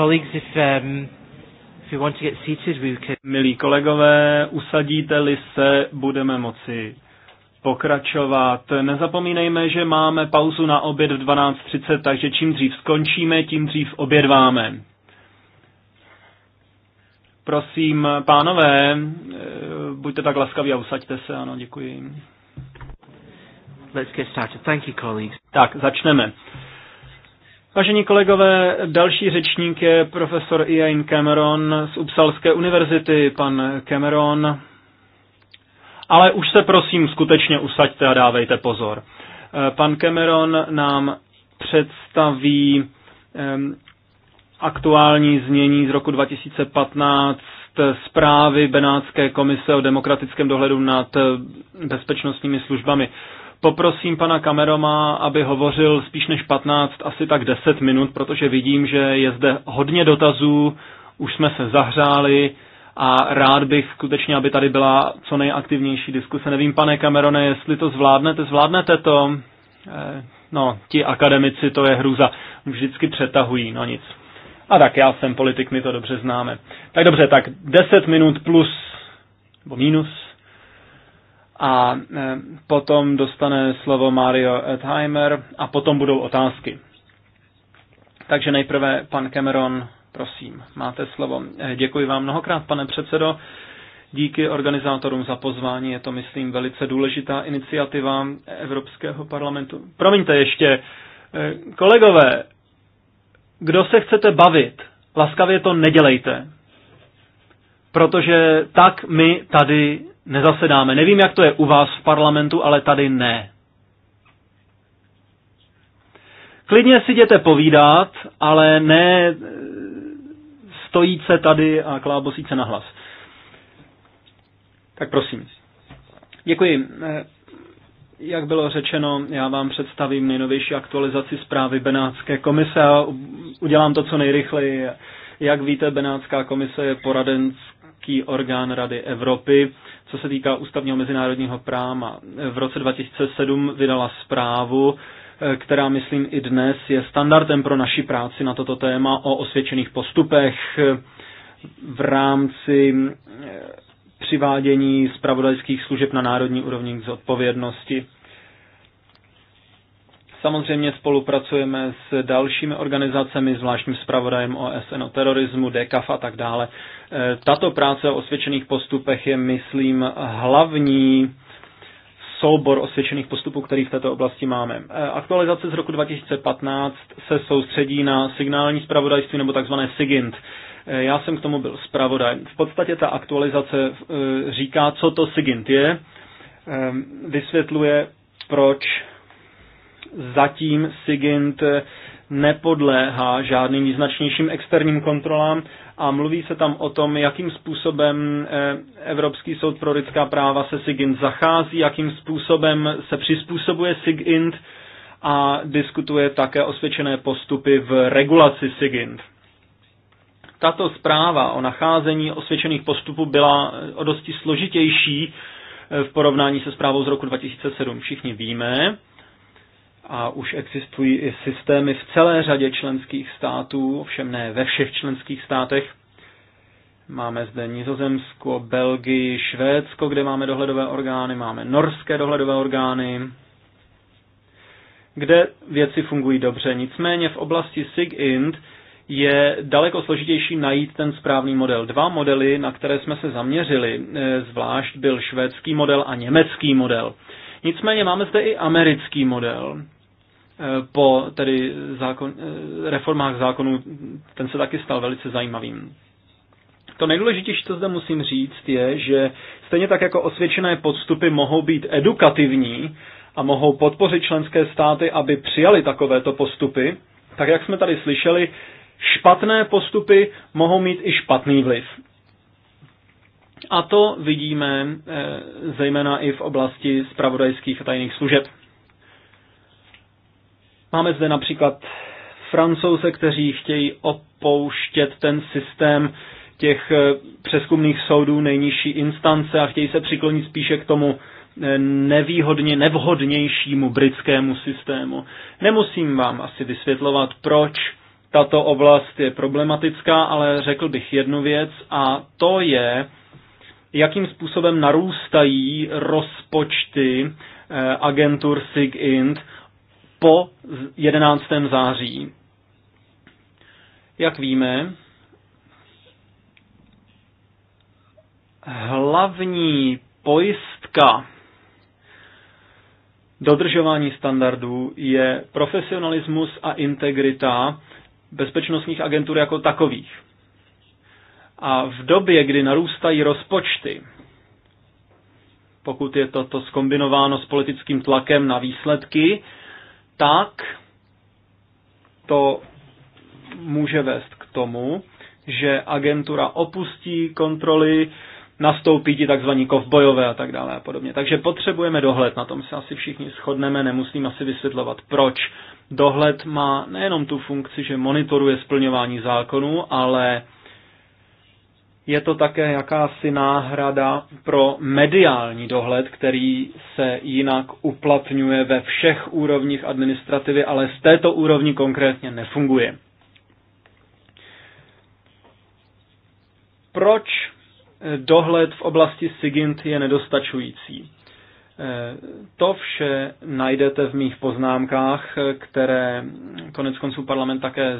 [SPEAKER 2] colleagues, if, um, if you want to get seated, we can...
[SPEAKER 1] Milí kolegové, usadíte-li se, budeme moci pokračovat. Nezapomínejme, že máme pauzu na oběd v 12.30, takže čím dřív skončíme, tím dřív obědváme. Prosím, pánové, eh, buďte tak laskaví a usaďte se, ano, děkuji. Let's get started. Thank you, colleagues. Tak, začneme. Vážení kolegové, další řečník je profesor Ian Cameron z Uppsalské univerzity, pan Cameron. Ale už se prosím skutečně usaďte a dávejte pozor. Eh, pan Cameron nám představí ehm, aktuální znění z roku 2015 eh, zprávy Benátské komise o demokratickém dohledu nad eh, bezpečnostními službami. Poprosím pana Kameroma, aby hovořil spíš než 15, asi tak 10 minut, protože vidím, že je zde hodně dotazů, už jsme se zahřáli a rád bych skutečně, aby tady byla co nejaktivnější diskuse. Nevím, pane Camerone, jestli to zvládnete, zvládnete to? Eh, no, ti akademici, to je hrůza, vždycky přetahují, no nic. A tak já jsem politik, my to dobře známe. Tak dobře, tak 10 minut plus, nebo minus, a e, potom dostane slovo Mario Edheimer a potom budou otázky. Takže nejprve pan Cameron, prosím, máte slovo. E, děkuji vám mnohokrát, pane předsedo. Díky organizátorům za pozvání, je to, myslím, velice důležitá iniciativa Evropského parlamentu. Promiňte ještě, e, kolegové, kdo se chcete bavit, laskavě to nedělejte, protože tak my tady nezasedáme. Nevím, jak to je u vás v parlamentu, ale tady ne. Klidně si jděte povídat, ale ne e, stojíce se tady a klábosíce se na hlas. Tak prosím. Děkuji. E, jak bylo řečeno, já vám představím nejnovější aktualizaci zprávy Benátské komise a udělám to co nejrychleji. Jak víte, Benátská komise je poradenský orgán Rady Evropy co se týká ústavního mezinárodního práva, v roce 2007 vydala zprávu, eh, která, myslím, i dnes je standardem pro naši práci na toto téma o osvědčených postupech eh, v rámci eh, přivádění zpravodajských služeb na národní úrovni k zodpovědnosti. Samozřejmě spolupracujeme s dalšími organizacemi, zvláštním zpravodajem OSN o terorismu, DECAF a tak dále. E, tato práce o osvědčených postupech je, myslím, hlavní soubor osvědčených postupů, který v této oblasti máme. E, aktualizace z roku 2015 se soustředí na signální zpravodajství nebo tzv. SIGINT. E, já jsem k tomu byl zpravodaj. V podstatě ta aktualizace říká, co to SIGINT je, vysvětluje, proč zatím SIGINT eh, nepodléhá žádným význačnějším externím kontrolám a mluví se tam o tom, jakým způsobem eh, Evropský soud pro lidská práva se SIGINT zachází, jakým způsobem se přizpůsobuje SIGINT a diskutuje také osvědčené postupy v regulaci SIGINT. Tato zpráva o nacházení osvědčených postupů byla eh, o dosti složitější v porovnání se zprávou z roku 2007. Všichni víme, a už existují i systémy v celé řadě členských států, ovšem ne ve všech členských státech. Máme zde Nizozemsko, Belgii, Švédsko, kde máme dohledové orgány, máme norské dohledové orgány, kde věci fungují dobře. Nicméně v oblasti SIGINT je daleko složitější najít ten správný model. Dva modely, na které jsme se zaměřili, eh, zvlášť byl švédský model a německý model. Nicméně máme zde
[SPEAKER 2] i americký
[SPEAKER 1] model, po tedy zákon, eh, reformách zákonů, ten se taky stal velice zajímavým. To nejdůležitější, co zde musím říct, je, že stejně tak jako osvědčené podstupy mohou být edukativní a mohou podpořit členské státy, aby přijali takovéto postupy, tak jak jsme tady slyšeli, špatné postupy mohou mít i špatný vliv. A to vidíme e, zejména i v oblasti spravodajských a tajných služeb. Máme zde například francouze, kteří chtějí opouštět ten systém těch eh, přeskumných soudů nejnižší instance a chtějí se přiklonit spíše k tomu eh, nevýhodně, nevhodnějšímu britskému systému. Nemusím vám asi vysvětlovat, proč tato oblast je problematická, ale řekl bych jednu věc a to je, jakým způsobem narůstají rozpočty eh, agentur SIGINT po 11. září. Jak víme, hlavní pojistka dodržování standardů je profesionalismus a integrita bezpečnostních agentur jako takových. A v době, kdy narůstají rozpočty, pokud je toto skombinováno s politickým tlakem na výsledky, tak to může vést k tomu, že agentura opustí kontroly, nastoupí ti tzv. kovbojové a tak dále a podobně. Takže potřebujeme dohled, na tom se asi všichni shodneme, nemusím asi vysvětlovat proč. Dohled má nejenom tu funkci, že monitoruje splňování zákonů, ale je to také jakási náhrada pro mediální dohled, který se jinak uplatňuje ve všech úrovních administrativy, ale z této úrovni konkrétně nefunguje. Proč dohled v oblasti SIGINT je nedostačující? To vše najdete v mých poznámkách, které konec konců parlament také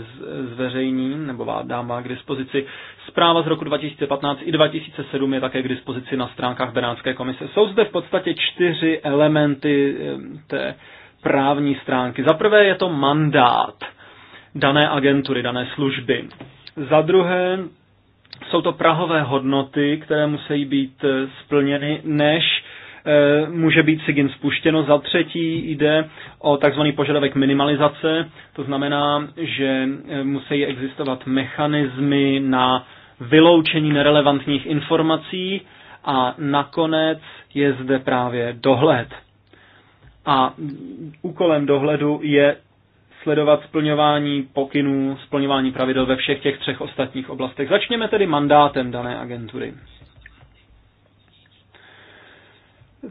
[SPEAKER 1] zveřejní, nebo vám dám vám k dispozici. Zpráva z roku 2015 i 2007 je také k dispozici na stránkách Benátské komise. Jsou zde v podstatě čtyři elementy té právní stránky. Za prvé je to mandát dané agentury, dané služby. Za druhé jsou to prahové hodnoty, které musí být eh, splněny, než Eh, může být SIGIN spuštěno. Za třetí jde o tzv. požadavek minimalizace, to znamená, že eh, musí existovat mechanismy na vyloučení nerelevantních informací a nakonec je zde právě dohled. A úkolem dohledu je sledovat splňování pokynů, splňování pravidel ve všech těch třech ostatních oblastech. Začněme tedy mandátem dané agentury.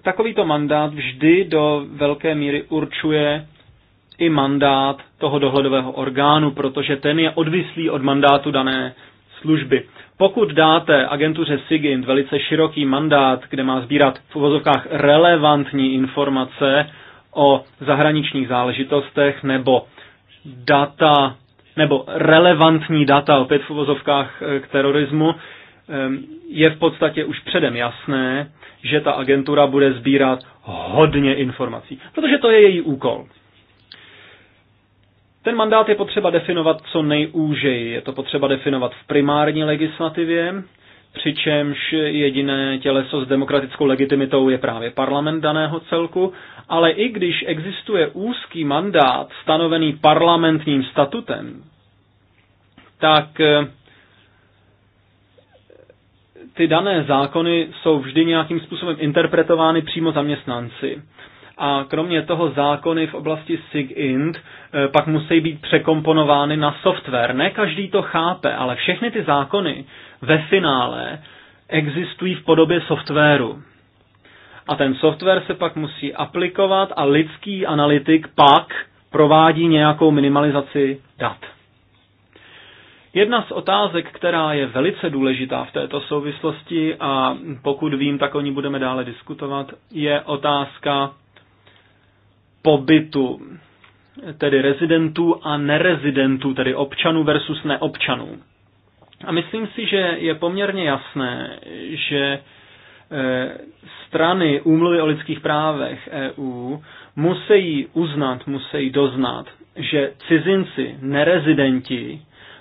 [SPEAKER 1] Takovýto mandát vždy do velké míry určuje i mandát toho dohledového orgánu, protože ten je odvislý od mandátu dané služby. Pokud dáte agentuře SIGINT velice široký mandát, kde má sbírat v uvozovkách relevantní informace o zahraničních záležitostech nebo data, nebo relevantní data, opět v uvozovkách eh, k terorismu, eh, je v podstatě už předem jasné, že ta agentura bude sbírat hodně informací, protože to je její úkol. Ten mandát je potřeba definovat co nejúžeji. Je to potřeba definovat v primární legislativě, přičemž jediné těleso s demokratickou legitimitou je právě parlament daného celku, ale i když existuje úzký mandát stanovený parlamentním statutem, tak eh, ty dané zákony jsou vždy nějakým způsobem interpretovány přímo zaměstnanci. A kromě toho zákony v oblasti SIGINT eh, pak musí být překomponovány na software. Ne každý to chápe, ale všechny ty zákony ve finále existují v podobě softwaru. A ten software se pak musí aplikovat a lidský analytik pak provádí nějakou minimalizaci dat. Jedna z otázek, která je velice důležitá v této souvislosti a pokud vím, tak o ní budeme dále diskutovat, je otázka pobytu, tedy rezidentů a nerezidentů, tedy občanů versus neobčanů. A myslím si, že je poměrně jasné, že e, strany úmluvy o lidských právech EU musí uznat, musí doznat, že cizinci, nerezidenti,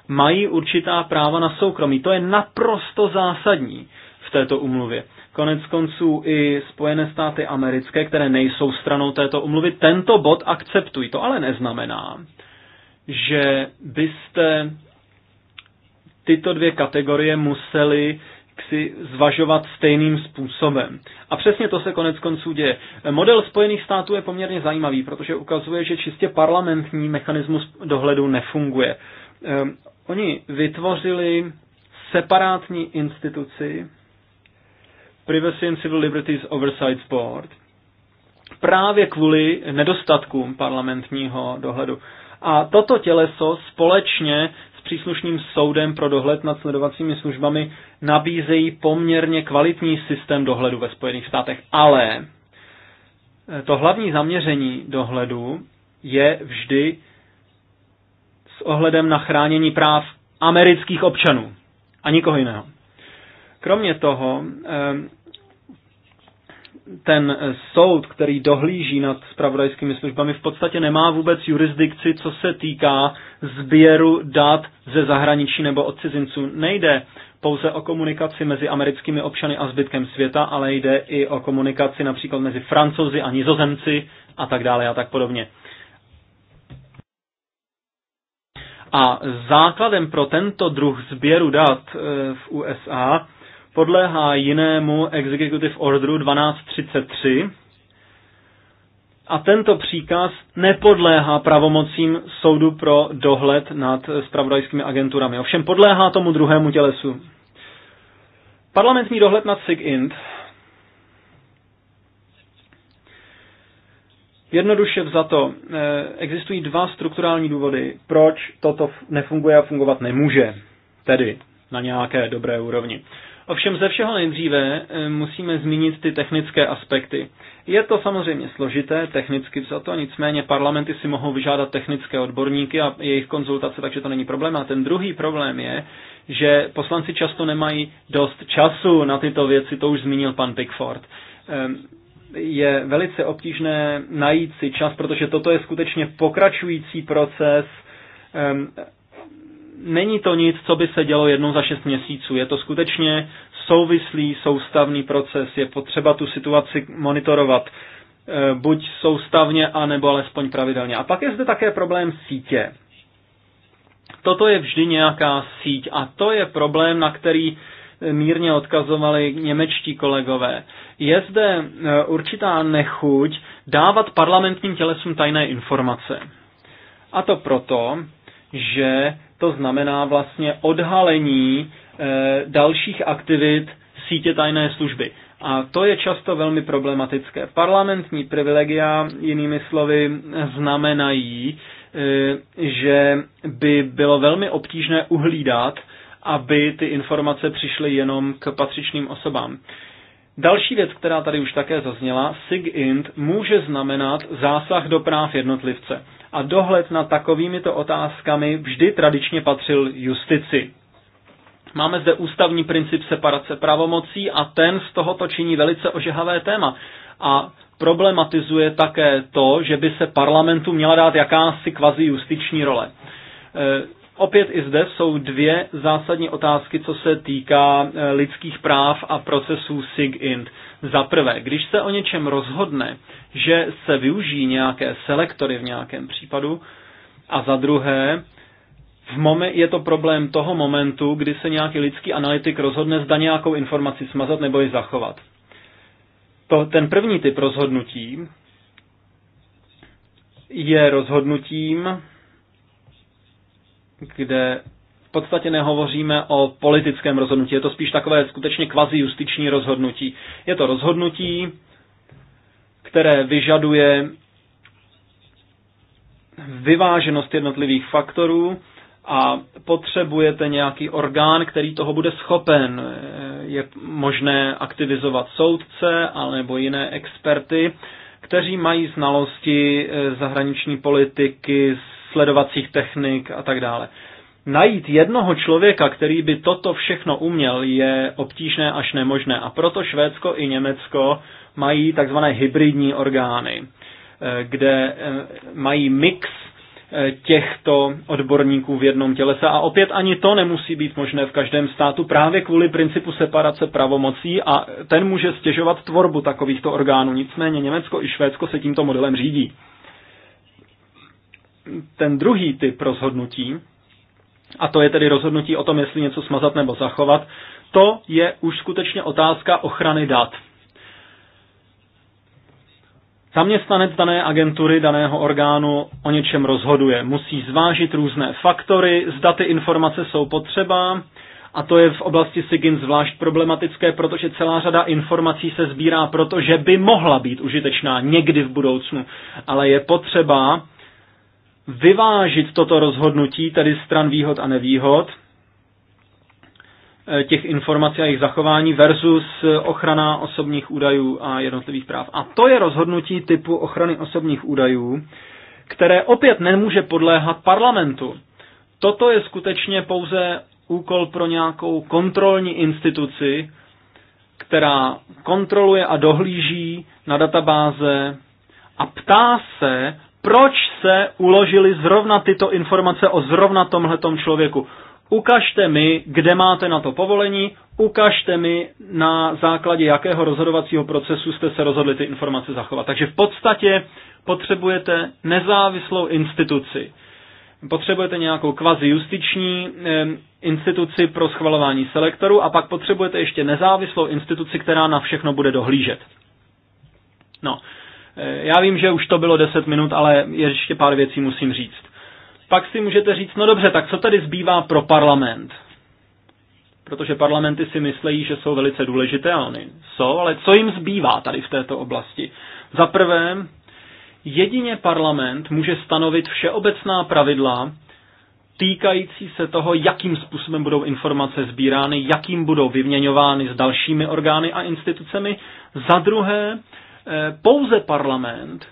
[SPEAKER 1] mají určitá práva na soukromí. To je naprosto zásadní v této umluvě. Konec konců i Spojené státy americké, které nejsou stranou této umluvy, tento bod akceptují. To ale neznamená, že byste tyto dvě kategorie museli si zvažovat stejným způsobem. A přesně to se konec konců děje. Model Spojených států je poměrně zajímavý, protože ukazuje, že čistě parlamentní mechanismus dohledu nefunguje. Ehm, Oni vytvořili separátní instituci Privacy and Civil Liberties Oversight Board právě kvůli nedostatkům parlamentního dohledu. A toto těleso společně s příslušným soudem pro dohled nad sledovacími službami nabízejí poměrně kvalitní systém dohledu ve Spojených státech. Ale to hlavní zaměření dohledu je vždy s ohledem na chránění práv amerických občanů a nikoho jiného. Kromě toho, eh, ten soud, který dohlíží nad spravodajskými službami, v podstatě nemá vůbec jurisdikci, co se týká sběru dat ze zahraničí nebo od cizinců. Nejde pouze o komunikaci mezi americkými občany a zbytkem světa, ale jde i o komunikaci například mezi francouzi a nizozemci a tak dále a tak podobně. A základem pro tento druh sběru dat eh, v USA podléhá jinému Executive Orderu 1233 a tento příkaz nepodléhá pravomocím soudu pro dohled nad spravodajskými agenturami. Ovšem podléhá tomu druhému tělesu. Parlamentní dohled nad SIGINT Jednoduše vzato, eh, existují dva strukturální důvody, proč toto nefunguje a fungovat nemůže, tedy na nějaké dobré úrovni. Ovšem ze všeho nejdříve eh, musíme zmínit ty technické aspekty. Je to samozřejmě složité, technicky vzato, nicméně parlamenty si mohou vyžádat technické odborníky a jejich konzultace, takže to není problém. A ten druhý problém je, že poslanci často nemají dost času na tyto věci, to už zmínil pan Pickford ehm, je velice obtížné najít si čas, protože toto je skutečně pokračující proces. Ehm, není to nic, co by se dělo jednou za šest měsíců. Je to skutečně souvislý, soustavný proces. Je potřeba tu situaci monitorovat eh, buď soustavně, anebo alespoň pravidelně. A pak je zde také problém sítě. Toto je vždy nějaká síť a to je problém, na který mírně odkazovali němečtí kolegové. Je zde e, určitá nechuť dávat parlamentním tělesům tajné informace. A to proto, že to znamená vlastně odhalení e, dalších aktivit sítě tajné služby. A to je často velmi problematické. Parlamentní privilegia, jinými slovy, znamenají, e, že by bylo velmi obtížné uhlídat, aby ty informace přišly jenom k patřičným osobám. Další věc, která tady už také zazněla, SIGINT může znamenat zásah do práv jednotlivce. A dohled nad takovýmito otázkami vždy tradičně patřil
[SPEAKER 2] justici.
[SPEAKER 1] Máme zde ústavní princip separace pravomocí a ten z tohoto činí velice ožehavé téma. A problematizuje také to, že by se parlamentu měla dát jakási kvazi justiční role. Eh, Opět i zde jsou dvě zásadní otázky, co se týká e, lidských práv a procesů SIG-INT. Za prvé, když se o něčem rozhodne, že se využijí nějaké selektory v nějakém případu, a za druhé, v momen, je to problém toho momentu, kdy se nějaký lidský analytik rozhodne, zda nějakou informaci smazat nebo ji zachovat. To, ten první typ rozhodnutí je rozhodnutím, kde v podstatě nehovoříme o politickém rozhodnutí. Je to spíš takové skutečně kvazijustiční rozhodnutí. Je to rozhodnutí, které vyžaduje vyváženost jednotlivých faktorů a potřebujete nějaký orgán, který toho bude schopen. Je možné aktivizovat soudce alebo jiné experty, kteří mají znalosti zahraniční politiky, z sledovacích technik a tak dále. Najít jednoho člověka, který by toto všechno uměl, je obtížné až nemožné. A proto Švédsko i Německo mají takzvané hybridní orgány, eh, kde eh, mají mix eh, těchto odborníků v jednom tělese. A opět ani to nemusí být možné v každém státu právě kvůli principu separace pravomocí a ten může stěžovat tvorbu takovýchto orgánů. Nicméně Německo i Švédsko se tímto modelem řídí ten druhý typ rozhodnutí, a to je tedy rozhodnutí o tom, jestli něco smazat nebo zachovat, to je už skutečně otázka ochrany dat. Zaměstnanec dané agentury, daného orgánu o něčem rozhoduje. Musí zvážit různé faktory, zda ty informace jsou potřeba, a to je v oblasti SIGIN zvlášť problematické, protože celá řada informací se sbírá, protože by mohla být užitečná někdy v budoucnu. Ale je potřeba vyvážit toto rozhodnutí, tedy stran výhod a nevýhod, eh, těch informací a jejich zachování versus ochrana osobních údajů a jednotlivých práv. A to je rozhodnutí typu ochrany osobních údajů, které opět nemůže podléhat parlamentu. Toto je skutečně pouze úkol pro nějakou kontrolní instituci, která kontroluje a dohlíží na databáze a ptá se, proč se uložili zrovna tyto informace o zrovna tomhletom člověku. Ukažte mi, kde máte na to povolení, ukažte mi, na základě jakého rozhodovacího procesu jste se rozhodli ty informace zachovat. Takže v podstatě potřebujete nezávislou instituci. Potřebujete nějakou justiční e, instituci pro schvalování selektorů a pak potřebujete ještě nezávislou instituci, která na všechno bude dohlížet. No, Eh, já vím, že už to bylo 10 minut, ale ještě pár věcí musím říct. Pak si můžete říct, no dobře, tak co tady zbývá pro parlament? Protože parlamenty si myslejí, že jsou velice důležité, a oni jsou, ale co jim zbývá tady v této oblasti? Za prvé, jedině parlament může stanovit všeobecná pravidla týkající se toho, jakým způsobem budou informace sbírány, jakým budou vyměňovány s dalšími orgány a institucemi. Za druhé, Eh, pouze parlament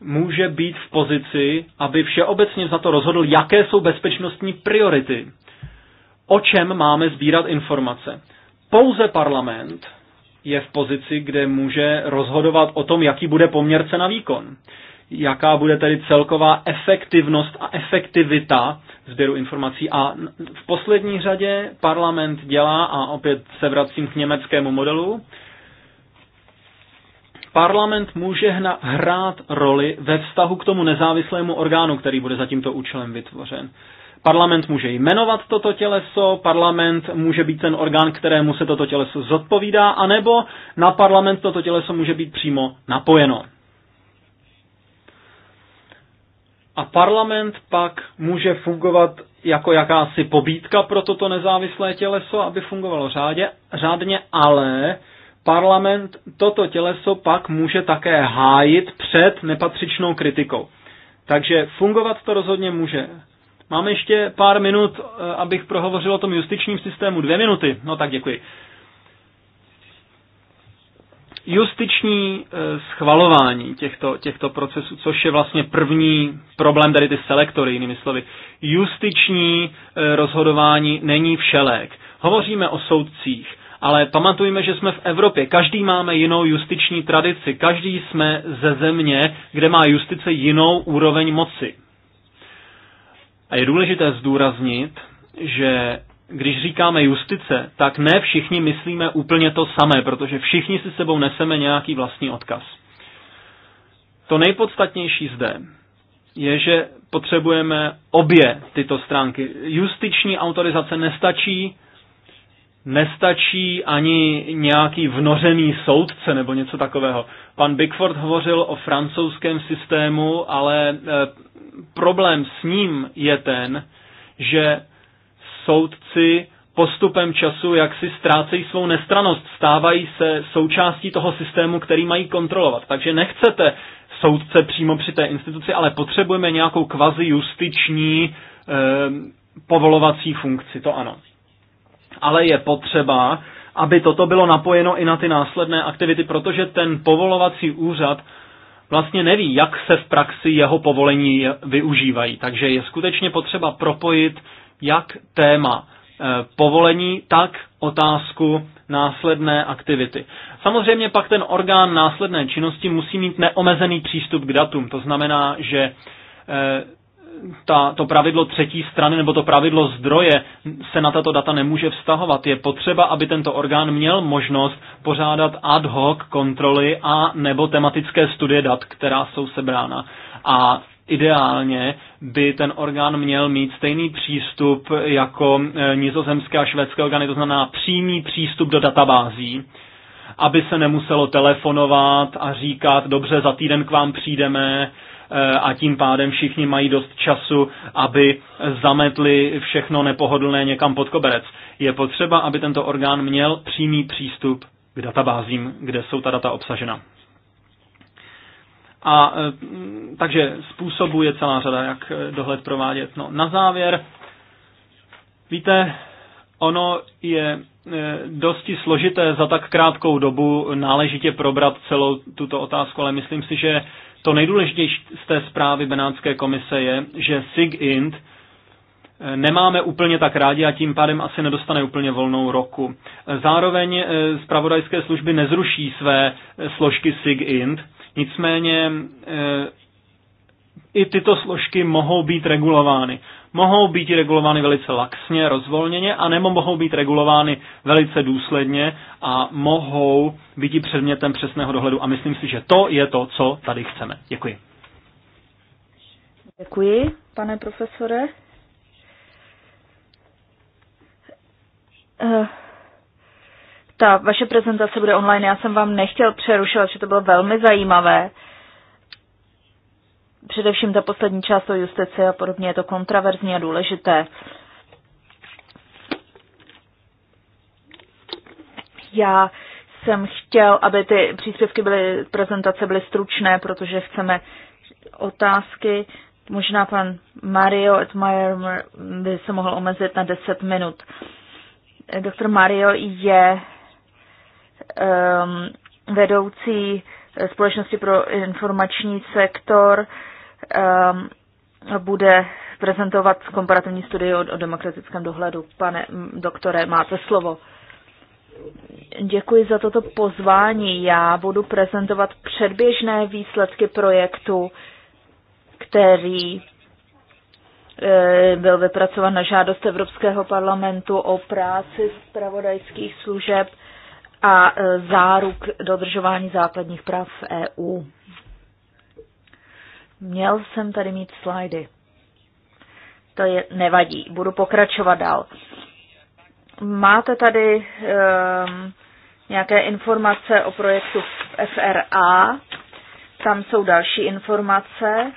[SPEAKER 1] může být v pozici, aby všeobecně za to rozhodl, jaké jsou bezpečnostní priority, o čem máme sbírat informace. Pouze parlament je v pozici, kde může rozhodovat o tom, jaký bude poměrce na výkon. Jaká bude tedy celková efektivnost a efektivita sběru informací. A v poslední řadě parlament dělá, a opět se vracím k německému modelu, Parlament může hna, hrát roli ve vztahu k tomu nezávislému orgánu, který bude za tímto účelem vytvořen. Parlament může jmenovat toto těleso, parlament může být ten orgán, kterému se toto těleso zodpovídá, anebo na parlament toto těleso může být přímo napojeno. A parlament pak může fungovat jako jakási pobídka pro toto nezávislé těleso, aby fungovalo řádě, řádně, ale Parlament toto těleso pak může také hájit před nepatřičnou kritikou. Takže fungovat to rozhodně může. Mám ještě pár minut, eh, abych prohovořil o tom justičním systému. Dvě minuty. No tak děkuji. Justiční eh, schvalování těchto, těchto procesů, což je vlastně první problém, tady ty selektory, jinými slovy. Justiční eh, rozhodování není všelék. Hovoříme o soudcích, ale pamatujme, že jsme v Evropě. Každý máme jinou justiční tradici, každý jsme ze země, kde má justice jinou úroveň moci. A je důležité zdůraznit, že když říkáme justice, tak ne všichni myslíme úplně to samé, protože všichni si sebou neseme nějaký vlastní odkaz. To nejpodstatnější zde je, že potřebujeme obě tyto stránky. Justiční autorizace nestačí, nestačí ani nějaký vnořený soudce nebo něco takového. Pan Bickford hovořil o francouzském systému, ale eh, problém s ním je ten, že soudci postupem času jak si ztrácejí svou nestranost, stávají se součástí toho systému, který mají kontrolovat. Takže nechcete soudce přímo při té instituci, ale potřebujeme nějakou kvazi justiční eh, povolovací funkci, to ano ale je potřeba, aby toto bylo napojeno i na ty následné aktivity, protože ten povolovací úřad vlastně neví, jak se v praxi jeho povolení využívají. Takže je skutečně potřeba propojit jak téma eh, povolení, tak otázku následné aktivity. Samozřejmě pak ten orgán následné činnosti musí mít neomezený přístup k datům. To znamená, že eh, ta, to pravidlo třetí strany nebo to pravidlo zdroje se na tato data nemůže vztahovat. Je potřeba, aby tento orgán měl možnost pořádat ad hoc kontroly a nebo tematické studie dat, která jsou sebrána. A ideálně by ten orgán měl mít stejný přístup jako e, nizozemské a švédské orgány, to znamená přímý přístup do databází, aby se nemuselo telefonovat a říkat, dobře, za týden k vám přijdeme, Eh, a tím pádem všichni mají dost času, aby zametli všechno nepohodlné někam pod koberec. Je potřeba, aby tento orgán měl přímý přístup k databázím, kde jsou ta data obsažena. A eh, takže způsobů je celá řada, jak eh, dohled provádět. No, na závěr, víte, ono je dosti složité za tak krátkou dobu náležitě probrat celou tuto otázku, ale myslím si, že to nejdůležitější z té zprávy Benátské komise je, že Sigint eh, nemáme úplně tak rádi a tím pádem asi nedostane úplně volnou roku. Zároveň eh, zpravodajské služby nezruší své eh, složky Sigint, nicméně i tyto složky mohou být regulovány mohou být regulovány velice laxně, rozvolněně, nebo mohou být regulovány velice důsledně a mohou být i předmětem přesného dohledu. A myslím si, že to je to, co tady chceme. Děkuji.
[SPEAKER 3] Děkuji, pane profesore. Uh, ta vaše prezentace bude online. Já jsem vám nechtěl přerušovat, že to bylo velmi zajímavé. Především ta poslední část o justici a podobně je to kontraverzní a důležité. Já jsem chtěl, aby ty příspěvky byly, prezentace byly stručné, protože chceme otázky. Možná pan Mario Edmeyer by se mohl omezit na 10 minut. Doktor Mario je um, vedoucí společnosti pro informační sektor Ehm, bude prezentovat komparativní studii o, o demokratickém dohledu. Pane doktore, máte slovo. Děkuji za toto pozvání. Já budu prezentovat předběžné výsledky projektu, který e, byl vypracován na žádost Evropského parlamentu o práci zpravodajských služeb a e, záruk dodržování základních práv v EU. Měl jsem tady mít slajdy. To je, nevadí, budu pokračovat dál. Máte tady um, nějaké informace o projektu FRA, tam jsou další informace.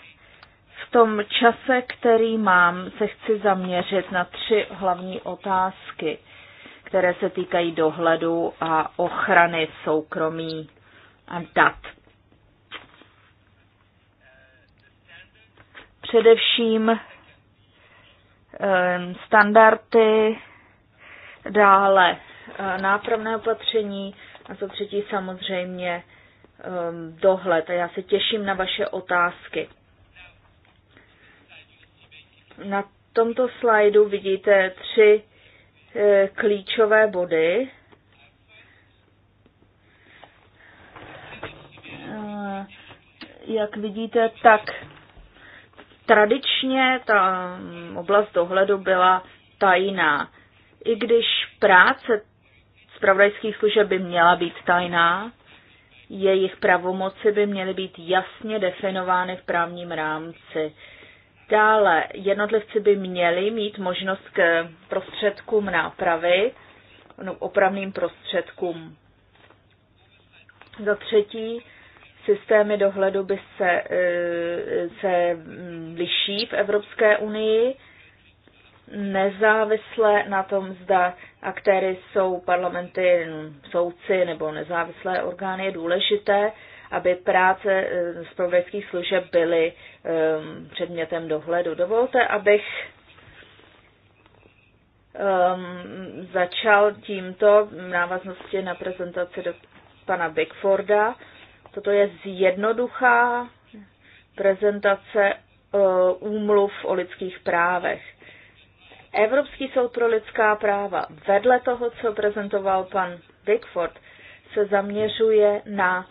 [SPEAKER 3] V tom čase, který mám, se chci zaměřit na tři hlavní otázky, které se týkají dohledu a ochrany soukromí a dat Především eh, standardy, dále eh, nápravné opatření a za třetí samozřejmě ehm, dohled. A já se těším na vaše otázky. Na tomto slajdu vidíte tři eh, klíčové body. Jak vidíte, tak Tradičně ta oblast dohledu byla tajná. I když práce zpravodajských služeb by měla být tajná, jejich pravomoci by měly být jasně definovány v právním rámci. Dále jednotlivci by měli mít možnost k prostředkům nápravy, no, opravným prostředkům. Za třetí, systémy dohledu by se, e, se mm, liší v Evropské unii, nezávisle na tom, zda aktéry jsou parlamenty, souci nebo nezávislé orgány, je důležité, aby práce e, z provědských služeb byly e, předmětem dohledu. Dovolte, abych začal tímto v návaznosti na prezentaci do pana Bigforda. Toto je zjednoduchá prezentace e, úmluv o lidských právech. Evropský soud pro lidská práva vedle toho, co prezentoval pan Bigford, se zaměřuje na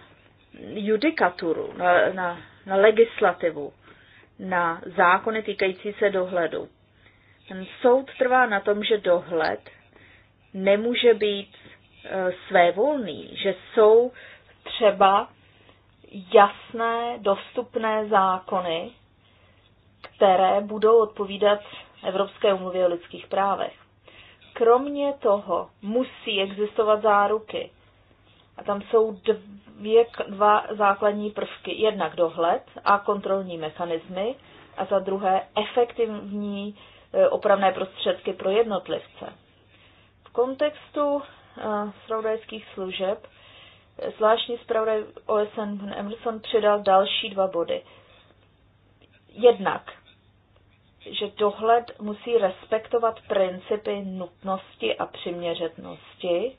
[SPEAKER 3] judikaturu, na, na, na legislativu, na zákony týkající se dohledu. Ten soud trvá na tom, že dohled nemůže být e, svévolný, že jsou třeba jasné, dostupné zákony, které budou odpovídat Evropské umluvě o lidských právech. Kromě toho musí existovat záruky. A tam jsou dvě, dva základní prvky. Jednak dohled a kontrolní mechanismy a za druhé efektivní e, opravné prostředky pro jednotlivce. V kontextu e, zpravodajských služeb Zvláštní zpravodaj OSN Emerson přidal další dva body. Jednak, že dohled musí respektovat principy nutnosti a přiměřetnosti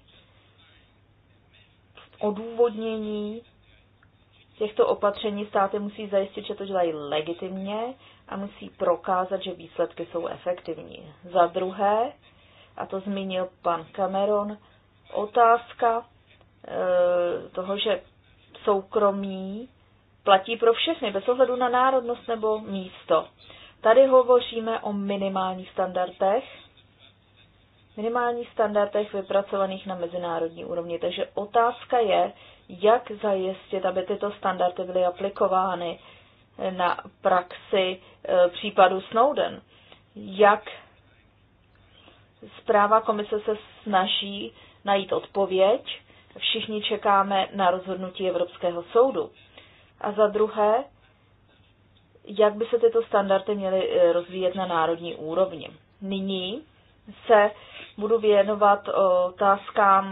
[SPEAKER 3] v odůvodnění těchto opatření státy musí zajistit, že to dělají legitimně a musí prokázat, že výsledky jsou efektivní. Za druhé, a to zmínil pan Cameron, otázka Eh, toho, že soukromí platí pro všechny, bez ohledu na národnost nebo místo. Tady hovoříme o minimálních standardech, minimálních standardech vypracovaných na mezinárodní úrovni. Takže otázka je, jak zajistit, aby tyto standardy byly aplikovány na praxi eh, případu Snowden. Jak zpráva komise se snaží najít odpověď všichni čekáme na rozhodnutí Evropského soudu. A za druhé, jak by se tyto standardy měly eh, rozvíjet na národní úrovni. Nyní se budu věnovat otázkám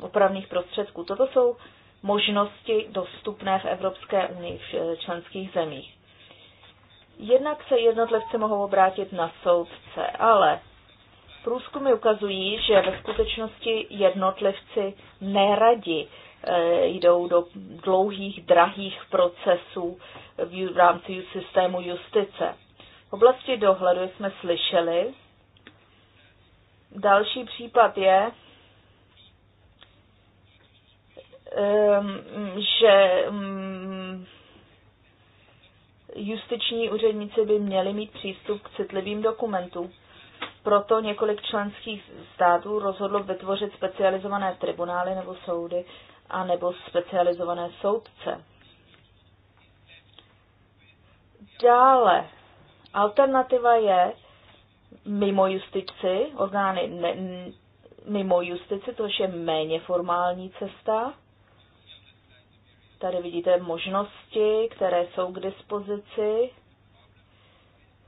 [SPEAKER 3] opravných prostředků. Toto jsou možnosti dostupné v Evropské unii v eh, členských zemích. Jednak se jednotlivci mohou obrátit na soudce, ale Průzkumy ukazují, že ve skutečnosti jednotlivci neradi eh, jdou do dlouhých, drahých procesů v rámci systému justice. V oblasti dohledu jsme slyšeli. Další případ je, ehm, že mm, justiční úředníci by měli mít přístup k citlivým dokumentům. Proto několik členských států rozhodlo vytvořit specializované tribunály nebo soudy a nebo specializované soudce. Dále, alternativa je mimo justici, orgány ne, mimo justici, což je méně formální cesta. Tady vidíte možnosti, které jsou k dispozici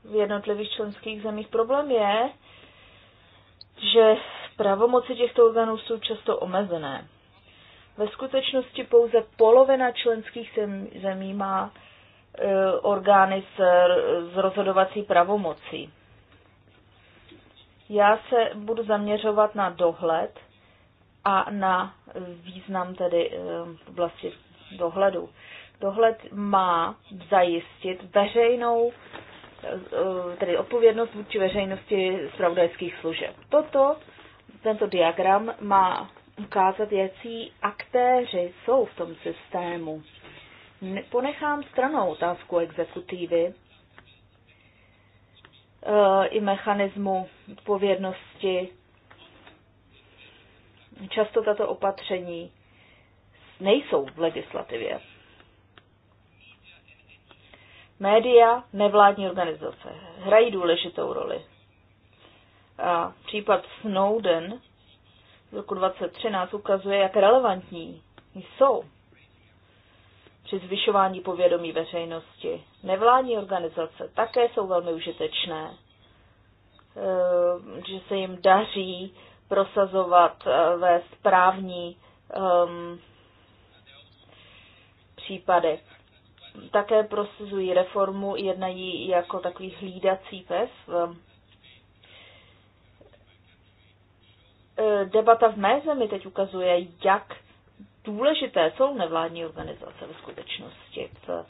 [SPEAKER 3] v jednotlivých členských zemích. Problém je, že pravomoci těchto orgánů jsou často omezené. Ve skutečnosti pouze polovina členských zemí má e, orgány s, s rozhodovací pravomocí. Já se budu zaměřovat na dohled a na význam tedy e, oblasti dohledu. Dohled má zajistit veřejnou Eh, tedy odpovědnost vůči veřejnosti zpravodajských služeb. Toto, tento diagram má ukázat, jaký aktéři jsou v tom systému. Ponechám stranou otázku exekutivy eh, i mechanismu odpovědnosti. Často tato opatření nejsou v legislativě. Média, nevládní organizace hrají důležitou roli. A případ Snowden z roku 2013 ukazuje, jak relevantní jsou při zvyšování povědomí veřejnosti. Nevládní organizace také jsou velmi užitečné, eh, že se jim daří prosazovat eh, ve správní um, ehm, případech také prosazují reformu, jednají jako takový hlídací pes. Eh, debata v mé zemi teď ukazuje, jak důležité jsou nevládní organizace ve skutečnosti, co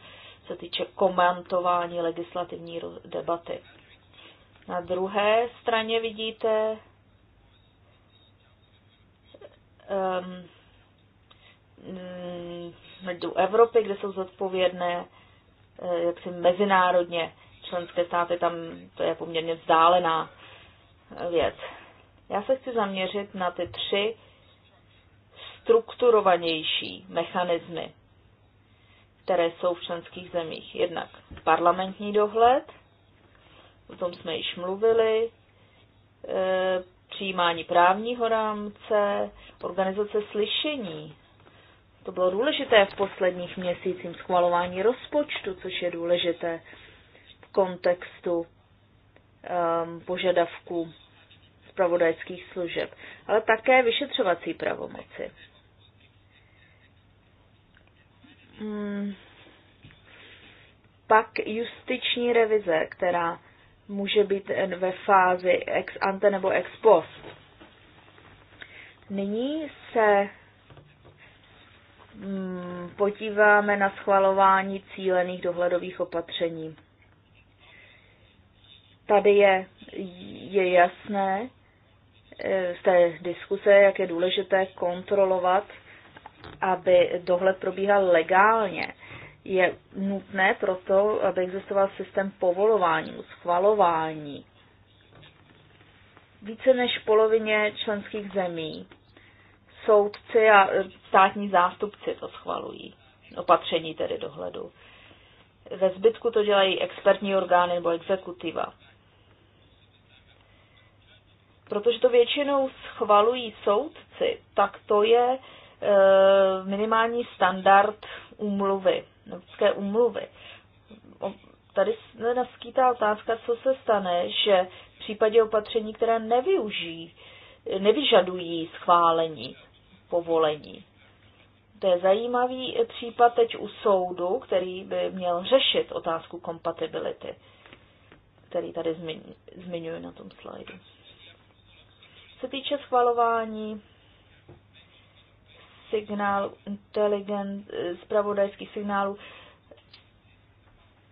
[SPEAKER 3] se týče komentování legislativní debaty. Na druhé straně vidíte um, do Evropy, kde jsou zodpovědné eh, jak si mezinárodně členské státy, tam to je poměrně vzdálená eh, věc. Já se chci zaměřit na ty tři strukturovanější mechanismy, které jsou v členských zemích. Jednak parlamentní dohled, o tom jsme již mluvili, eh, přijímání právního rámce, organizace slyšení, to bylo důležité v posledních měsících schvalování rozpočtu, což je důležité v kontextu um, požadavků zpravodajských služeb, ale také vyšetřovací pravomoci. Hmm. Pak justiční revize, která může být ve fázi ex ante nebo ex post. Nyní se Mm, podíváme na schvalování cílených dohledových opatření. Tady je, je jasné eh, z té diskuse, jak je důležité kontrolovat, aby dohled probíhal legálně. Je nutné proto, aby existoval systém povolování, schvalování. Více než polovině členských zemí soudci a státní zástupci to schvalují, opatření tedy dohledu. Ve zbytku to dělají expertní orgány nebo exekutiva. Protože to většinou schvalují soudci, tak to je e, minimální standard úmluvy, evropské úmluvy. Tady se naskýtá otázka, co se stane, že v případě opatření, které nevyužijí, nevyžadují schválení, povolení. To je zajímavý případ teď u soudu, který by měl řešit otázku kompatibility, který tady zmiň, zmiňuji na tom slajdu. Se týče schvalování signálu inteligent, zpravodajských signálů,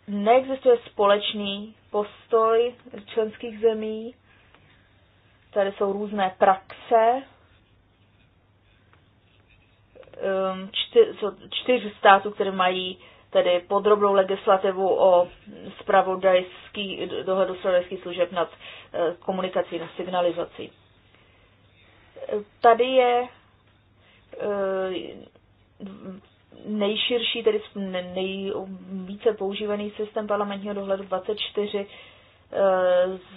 [SPEAKER 3] neexistuje společný postoj členských zemí. Tady jsou různé praxe, Um, čtyř, čtyř států, které mají tedy podrobnou legislativu o spravodajský, dohledu spravodajských služeb nad eh, komunikací, nad signalizací. Tady je eh, nejširší, tedy nejvíce používaný systém parlamentního dohledu 24 eh,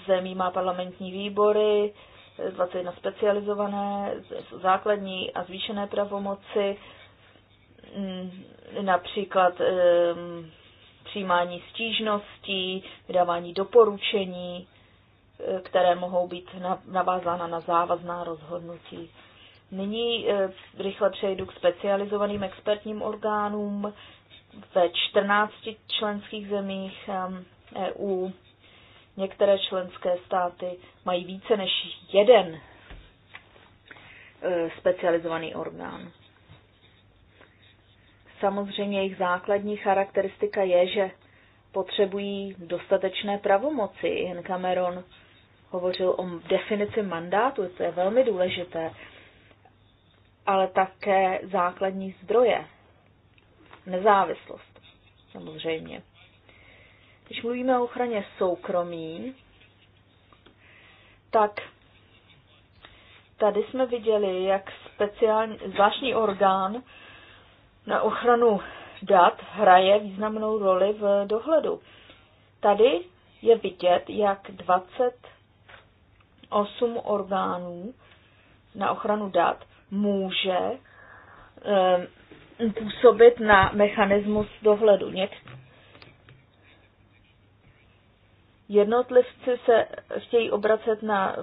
[SPEAKER 3] zemí má parlamentní výbory, 21 specializované, základní a zvýšené pravomoci, mm, například přijímání stížností, vydávání doporučení, e, které mohou být navázána na závazná rozhodnutí. Nyní e, rychle přejdu k specializovaným expertním orgánům ve 14 členských zemích EU Některé členské státy mají více než jeden eh, specializovaný orgán. Samozřejmě jejich základní charakteristika je, že potřebují dostatečné pravomoci. Jen Cameron hovořil o definici mandátu, to je velmi důležité, ale také základní zdroje, nezávislost samozřejmě. Když mluvíme o ochraně soukromí, tak tady jsme viděli, jak speciální, zvláštní orgán na ochranu dat hraje významnou roli v dohledu. Tady je vidět, jak 28 orgánů na ochranu dat může eh, působit na mechanismus dohledu. Něk- Jednotlivci se chtějí obracet na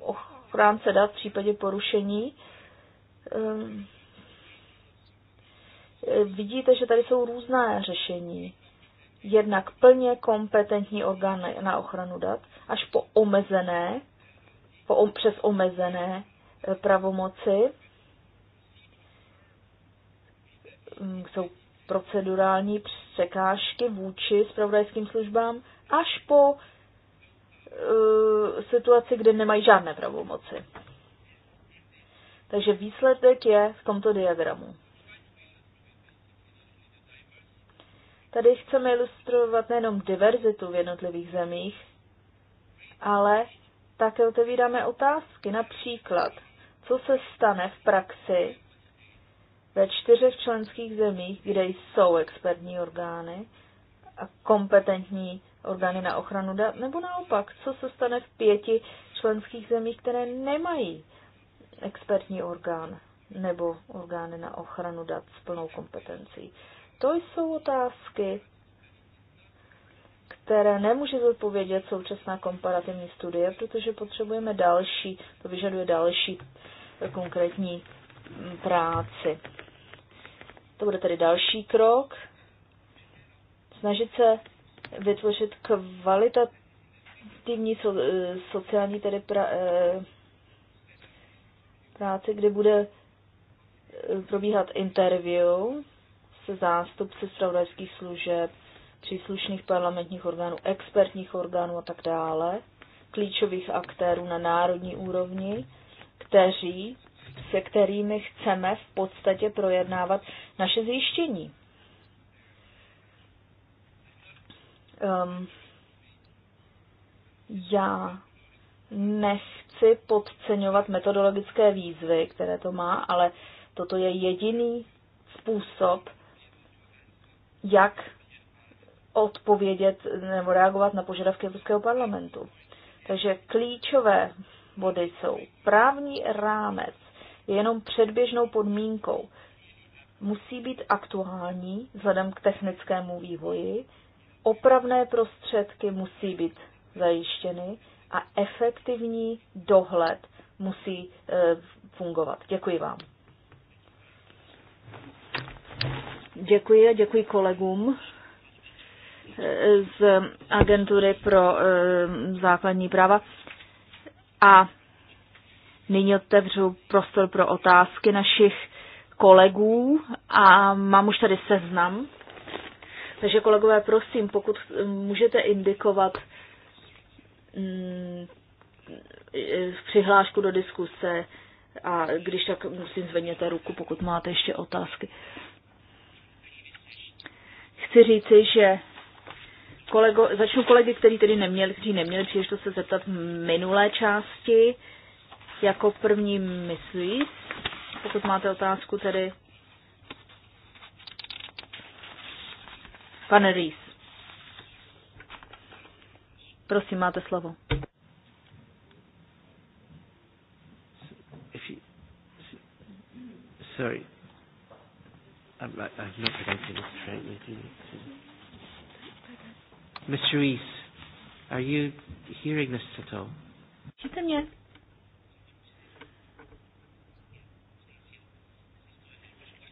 [SPEAKER 3] ochránce dat v případě porušení. Ehm, vidíte, že tady jsou různá řešení. Jednak plně kompetentní orgány na ochranu dat, až po omezené, po, přes omezené eh, pravomoci. Ehm, jsou procedurální překážky vůči spravodajským službám až po e, situaci, kde nemají žádné pravomoci. Takže výsledek je v tomto diagramu. Tady chceme ilustrovat nejenom diverzitu v jednotlivých zemích, ale také otevíráme otázky. Například, co se stane v praxi ve čtyřech členských zemích, kde jsou expertní orgány a kompetentní orgány na ochranu dat, nebo naopak, co se stane v pěti členských zemích, které nemají expertní orgán nebo orgány na ochranu dat s plnou kompetencí. To jsou otázky, které nemůže zodpovědět současná komparativní studie, protože potřebujeme další, to vyžaduje další konkrétní práci. To bude tedy další krok. Snažit se vytvořit kvalitativní so, eh, sociální tedy pra, eh, práci, kde bude eh, probíhat interview se zástupci zpravodajských služeb, příslušných parlamentních orgánů, expertních orgánů a tak dále, klíčových aktérů na národní úrovni, kteří, se kterými chceme v podstatě projednávat naše zjištění. Um, já nechci podceňovat metodologické výzvy, které to má, ale toto je jediný způsob, jak odpovědět nebo reagovat na požadavky Evropského parlamentu. Takže klíčové body jsou právní rámec, je jenom předběžnou podmínkou. Musí být aktuální vzhledem k technickému vývoji, opravné prostředky musí být zajištěny a efektivní dohled musí e, fungovat. Děkuji vám. Děkuji a děkuji kolegům e, z agentury pro e, základní práva. A nyní otevřu prostor pro otázky našich kolegů a mám už tady seznam. Takže kolegové, prosím, pokud mm, můžete indikovat mm, eh, přihlášku do diskuse a když tak musím zvedněte ruku, pokud máte ještě otázky. Chci říci, že kolego, začnu kolegy, kteří tedy neměli, kteří neměli příležitost se zeptat v minulé části. Jako první myslí, pokud máte otázku tedy Pane Rees. Prosím, máte slovo.
[SPEAKER 2] Sorry. I'm, I, I'm not pronouncing this correctly, do you? Mr. Rees, are you hearing this at all?
[SPEAKER 3] Slyšíte mě?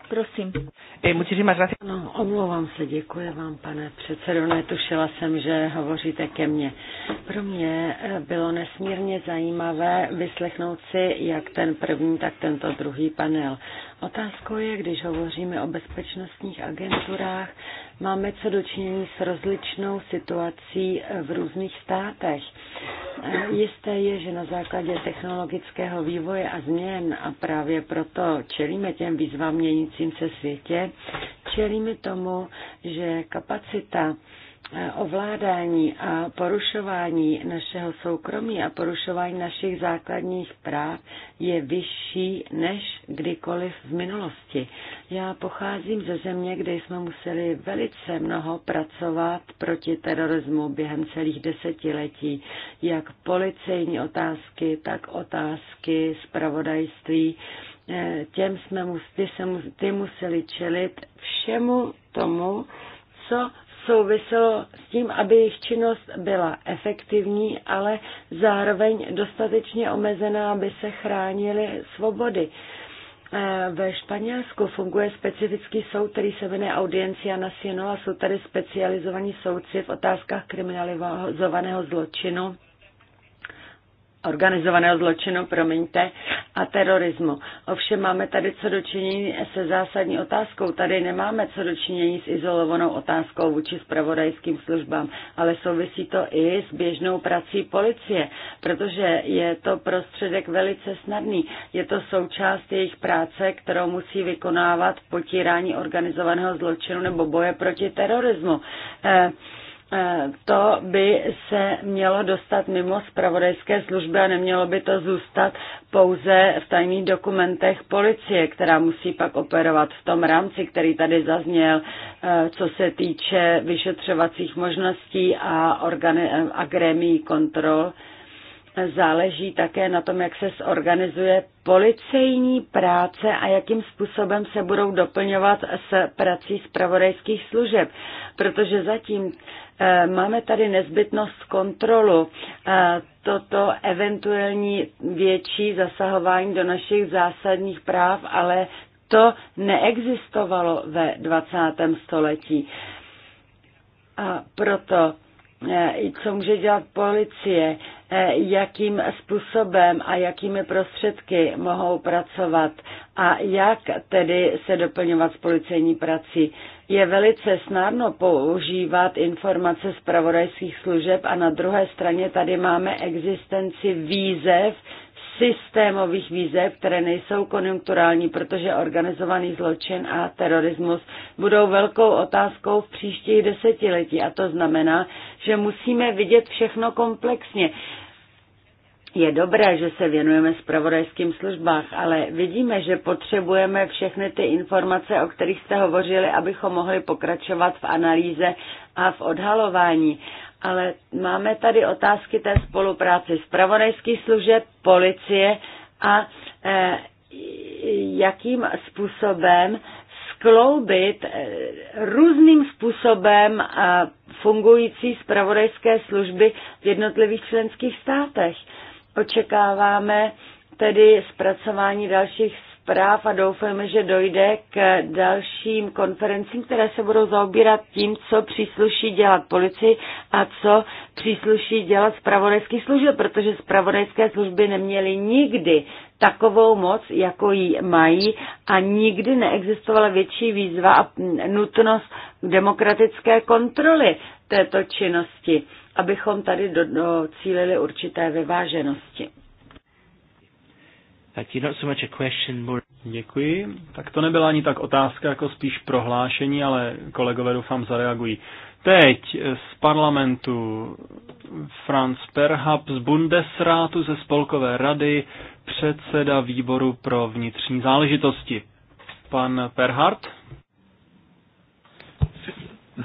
[SPEAKER 3] Prosím.
[SPEAKER 4] No, omlouvám se, děkuji vám, pane předsedo. Netušila jsem, že hovoříte ke mně. Pro mě eh, bylo nesmírně zajímavé vyslechnout si jak ten první, tak tento druhý panel. Otázkou je, když hovoříme o bezpečnostních agenturách, máme co dočinění s rozličnou situací v různých státech. Jisté je, že na základě technologického vývoje a změn a právě proto čelíme těm výzvám měnícím se světě, čelíme tomu, že kapacita ovládání a porušování našeho soukromí a porušování našich základních práv je vyšší než kdykoliv v minulosti. Já pocházím ze země, kde jsme museli velice mnoho pracovat proti terorismu během celých desetiletí, jak policejní otázky, tak otázky zpravodajství. Eh, těm jsme museli, ty museli čelit všemu tomu, co souviselo s tím, aby jejich činnost byla efektivní, ale zároveň dostatečně omezená, aby se chránili svobody. E, ve Španělsku funguje specifický soud, který se jmenuje Audiencia Nacional a jsou tady specializovaní soudci v otázkách kriminalizovaného zločinu organizovaného zločinu, promiňte, a terorismu. Ovšem máme tady co dočinění se zásadní otázkou. Tady nemáme co dočinění s izolovanou otázkou vůči spravodajským službám, ale souvisí to i s běžnou prací policie, protože je to prostředek velice snadný. Je to součást jejich práce, kterou musí vykonávat potírání organizovaného zločinu nebo boje proti terorismu. Eh, Eh, to by se mělo dostat mimo zpravodajské služby a nemělo by to zůstat pouze v tajných dokumentech policie, která musí pak operovat v tom rámci, který tady zazněl, eh, co se týče vyšetřovacích možností a, organi- eh, a gremí kontrol záleží také na tom, jak se zorganizuje policejní práce a jakým způsobem se budou doplňovat s prací zpravodajských služeb, protože zatím eh, máme tady nezbytnost kontrolu eh, toto eventuální větší zasahování do našich zásadních práv, ale to neexistovalo ve 20. století. A proto E, co může dělat policie, e, jakým způsobem a jakými prostředky mohou pracovat a jak tedy se doplňovat s policejní prací. Je velice snadno používat informace z pravodajských služeb a na druhé straně tady máme existenci výzev, systémových výzev, které nejsou konjunkturální, protože organizovaný zločin a terorismus budou velkou otázkou v příštích desetiletí. A to znamená, že musíme vidět všechno komplexně. Je dobré, že se věnujeme spravodajským službách, ale vidíme, že potřebujeme všechny ty informace, o kterých jste hovořili, abychom mohli pokračovat v analýze a v odhalování ale máme tady otázky té spolupráce pravodajských služeb, policie a e, jakým způsobem skloubit e, různým způsobem e, fungující zpravodajské služby v jednotlivých členských státech. Očekáváme tedy zpracování dalších zpráv a doufáme, že dojde k dalším konferencím, které se budou zaobírat tím, co přísluší dělat policii a co přísluší dělat zpravodajský služby, protože zpravodajské služby neměly nikdy takovou moc, jako ji mají a nikdy neexistovala větší výzva a nutnost demokratické kontroly této činnosti, abychom tady docílili určité vyváženosti
[SPEAKER 1] question, Děkuji. Tak to nebyla ani tak otázka, jako spíš prohlášení, ale kolegové doufám zareagují. Teď z parlamentu Franz Perhab z Bundesrátu ze Spolkové rady, předseda výboru pro vnitřní záležitosti. Pan Perhard?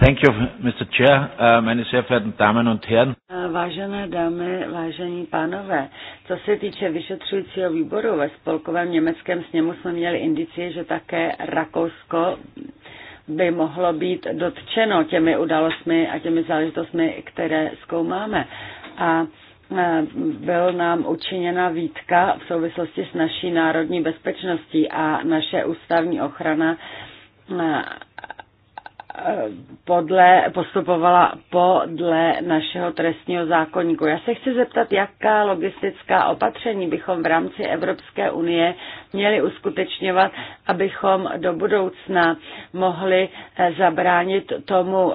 [SPEAKER 5] Thank you, Mr. Chair, eh, meine sehr verehrten Damen und Herren.
[SPEAKER 4] Eh, vážené dámy, vážení pánové, co se týče vyšetřujícího výboru ve spolkovém německém sněmu jsme měli indicie, že také Rakousko by mohlo být dotčeno těmi událostmi a těmi záležitostmi, které zkoumáme. A eh, byl nám učiněna výtka v souvislosti s naší národní bezpečností a naše ústavní ochrana podle, postupovala podle našeho trestního zákonníku. Já se chci zeptat, jaká logistická opatření bychom v rámci Evropské unie měli uskutečňovat, abychom do budoucna mohli eh, zabránit tomu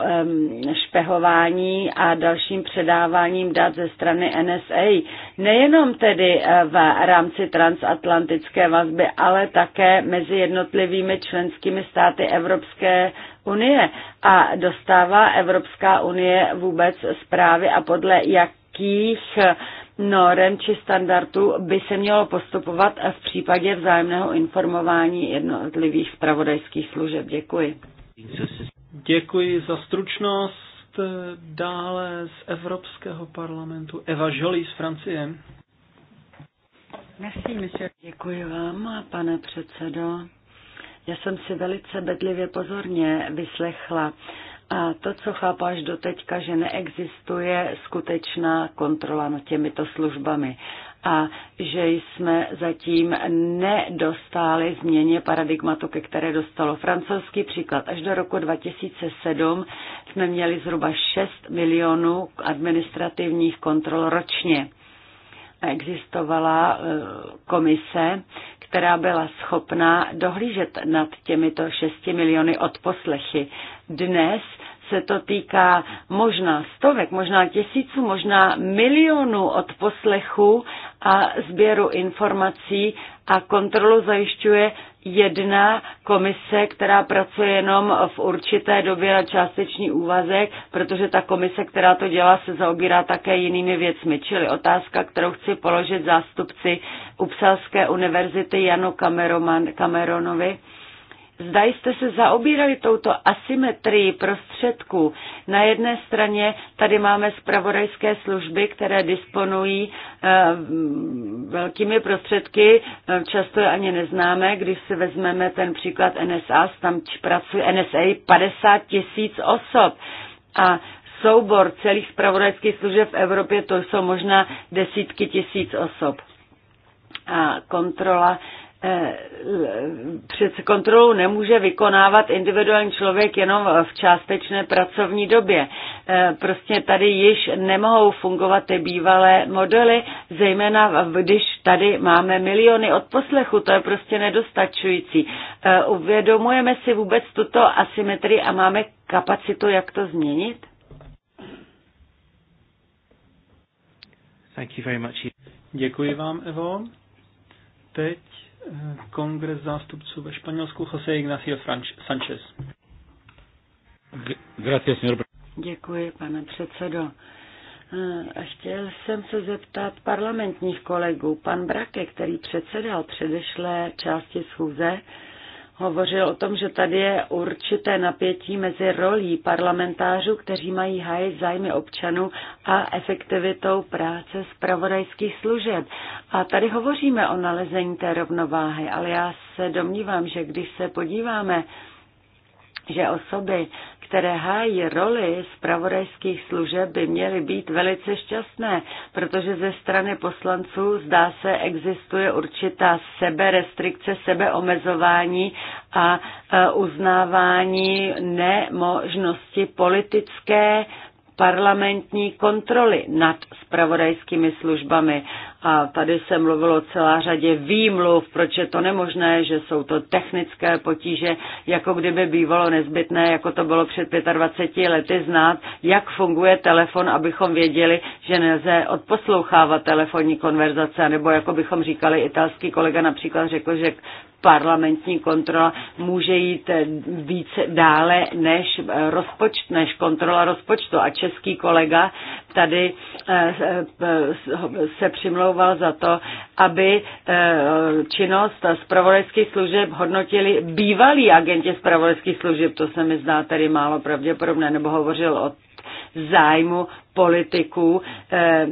[SPEAKER 4] špehování a dalším předáváním dat ze strany NSA. Nejenom tedy eh, v rámci transatlantické vazby, ale také mezi jednotlivými členskými státy Evropské unie a dostává Evropská unie vůbec zprávy a podle jakých norem či standardů by se mělo postupovat v případě vzájemného informování jednotlivých zpravodajských služeb. Děkuji. Děkuji za stručnost. Dále z Evropského parlamentu Eva Jolie z Francie. Merci, monsieur. Děkuji vám, pane předsedo. Já jsem si velice bedlivě pozorně vyslechla a to, co chápu až doteďka, že neexistuje skutečná kontrola nad těmito službami a že jsme zatím nedostali změně paradigmatu, ke které dostalo francouzský příklad. Až do roku 2007 jsme měli zhruba 6 milionů administrativních kontrol ročně. Existovala e, komise, která byla schopná dohlížet nad těmito 6 miliony odposlechy. Dnes se to týká možná stovek, možná tisíců, možná milionů odposlechů a sběru informací a kontrolu zajišťuje jedna komise, která pracuje jenom v určité době na částečný úvazek, protože ta komise, která to dělá, se zaobírá také jinými věcmi. Čili otázka, kterou chci položit zástupci Upsalské univerzity Janu Cameronovi, Zda jste se zaobírali touto asymetrii prostředků. Na jedné straně tady máme zpravodajské služby, které disponují eh, velkými prostředky, eh, často je ani neznáme, když si vezmeme ten příklad NSA, tam pracuje NSA 50 tisíc osob. A soubor celých zpravodajských služeb v Evropě, to jsou možná desítky tisíc osob. A kontrola Eh, přece kontrolu nemůže vykonávat individuální člověk jenom v částečné pracovní době. Eh, prostě tady již nemohou fungovat ty bývalé modely, zejména když tady máme miliony odposlechu, to je prostě nedostačující. Eh, uvědomujeme si vůbec tuto asymetrii a máme kapacitu, jak to změnit?
[SPEAKER 2] Thank you very much. Děkuji vám,
[SPEAKER 1] Evo. Teď kongres zástupců ve Španělsku Jose Ignacio Sanchez.
[SPEAKER 4] Děkuji, pane předsedo. A eh, chtěl jsem se zeptat parlamentních kolegů. Pan Brake, který předsedal předešlé části schůze, hovořil o tom, že tady je určité napětí mezi rolí parlamentářů, kteří mají hájit zájmy občanů a efektivitou práce zpravodajských služeb. A tady hovoříme o nalezení té rovnováhy, ale já se domnívám, že když se podíváme že osoby, které hájí roli zpravodajských služeb, by měly být velice šťastné, protože ze strany poslanců zdá se existuje určitá seberestrikce, sebeomezování a e, uznávání nemožnosti politické parlamentní kontroly nad spravodajskými službami. A tady se mluvilo o celá řadě výmluv, proč je to nemožné, že jsou to technické potíže, jako kdyby bývalo nezbytné, jako to bylo před 25 lety, znát, jak funguje telefon, abychom věděli, že nelze odposlouchávat telefonní konverzace, nebo jako bychom říkali, italský kolega například řekl, že parlamentní kontrola může jít více dále než, rozpočt, než kontrola rozpočtu. A český kolega tady eh, eh, se přimlouvá připravoval za to, aby eh, činnost zpravodajských služeb hodnotili bývalí agenti zpravodajských služeb. To se mi zdá tedy málo pravděpodobné, nebo hovořil o zájmu politiků. Eh,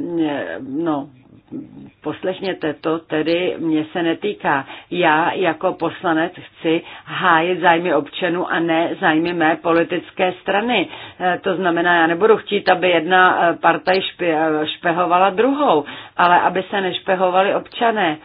[SPEAKER 4] no, poslechněte to, tedy mě se netýká. Já jako poslanec chci hájit zájmy občanů a ne zájmy mé politické strany. Eh, to znamená, já nebudu chtít, aby jedna eh, partaj eh, špehovala druhou, ale aby se nešpehovali občané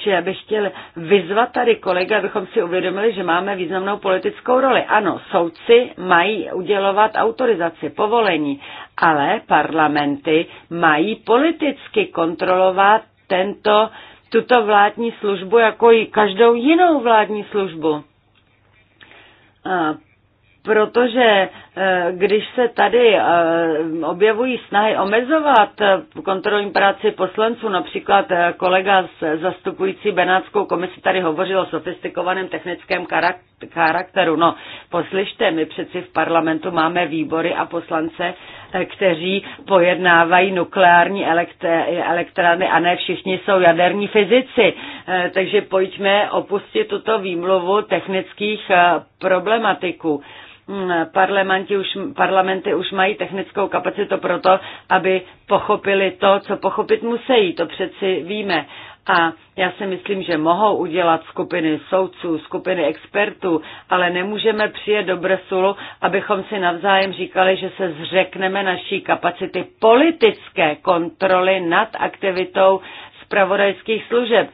[SPEAKER 4] či já bych chtěl vyzvat tady kolega, abychom si uvědomili, že máme významnou politickou roli. Ano, soudci mají udělovat autorizaci, povolení, ale parlamenty mají politicky kontrolovat tento, tuto vládní službu jako i každou jinou vládní službu. A protože e, když se tady e, objevují snahy omezovat e, kontrolní práci poslanců, například kolega zastupující Benátskou komisi tady hovořil o sofistikovaném technickém charakteru, charakteru. No, poslyšte, my přeci v parlamentu máme výbory a poslance, eh, kteří pojednávají nukleární elektrárny a ne všichni jsou jaderní fyzici. Eh, takže pojďme opustit tuto výmluvu technických eh, problematiků hmm, už, parlamenty už mají technickou kapacitu pro to, aby pochopili to, co pochopit musí. To přeci víme. A já si myslím, že mohou udělat skupiny soudců, skupiny expertů, ale nemůžeme přijet do Bruselu, abychom si navzájem říkali, že se zřekneme naší kapacity politické kontroly nad aktivitou zpravodajských služeb.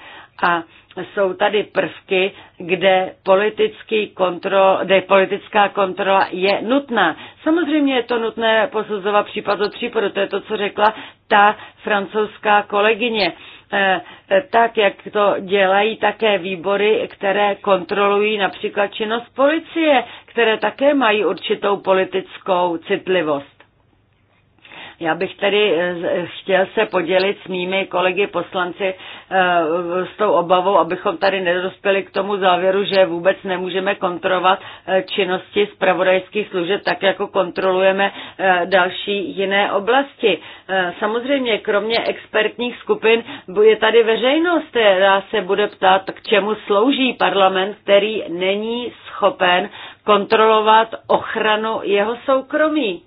[SPEAKER 4] A jsou tady prvky, kde, politický kontrol, kde politická kontrola je nutná. Samozřejmě je to nutné posuzovat případ od případu, to je to, co řekla ta francouzská kolegyně. Eh, eh, tak, jak to dělají také výbory, které kontrolují například činnost policie, které také mají určitou politickou citlivost. Já bych tedy eh, chtěl se podělit s mými kolegy poslanci eh, s tou obavou, abychom tady nedospěli k tomu závěru, že vůbec nemůžeme kontrolovat eh, činnosti zpravodajských služeb tak, jako kontrolujeme další jiné oblasti. Samozřejmě, kromě expertních skupin, je tady veřejnost, která se bude ptát, k čemu slouží parlament, který není schopen kontrolovat ochranu jeho soukromí.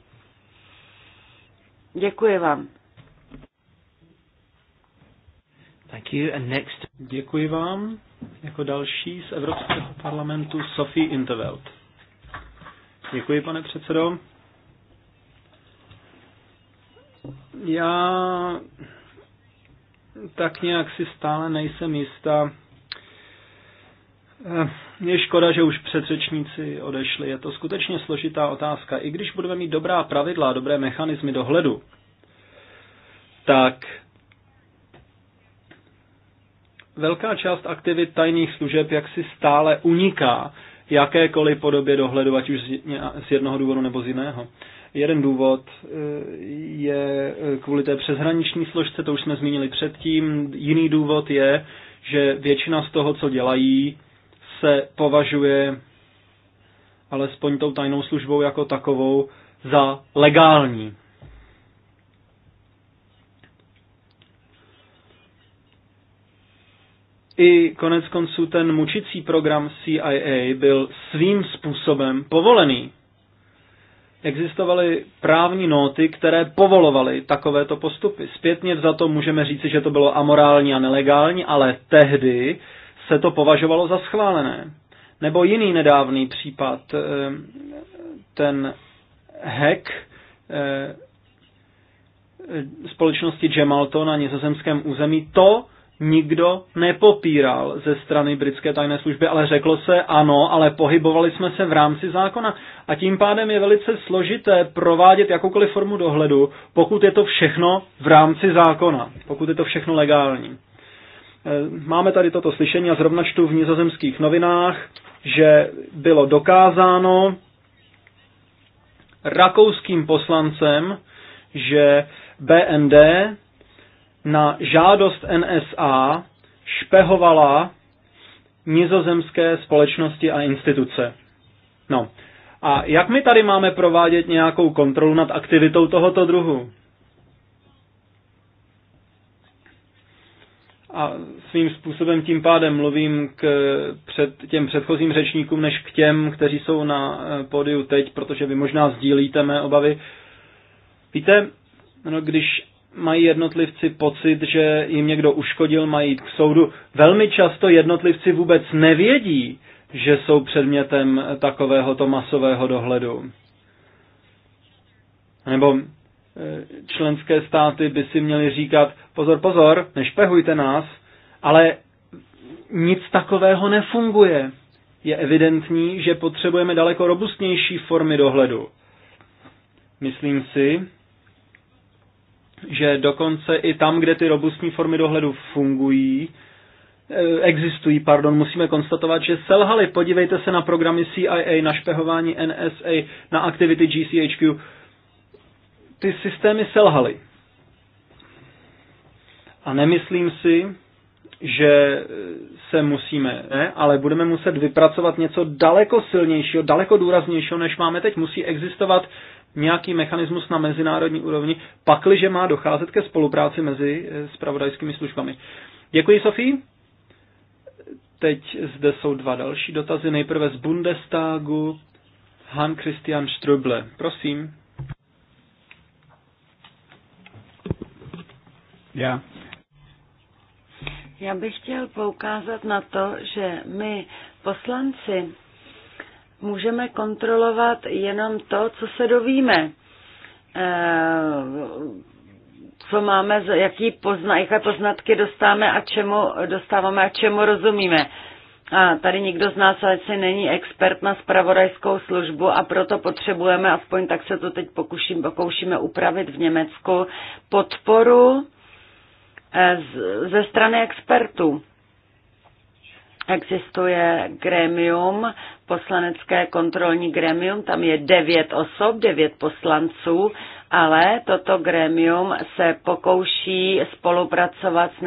[SPEAKER 4] Děkuji vám.
[SPEAKER 2] Thank you. And next...
[SPEAKER 1] Děkuji vám. Jako další z Evropského parlamentu Sophie Interveld. Děkuji, pane předsedo. Já tak nějak si stále nejsem jistá, Eh, je škoda, že už předřečníci odešli. Je to skutečně složitá otázka. I když budeme mít dobrá pravidla, dobré mechanismy dohledu, tak velká část aktivit tajných služeb jaksi stále uniká jakékoliv podobě dohledu, ať už z jednoho důvodu nebo z jiného. Jeden důvod eh, je eh, kvůli té přeshraniční složce, to už jsme zmínili předtím. Jiný důvod je, že většina z toho, co dělají, se považuje alespoň tou tajnou službou jako takovou za
[SPEAKER 2] legální.
[SPEAKER 1] I konec konců ten mučicí program CIA byl svým způsobem povolený. Existovaly právní nóty, které povolovaly takovéto postupy. Zpětně za to můžeme říci, že to bylo amorální a nelegální, ale tehdy se to považovalo za schválené. Nebo jiný nedávný případ, eh, ten hack eh, společnosti Gemalto na nizozemském území, to nikdo nepopíral ze strany britské tajné služby, ale řeklo se ano, ale pohybovali jsme se v rámci zákona a tím pádem je velice složité provádět jakoukoliv formu dohledu, pokud je to všechno v rámci zákona, pokud je to všechno legální. Eh, máme tady toto slyšení a zrovna čtu v nizozemských novinách, že bylo dokázáno rakouským poslancem, že BND na žádost NSA špehovala nizozemské společnosti a instituce. No, a jak my tady máme provádět nějakou kontrolu nad aktivitou tohoto druhu? a svým způsobem tím pádem mluvím k před, těm předchozím řečníkům, než k těm, kteří jsou na eh, pódiu teď, protože vy možná sdílíte mé obavy. Víte, no, když mají jednotlivci pocit, že jim někdo uškodil, mají jít k soudu. Velmi často jednotlivci vůbec nevědí, že jsou předmětem takovéhoto masového dohledu. Nebo členské státy by si měly říkat pozor, pozor, nešpehujte nás, ale nic takového nefunguje. Je evidentní, že potřebujeme daleko robustnější formy dohledu. Myslím si, že dokonce i tam, kde ty robustní formy dohledu fungují, eh, existují, pardon, musíme konstatovat, že selhali. Podívejte se na programy CIA, na špehování NSA, na aktivity GCHQ ty systémy selhaly. A nemyslím si, že se musíme, ne, ale budeme muset vypracovat něco daleko silnějšího, daleko důraznějšího, než máme teď. Musí existovat nějaký mechanismus na mezinárodní úrovni, pakliže má docházet ke spolupráci mezi eh, spravodajskými službami. Děkuji, Sofii. Teď zde jsou dva další dotazy. Nejprve z Bundestagu, Han Christian Ströble. Prosím.
[SPEAKER 2] Já.
[SPEAKER 4] Já bych chtěl poukázat na to, že my poslanci můžeme kontrolovat jenom to, co se dovíme. Eh, co máme, jaký pozna, jaké poznatky dostáme a čemu dostáváme a čemu rozumíme. A tady nikdo z nás asi není expert na spravodajskou službu a proto potřebujeme, aspoň tak se to teď pokuším, pokoušíme upravit v Německu, podporu Eh, ze strany expertů. Existuje gremium, poslanecké kontrolní gremium, tam je devět osob, devět poslanců, ale toto gremium se pokouší spolupracovat s,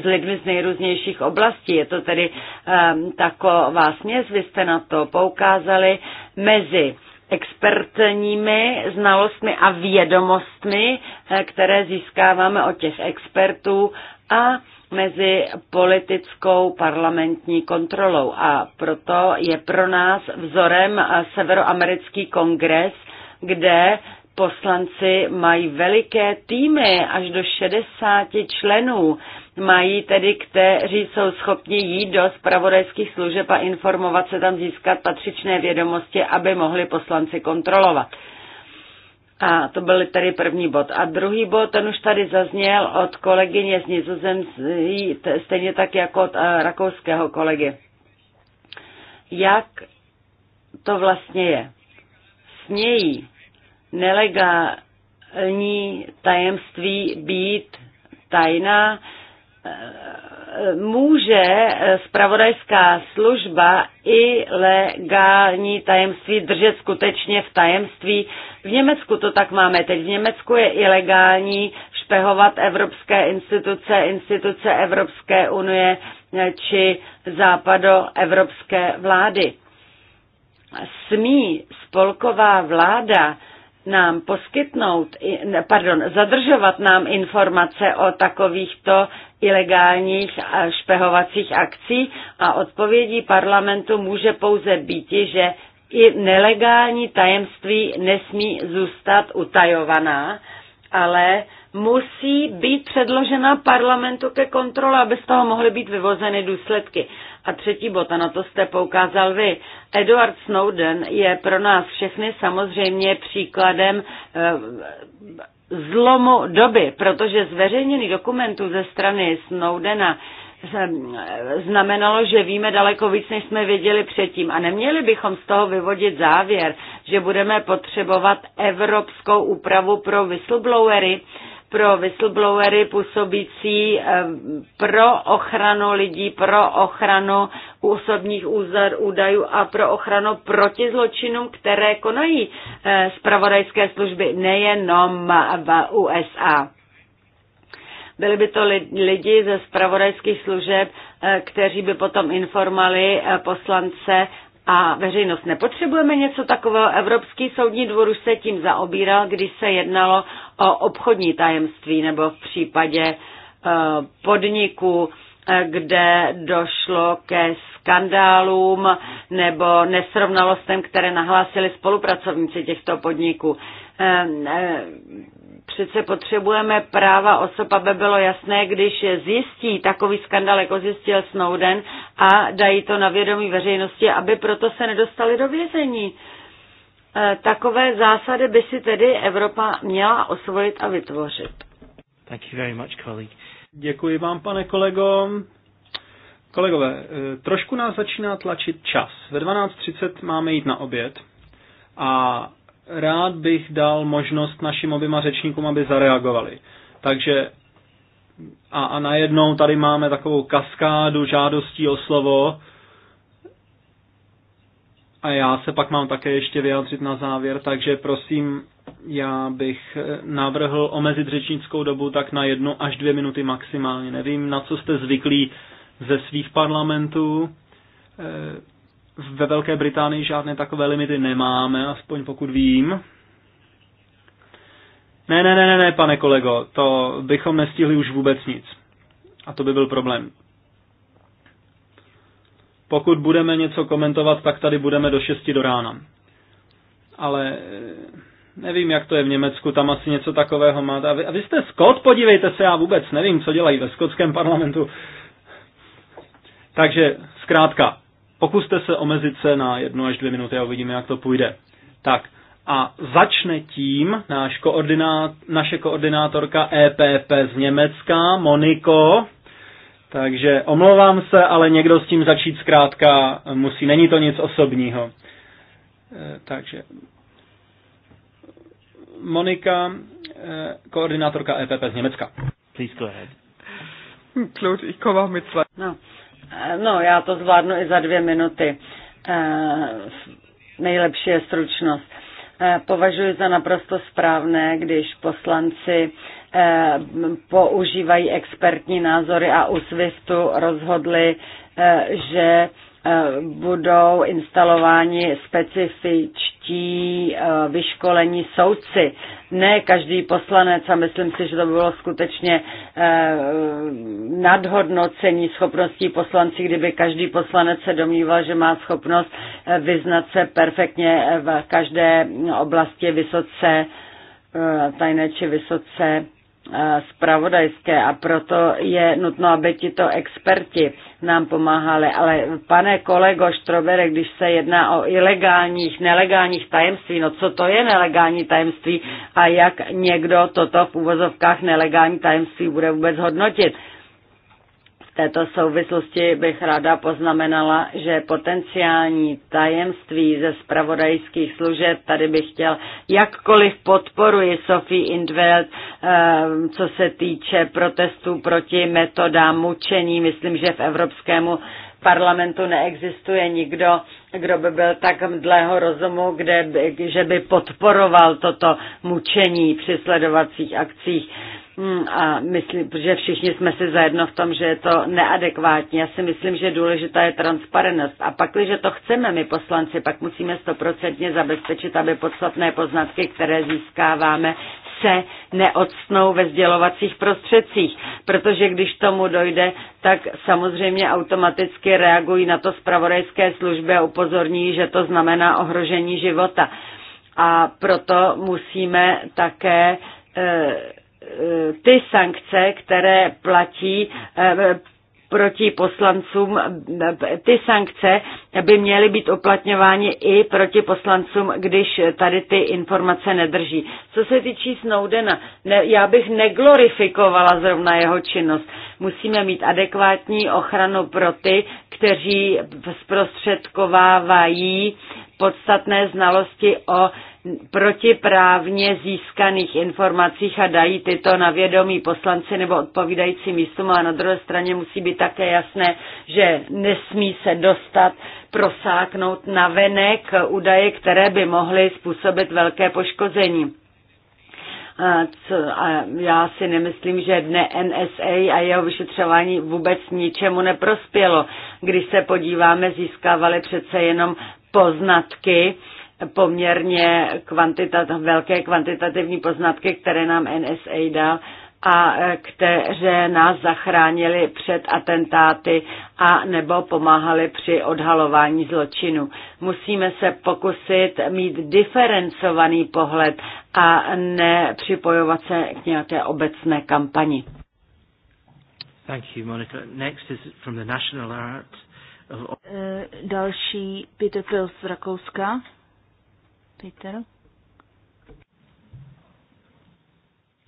[SPEAKER 4] s lidmi z nejrůznějších oblastí. Je to tedy um, taková směs, vy jste na to poukázali, mezi expertními znalostmi a vědomostmi, eh, které získáváme od těch expertů a mezi politickou parlamentní kontrolou. A proto je pro nás vzorem eh, Severoamerický kongres, kde Poslanci mají veliké týmy, až do 60 členů. Mají tedy, kteří jsou schopni jít do spravodajských služeb a informovat se tam, získat patřičné vědomosti, aby mohli poslanci kontrolovat. A to byl tady první bod. A druhý bod, ten už tady zazněl od kolegyně z Nizozemí, stejně tak jako od eh, rakouského kolegy. Jak to vlastně je? Smějí nelegální tajemství být tajná, eh, může spravodajská služba i legální tajemství držet skutečně v tajemství. V Německu to tak máme teď. V Německu je ilegální špehovat evropské instituce, instituce Evropské unie či západoevropské vlády. Smí spolková vláda nám poskytnout, pardon, zadržovat nám informace o takovýchto ilegálních špehovacích akcí a odpovědí parlamentu může pouze být, že i nelegální tajemství nesmí zůstat utajovaná, ale musí být předložena parlamentu ke kontrole, aby z toho mohly být vyvozeny důsledky. A třetí bod, a na to jste poukázal vy. Edward Snowden je pro nás všechny samozřejmě příkladem eh, zlomu doby, protože zveřejněný dokumentů ze strany Snowdena ehm, znamenalo, že víme daleko víc, než jsme věděli předtím. A neměli bychom z toho vyvodit závěr, že budeme potřebovat evropskou úpravu pro whistleblowery, pro whistleblowery působící pro ochranu lidí, pro ochranu osobních údajů a pro ochranu proti zločinům, které konají eh, zpravodajské služby nejenom v USA. Byli by to lidi ze zpravodajských služeb, eh, kteří by potom informali eh, poslance a veřejnost. Nepotřebujeme něco takového. Evropský soudní dvor už se tím zaobíral, když se jednalo o obchodní tajemství nebo v případě eh, podniku, eh, kde došlo ke skandálům nebo nesrovnalostem, které nahlásili spolupracovníci těchto podniků. Eh, Přece potřebujeme práva osob, aby bylo jasné, když zjistí takový skandal, jako zjistil Snowden, a dají to na vědomí veřejnosti, aby proto se nedostali do vězení. E, takové zásady by si tedy Evropa měla osvojit a vytvořit. Thank you very much, Děkuji vám, pane kolego.
[SPEAKER 1] Kolegové, e, trošku nás začíná tlačit čas. Ve 12.30 máme jít na oběd a rád bych dal možnost našim oběma řečníkům, aby zareagovali. Takže a, a najednou tady máme takovou kaskádu žádostí o slovo a já se pak mám také ještě vyjádřit na závěr, takže prosím, já bych eh, navrhl omezit řečnickou dobu tak na jednu až dvě minuty maximálně. Nevím, na co jste zvyklí ze svých parlamentů. Eh, ve Velké Británii žádné takové limity nemáme, aspoň pokud vím. Ne, ne, ne, ne, ne, pane kolego, to bychom nestihli už vůbec nic. A to by byl problém. Pokud budeme něco komentovat, tak tady budeme do 6 do rána. Ale eh, nevím, jak to je v Německu, tam asi něco takového máte. A vy, a vy jste Skot, podívejte se, já vůbec nevím, co dělají ve skotském parlamentu. Takže zkrátka, Pokuste se omezit se na jednu až dvě minuty a uvidíme, jak to půjde. Tak a začne tím náš koordinát, naše koordinátorka EPP z Německa, Moniko. Takže omlouvám se, ale někdo s tím začít zkrátka musí. Není to nic osobního. E, takže Monika, e, koordinátorka EPP z Německa. Please go ahead.
[SPEAKER 4] Claude, ich komme auch mit zwei. No. Eh, no, já to zvládnu i za dvě minuty. Eh, nejlepší je stručnost. Eh, považuji za naprosto správné, když poslanci používají expertní názory a u SWIFTu rozhodli, že budou instalováni specifičtí eh, vyškolení soudci. Ne každý poslanec a myslím si, že to by bylo skutečně eh, nadhodnocení schopností poslanci, kdyby každý poslanec se domníval, že má schopnost eh, vyznat se perfektně v každé oblasti vysoce tajné či vysoce spravodajské a proto je nutno, aby tito experti nám pomáhali. Ale pane kolego Štrobere, když se jedná o ilegálních, nelegálních tajemství, no co to je nelegální tajemství a jak někdo toto v úvozovkách nelegální tajemství bude vůbec hodnotit? V této souvislosti bych ráda poznamenala, že potenciální tajemství ze spravodajských služeb, tady bych chtěl, jakkoliv podporuji Sophie Indveld, eh, co se týče protestů proti metodám mučení, myslím, že v Evropskému parlamentu neexistuje nikdo, kdo by byl tak mdlého rozumu, kde by, že by podporoval toto mučení při sledovacích akcích. Hmm, a myslím, že všichni jsme si zajedno v tom, že je to neadekvátní. Já si myslím, že důležitá je transparentnost. A pak, když to chceme my poslanci, pak musíme stoprocentně zabezpečit, aby podstatné poznatky, které získáváme, se neodstnou ve sdělovacích prostředcích, protože když tomu dojde, tak samozřejmě automaticky reagují na to zpravodajské služby a upozorní, že to znamená ohrožení života. A proto musíme také Eh, Eh, ty sankce, které platí eh, proti poslancům, ty sankce by měly být oplatňovány i proti poslancům, když tady ty informace nedrží. Co se týče Snowdena, ne, já bych neglorifikovala zrovna jeho činnost. Musíme mít adekvátní ochranu pro ty, kteří zprostředkovávají podstatné znalosti o protiprávně získaných informacích a dají tyto na vědomí poslanci nebo odpovídající místům, ale na druhé straně musí být také jasné, že nesmí se dostat, prosáknout na venek údaje, které by mohly způsobit velké poškození. A co, a já si nemyslím, že dne NSA a jeho vyšetřování vůbec ničemu neprospělo. Když se podíváme, získávali přece jenom poznatky, poměrně kvantitat, velké kvantitativní poznatky, které nám NSA dal a eh, které nás zachránili před atentáty a nebo pomáhali při odhalování zločinu. Musíme se pokusit mít diferencovaný pohled a ne připojovat se k nějaké obecné kampani. Thank you, Monica. Next is from the National Art. Of... Uh, další Peter Pils z Rakouska. Peter.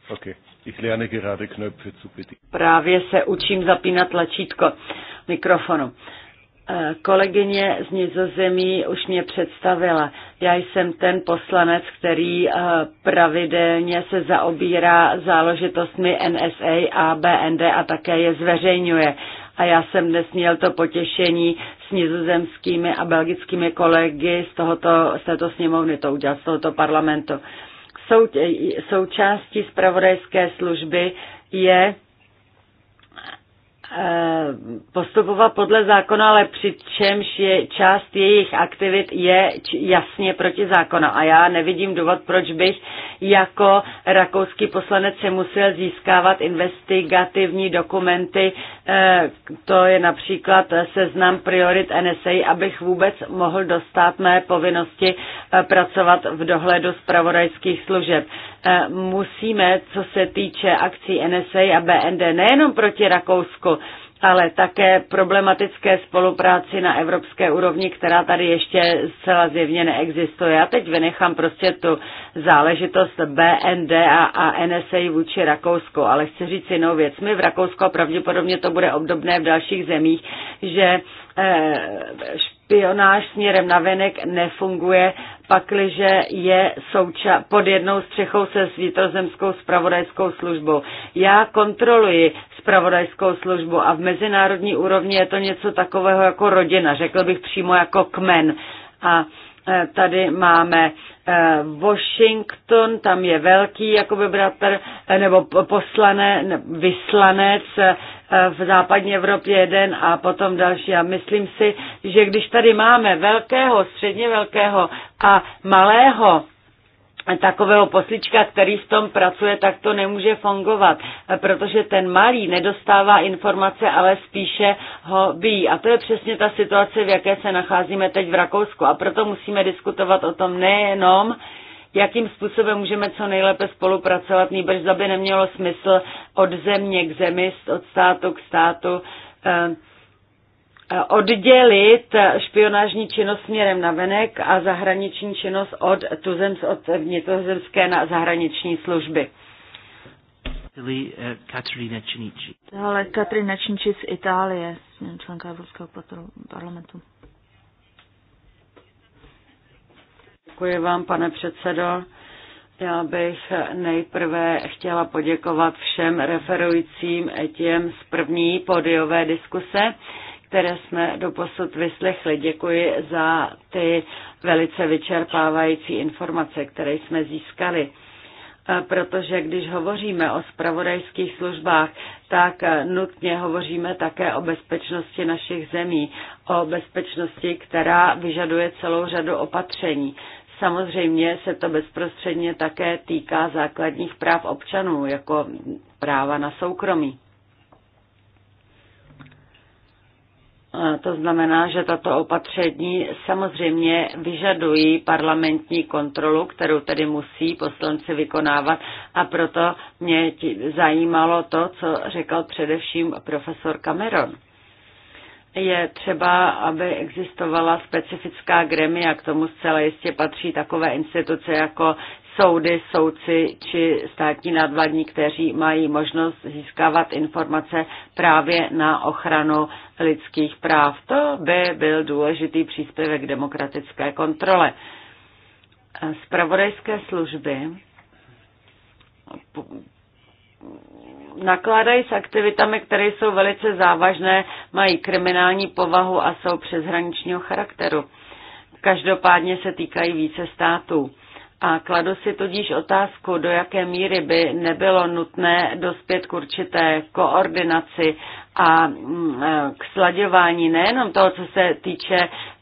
[SPEAKER 5] Okay. Ich lerne gerade Knöpfe zu bedienen.
[SPEAKER 4] Právě se učím zapínat tlačítko mikrofonu. Eh, kolegyně z Nizozemí už mě představila. Já jsem ten poslanec, který eh, pravidelně se zaobírá záležitostmi NSA a BND a také je zveřejňuje a já jsem dnes měl to potěšení s nizozemskými a belgickými kolegy z, tohoto, z této sněmovny to udělat, z tohoto parlamentu. součástí zpravodajské služby je Eh, postupovat podle zákona, ale přičemž je část jejich aktivit je jasně proti zákona. A já nevidím důvod, proč bych jako rakouský poslanec se musel získávat investigativní dokumenty, eh, to je například seznam priorit NSA, abych vůbec mohl dostat mé povinnosti eh, pracovat v dohledu zpravodajských služeb. E, musíme, co se týče akcí NSA a BND, nejenom proti Rakousku, ale také problematické spolupráci na evropské úrovni, která tady ještě zcela zjevně neexistuje. Já teď vynechám prostě tu záležitost BND a, a NSA vůči Rakousku, ale chci říct jinou věc. My v Rakousku a pravděpodobně to bude obdobné v dalších zemích, že Eh, špionáž směrem na venek nefunguje, pakliže je souča- pod jednou střechou se s vnitrozemskou spravodajskou službou. Já kontroluji spravodajskou službu a v mezinárodní úrovni je to něco takového jako rodina, řekl bych přímo jako kmen. A eh, tady máme eh, Washington, tam je velký jakoby bratr nebo poslanec, vyslanec E, v západní Evropě jeden a potom další. A myslím si, že když tady máme velkého, středně velkého a malého takového poslička, který v tom pracuje, tak to nemůže fungovat, protože ten malý nedostává informace, ale spíše ho bíjí. A to je přesně ta situace, v jaké se nacházíme teď v Rakousku. A proto musíme diskutovat o tom nejenom, jakým způsobem můžeme co nejlépe spolupracovat, nejbrž by nemělo smysl od země k zemi, od státu k státu eh, eh, oddělit špionážní činnost směrem na venek a zahraniční činnost od, tuzems, od vnitrozemské na zahraniční služby.
[SPEAKER 2] Činici.
[SPEAKER 3] Tohle Katrina Činici z Itálie, členka
[SPEAKER 4] Evropského parlamentu. Děkuji vám, pane předsedo. Já bych nejprve chtěla poděkovat všem referujícím těm z první podiové diskuse, které jsme doposud vyslechli. Děkuji za ty velice vyčerpávající informace, které jsme získali protože když hovoříme o spravodajských službách, tak nutně hovoříme také o bezpečnosti našich zemí, o bezpečnosti, která vyžaduje celou řadu opatření. Samozřejmě se to bezprostředně také týká základních práv občanů, jako práva na soukromí. To znamená, že tato opatření samozřejmě vyžadují parlamentní kontrolu, kterou tedy musí poslanci vykonávat a proto mě zajímalo to, co řekl především profesor Cameron je třeba, aby existovala specifická gremia, k tomu zcela jistě patří takové instituce jako soudy, soudci či státní nadvladní, kteří mají možnost získávat informace právě na ochranu lidských práv. To by byl důležitý příspěvek k demokratické kontrole. Spravodajské služby nakládají s aktivitami, které jsou velice závažné, mají kriminální povahu a jsou přeshraničního charakteru. Každopádně se týkají více států. A kladu si tudíž otázku, do jaké míry by nebylo nutné dospět k určité koordinaci a mm, e, k sladěvání nejenom toho, co se týče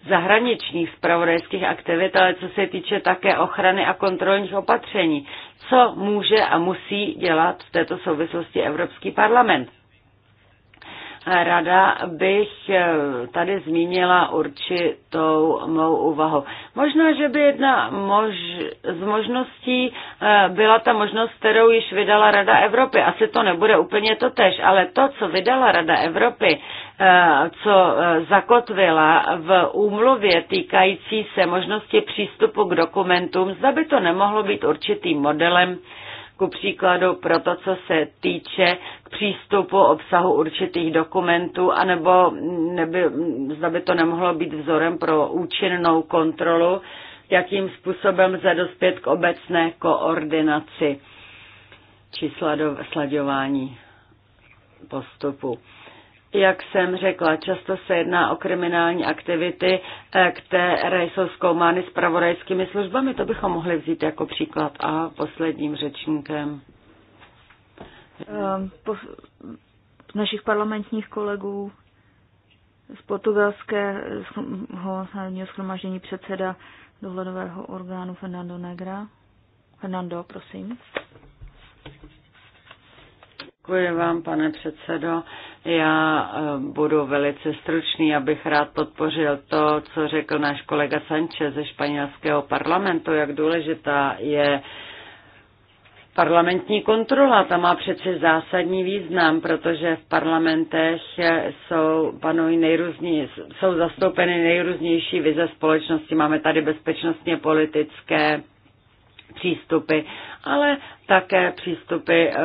[SPEAKER 4] zahraničních spravodajských aktivit, ale co se týče také ochrany a kontrolních opatření. Co může a musí dělat v této souvislosti Evropský parlament? Rada bych eh, tady zmínila určitou mou úvahu. Možná, že by jedna mož, z možností eh, byla ta možnost, kterou již vydala Rada Evropy. Asi to nebude úplně to tež, ale to, co vydala Rada Evropy, eh, co zakotvila v úmluvě týkající se možnosti přístupu k dokumentům, zda by to nemohlo být určitým modelem, ku příkladu pro to, co se týče k přístupu obsahu určitých dokumentů, anebo neby, zda by to nemohlo být vzorem pro účinnou kontrolu, jakým způsobem lze dospět k obecné koordinaci či sladování postupu. Jak jsem řekla, často se jedná o kriminální aktivity, eh, které jsou zkoumány pravodajskými službami. To bychom mohli vzít jako příklad. A posledním řečníkem. Ehm, po, našich parlamentních
[SPEAKER 3] kolegů z portugalského národního schromaždění předseda dohledového orgánu Fernando Negra. Fernando, prosím.
[SPEAKER 4] Děkuji vám, pane předsedo. Já eh, budu velice stručný, abych rád podpořil to, co řekl náš kolega Sanchez ze španělského parlamentu, jak důležitá je parlamentní kontrola. Ta má přece zásadní význam, protože v parlamentech jsou, panují nejrůzní, jsou zastoupeny nejrůznější vize společnosti. Máme tady bezpečnostně politické přístupy, ale také přístupy, eh,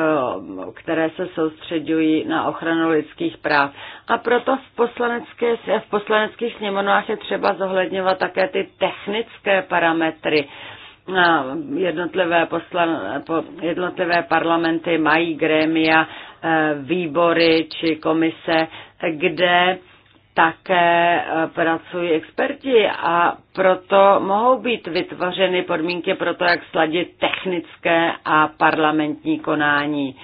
[SPEAKER 4] které se soustředují na ochranu lidských práv. A proto v, poslanecké, v poslaneckých sněmovnách je třeba zohledňovat také ty technické parametry. Eh, jednotlivé, poslan, jednotlivé parlamenty mají grémia, eh, výbory či komise, kde také eh, pracují experti a proto mohou být vytvořeny podmínky pro to, jak sladit technické a parlamentní konání.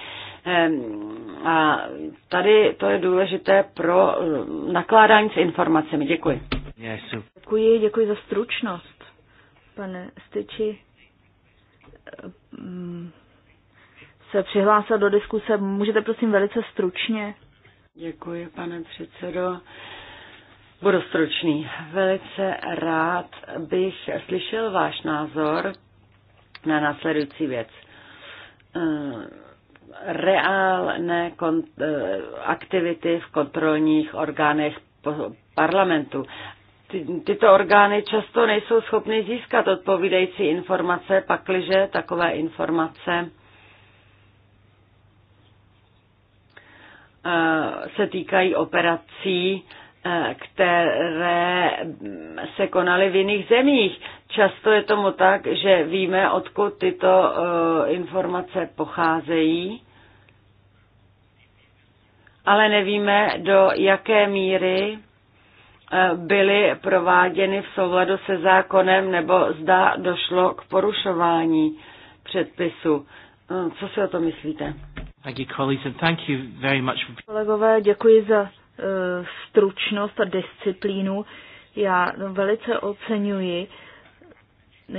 [SPEAKER 4] A tady to je důležité pro eh, nakládání s informacemi. Děkuji. Děkuji, děkuji za stručnost, pane
[SPEAKER 3] Styči. Se přihlásil do diskuse, můžete prosím velice stručně.
[SPEAKER 4] Děkuji, pane předsedo. Budu stručný. Velice rád bych slyšel váš názor na následující věc. Eh, reálné eh, aktivity v kontrolních orgánech parlamentu. Ty, tyto orgány často nejsou schopny získat odpovídající informace, pakliže takové informace eh, se týkají operací, které se konaly v jiných zemích. Často je tomu tak, že víme, odkud tyto eh, informace pocházejí, ale nevíme, do jaké míry eh, byly prováděny v souladu se zákonem nebo zda došlo k porušování předpisu. Eh, co si o to myslíte? Kolegové, děkuji za stručnost a
[SPEAKER 3] disciplínu. Já velice oceňuji.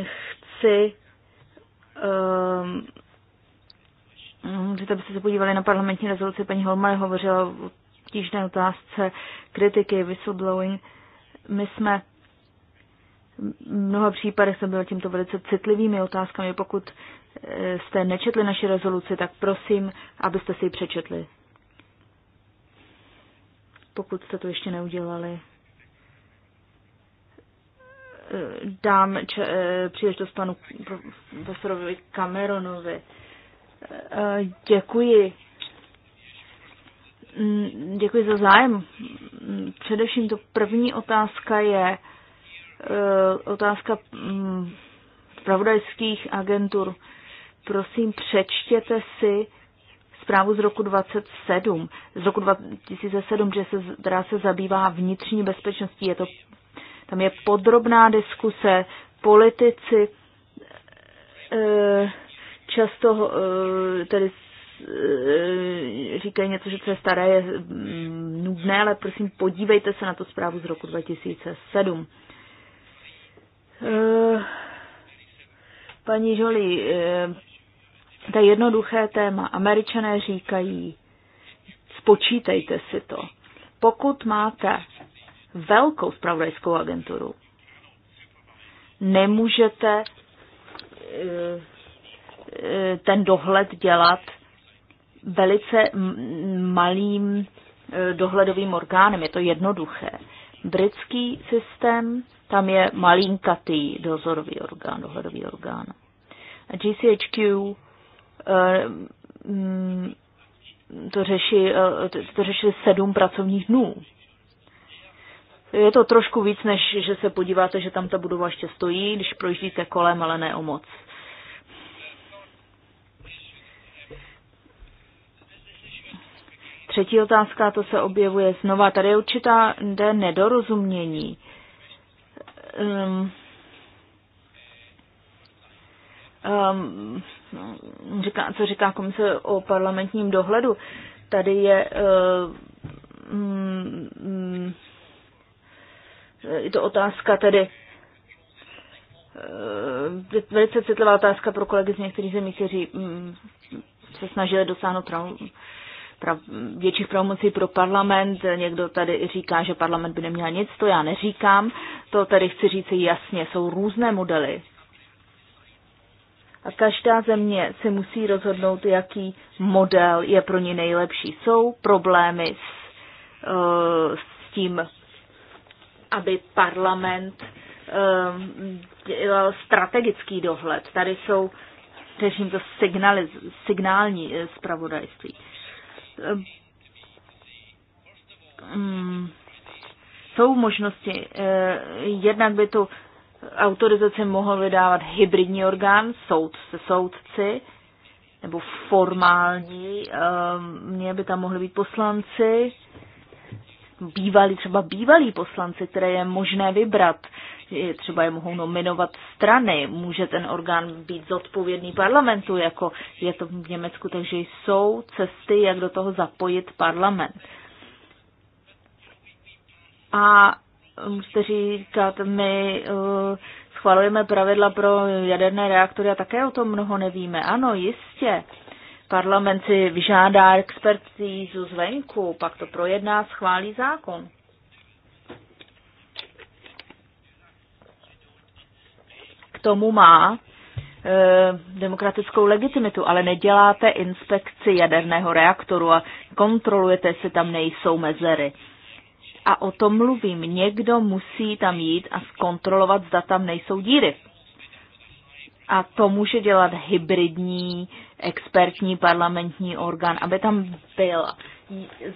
[SPEAKER 3] Chci, um, ehm, byste se podívali na parlamentní rezoluci, paní Holmer hovořila o tížné otázce kritiky, whistleblowing. My jsme v mnoha případech jsem byl tímto velice citlivými otázkami. Pokud eh, jste nečetli naše rezoluci, tak prosím, abyste si ji přečetli pokud jste to ještě neudělali. Dám č- eh, příležitost panu profesorovi Cameronovi. Eh, děkuji. Mm, děkuji za zájem. Mm, především to první otázka je eh, otázka spravodajských mm, agentur. Prosím, přečtěte si zprávu z roku 27, z roku 2007, že se, která se zabývá vnitřní bezpečností. Je to, tam je podrobná diskuse, politici e, často e, tedy e, říkají něco, že to je staré, je mm, nudné, ale prosím, podívejte se na tu zprávu z roku 2007. E, paní Žoli, to je jednoduché téma. Američané říkají, spočítejte si to. Pokud máte velkou spravodajskou agenturu, nemůžete eh, eh, ten dohled dělat velice malým eh, dohledovým orgánem. Je to jednoduché. Britský systém, tam je malinkatý dozorový orgán, dohledový orgán. A GCHQ Eh, mm, to, řeší, eh, to řešili sedm pracovních dnů. Je to trošku víc, než že se podíváte, že tam ta budova ještě stojí, když projíždíte kolem, ale ne o moc. Třetí otázka, to se objevuje znova. Tady je určitá nedorozumění. Um, um, říká, co říká komise o parlamentním dohledu. Tady je um, je to otázka tedy uh, velice citlivá otázka pro kolegy z některých zemí, kteří mm, se snažili dosáhnout prav, prav, větších pravomocí pro parlament. Někdo tady říká, že parlament by neměl nic, to já neříkám. To tady chci říct jasně, jsou různé modely a každá země se musí rozhodnout, jaký model je pro ně nejlepší. Jsou problémy s, eh, s tím, aby parlament eh, dělal strategický dohled. Tady jsou, řeším to signály, signální eh, zpravodajství. Mm, jsou možnosti. Jednak by to autorizaci mohl vydávat hybridní orgán, soud se soudci, nebo formální, ehm, mě by tam mohli být poslanci, bývalí, třeba bývalí poslanci, které je možné vybrat, třeba je mohou nominovat strany, může ten orgán být zodpovědný parlamentu, jako je to v Německu, takže jsou cesty, jak do toho zapojit parlament. A musíte říkat, my eh, schvalujeme pravidla pro jaderné reaktory a také o tom mnoho nevíme. Ano, jistě. Parlament si vyžádá z zvenku, pak to projedná, schválí zákon. K tomu má eh, demokratickou legitimitu, ale neděláte inspekci jaderného reaktoru a kontrolujete, jestli tam nejsou mezery a o tom mluvím. Někdo musí tam jít a zkontrolovat, zda tam nejsou díry. A to může dělat hybridní expertní parlamentní orgán, aby tam byla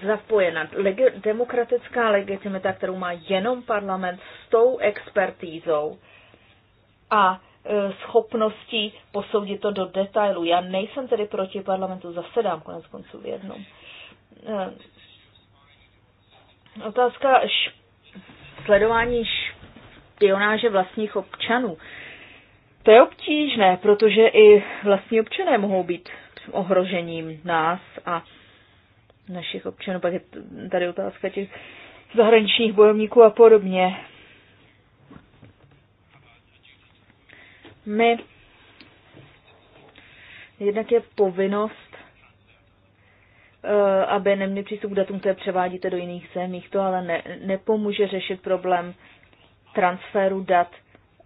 [SPEAKER 3] zapojena legi- demokratická legitimita, kterou má jenom parlament s tou expertízou a e, schopností posoudit to do detailu. Já nejsem tedy proti parlamentu, zasedám konec konců v jednom. E, Otázka š- sledování špionáže vlastních občanů. To je obtížné, protože i vlastní občané mohou být ohrožením nás a našich občanů. Pak je tady otázka těch zahraničních bojovníků a podobně. My jednak je povinnost Eh, aby neměli přístup k datům, které převádíte do jiných zemích. To ale ne, nepomůže řešit problém transferu dat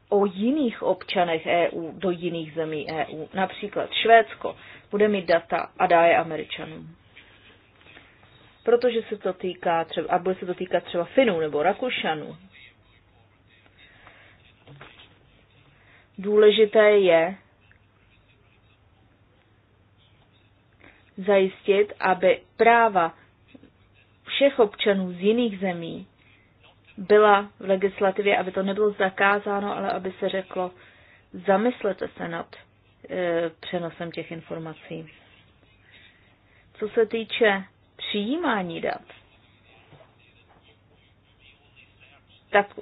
[SPEAKER 3] o jiných občanech EU do jiných zemí EU. Například Švédsko bude mít data a dá je Američanům. Protože se to týká třeba, a bude se to týkat třeba Finů nebo Rakušanů. Důležité je, zajistit, aby práva všech občanů z jiných zemí byla v legislativě, aby to nebylo zakázáno, ale aby se řeklo, zamyslete se nad e, přenosem těch informací. Co se týče přijímání dat, tak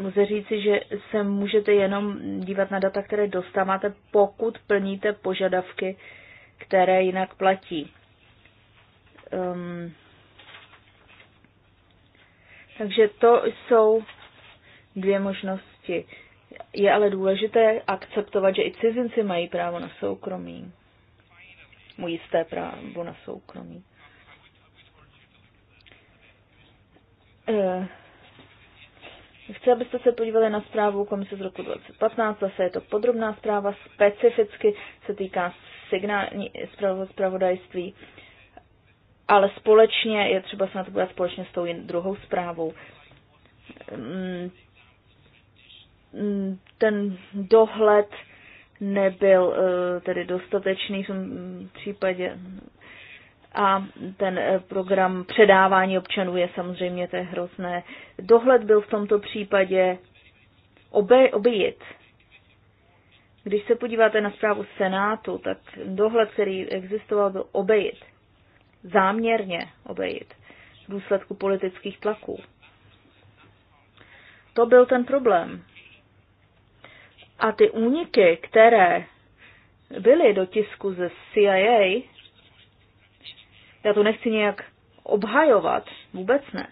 [SPEAKER 3] může říci, že se můžete jenom dívat na data, které dostáváte, pokud plníte požadavky e, které jinak platí. Um, takže to jsou dvě možnosti. Je ale důležité akceptovat, že i cizinci mají právo na soukromí. Můj jisté právo na soukromí. Eh, Chci, abyste se podívali na zprávu komise z roku 2015. Zase je to podrobná zpráva, specificky se týká signální zpravodajství, ale společně je třeba se na to podívat společně s tou druhou zprávou. Mm, mm, ten dohled nebyl eh, tedy dostatečný v tom případě a ten eh, program předávání občanů je samozřejmě to je hrozné. Dohled byl v tomto případě obejit když se podíváte na zprávu Senátu, tak dohled, který existoval, byl obejit. Záměrně obejit. V důsledku politických tlaků. To byl ten problém. A ty úniky, které byly do tisku ze CIA, já to nechci nějak obhajovat, vůbec ne,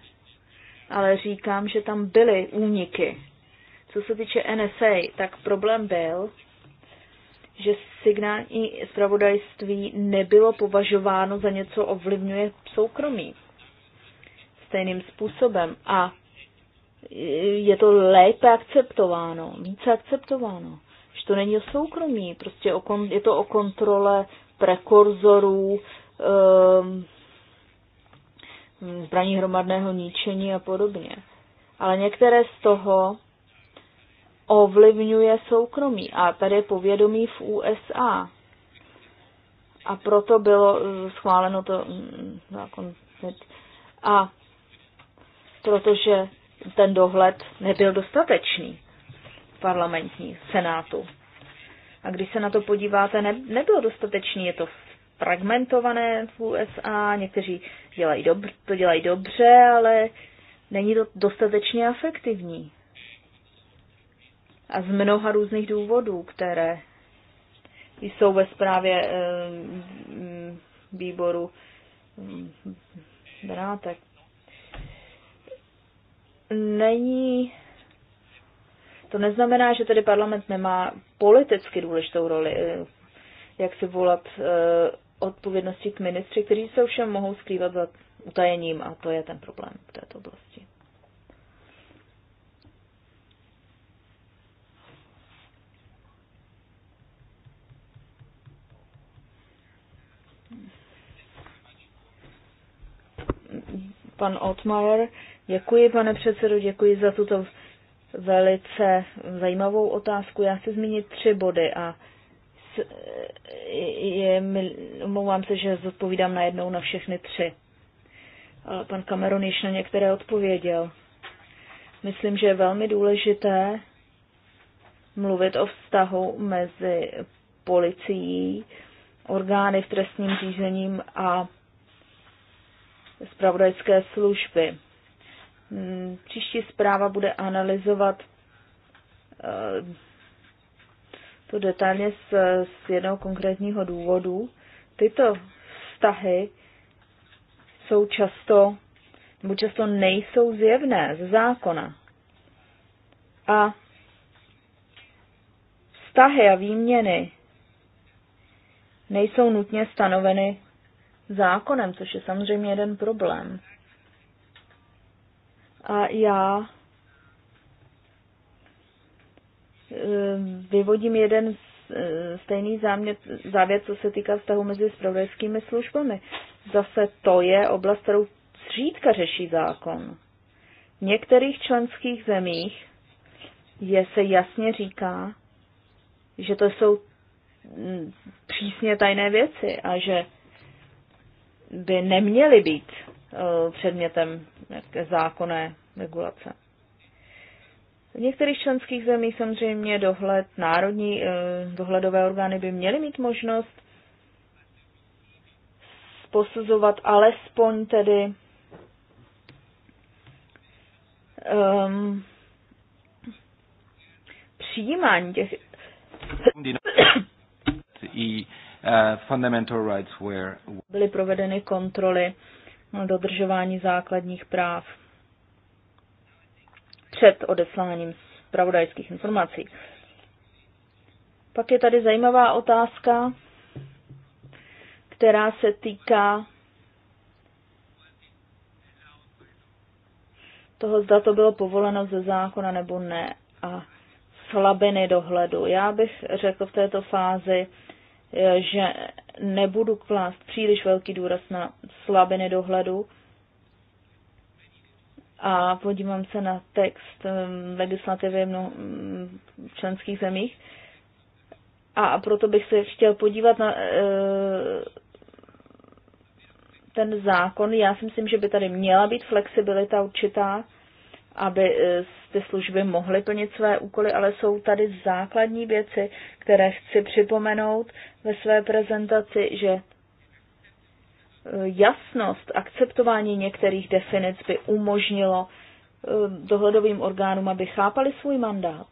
[SPEAKER 3] ale říkám, že tam byly úniky. Co se týče NSA, tak problém byl, že signální zpravodajství nebylo považováno za něco ovlivňuje soukromí stejným způsobem a je to lépe akceptováno, více akceptováno. Že to není o soukromí, prostě o kon, je to o kontrole prekorzorů, um, ehm, zbraní hromadného ničení a podobně. Ale některé z toho ovlivňuje soukromí a tady je povědomí v USA. A proto bylo eh, schváleno to mm, zákon. A protože ten dohled nebyl dostatečný parlamentní senátu. A když se na to podíváte, ne, nebylo dostatečný, je to fragmentované v USA, někteří dělají dobře, to dělají dobře, ale není to dostatečně efektivní. A z mnoha různých důvodů, které jsou ve zprávě eh, mm, výboru mm, Brátek. Není to neznamená, že tedy parlament nemá politicky důležitou roli, eh, jak si volat eh, odpovědnosti k ministři, kteří se ovšem mohou skrývat za utajením a to je ten problém v této oblasti. pan Otmar. Děkuji, pane předsedo, děkuji za tuto velice zajímavou otázku. Já chci zmínit tři body a je, omlouvám se, že zodpovídám najednou na všechny tři. pan Cameron již na některé odpověděl. Myslím, že je velmi důležité mluvit o vztahu mezi policií, orgány v trestním řízením a zpravodajské služby. Hmm, příští zpráva bude analyzovat eh, to detailně z, z jednoho konkrétního důvodu. Tyto vztahy jsou často, nebo často nejsou zjevné ze zákona. A vztahy a výměny nejsou nutně stanoveny zákonem, což je samozřejmě jeden problém. A já eh, vyvodím jeden eh, stejný záměr, závěr, co se týká vztahu mezi spravodajskými službami. Zase to je oblast, kterou zřídka řeší zákon. V některých členských zemích je se jasně říká, že to jsou mm, přísně tajné věci a že by neměly být eh, předmětem nějaké zákonné regulace. V některých členských zemích samozřejmě dohled, národní eh, dohledové orgány by měly mít možnost posuzovat alespoň tedy um, přijímání těch
[SPEAKER 5] Uh,
[SPEAKER 3] Byly provedeny kontroly dodržování základních práv před odesláním zpravodajských informací. Pak je tady zajímavá otázka, která se týká toho, zda to bylo povoleno ze zákona nebo ne a slabiny dohledu. Já bych řekl v této fázi, E, že nebudu klást příliš velký důraz na slabiny dohledu a podívám se na text e, legislativy no- v členských zemích. A proto bych se chtěl podívat na e, ten zákon. Já si myslím, že by tady měla být flexibilita určitá, aby eh, ty služby mohly plnit své úkoly, ale jsou tady základní věci, které chci připomenout ve své prezentaci, že eh, jasnost akceptování některých definic by umožnilo eh, dohledovým orgánům, aby chápali svůj mandát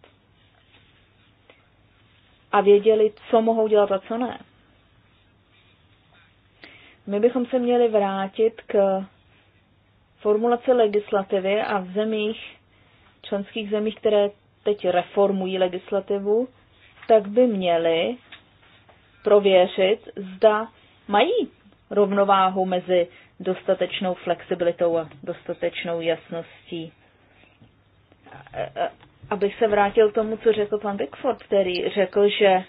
[SPEAKER 3] a věděli, co mohou dělat a co ne. My bychom se měli vrátit k formulace legislativy a v zemích, členských zemích, které teď reformují legislativu, tak by měly prověřit, zda mají rovnováhu mezi dostatečnou flexibilitou a dostatečnou jasností. Abych se vrátil k tomu, co řekl pan Bickford, který řekl, že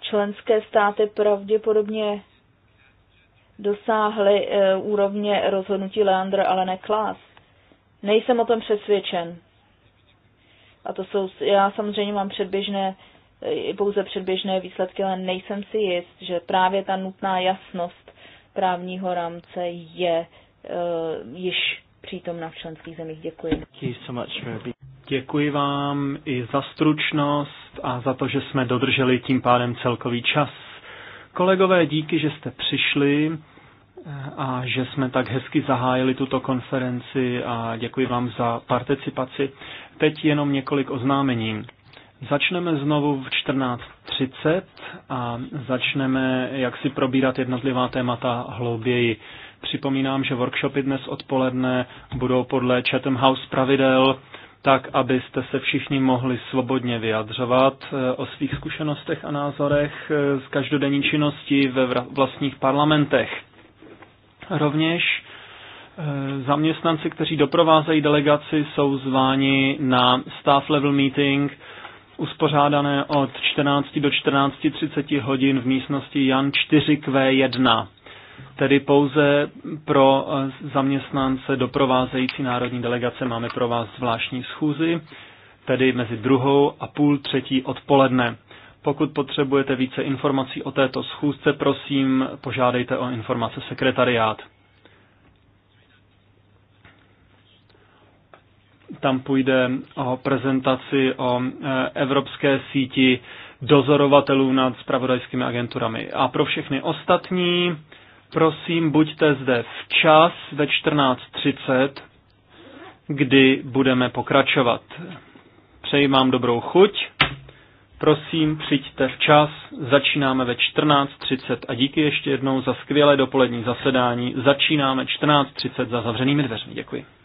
[SPEAKER 3] členské státy pravděpodobně dosáhli eh, úrovně rozhodnutí Leandra ne Klas. Nejsem o tom přesvědčen. A to jsou, já samozřejmě mám předběžné, eh, pouze předběžné výsledky, ale nejsem si jist, že právě ta nutná jasnost právního rámce je e, již přítomna v členských zemích. Děkuji.
[SPEAKER 1] Děkuji vám i za stručnost a za to, že jsme dodrželi tím pádem celkový čas. Kolegové, díky, že jste přišli a že jsme tak hezky zahájili tuto konferenci a děkuji vám za participaci. Teď jenom několik oznámení. Začneme znovu v 14.30 a začneme jak si probírat jednotlivá témata hlouběji. Připomínám, že workshopy dnes odpoledne budou podle Chatham House pravidel, tak abyste se všichni mohli svobodně vyjadřovat eh, o svých zkušenostech a názorech eh, z každodenní činnosti ve vlastních parlamentech. Rovněž eh, zaměstnanci, kteří doprovázejí delegaci, jsou zváni na staff level meeting, uspořádané od 14 do 14.30 hodin v místnosti Jan 4Q1, tedy pouze pro eh, zaměstnance doprovázející národní delegace máme pro vás zvláštní schůzy, tedy mezi druhou a půl třetí odpoledne. Pokud potřebujete více informací o této schůzce, prosím, požádejte o informace sekretariát. Tam půjde o prezentaci o e, evropské síti dozorovatelů nad spravodajskými agenturami. A pro všechny ostatní, prosím, buďte zde včas ve 14.30, kdy budeme pokračovat. Přeji vám dobrou chuť. Prosím, přijďte včas, začínáme ve 14.30 a díky ještě jednou za skvělé dopolední zasedání. Začínáme 14.30 za zavřenými dveřmi. Děkuji.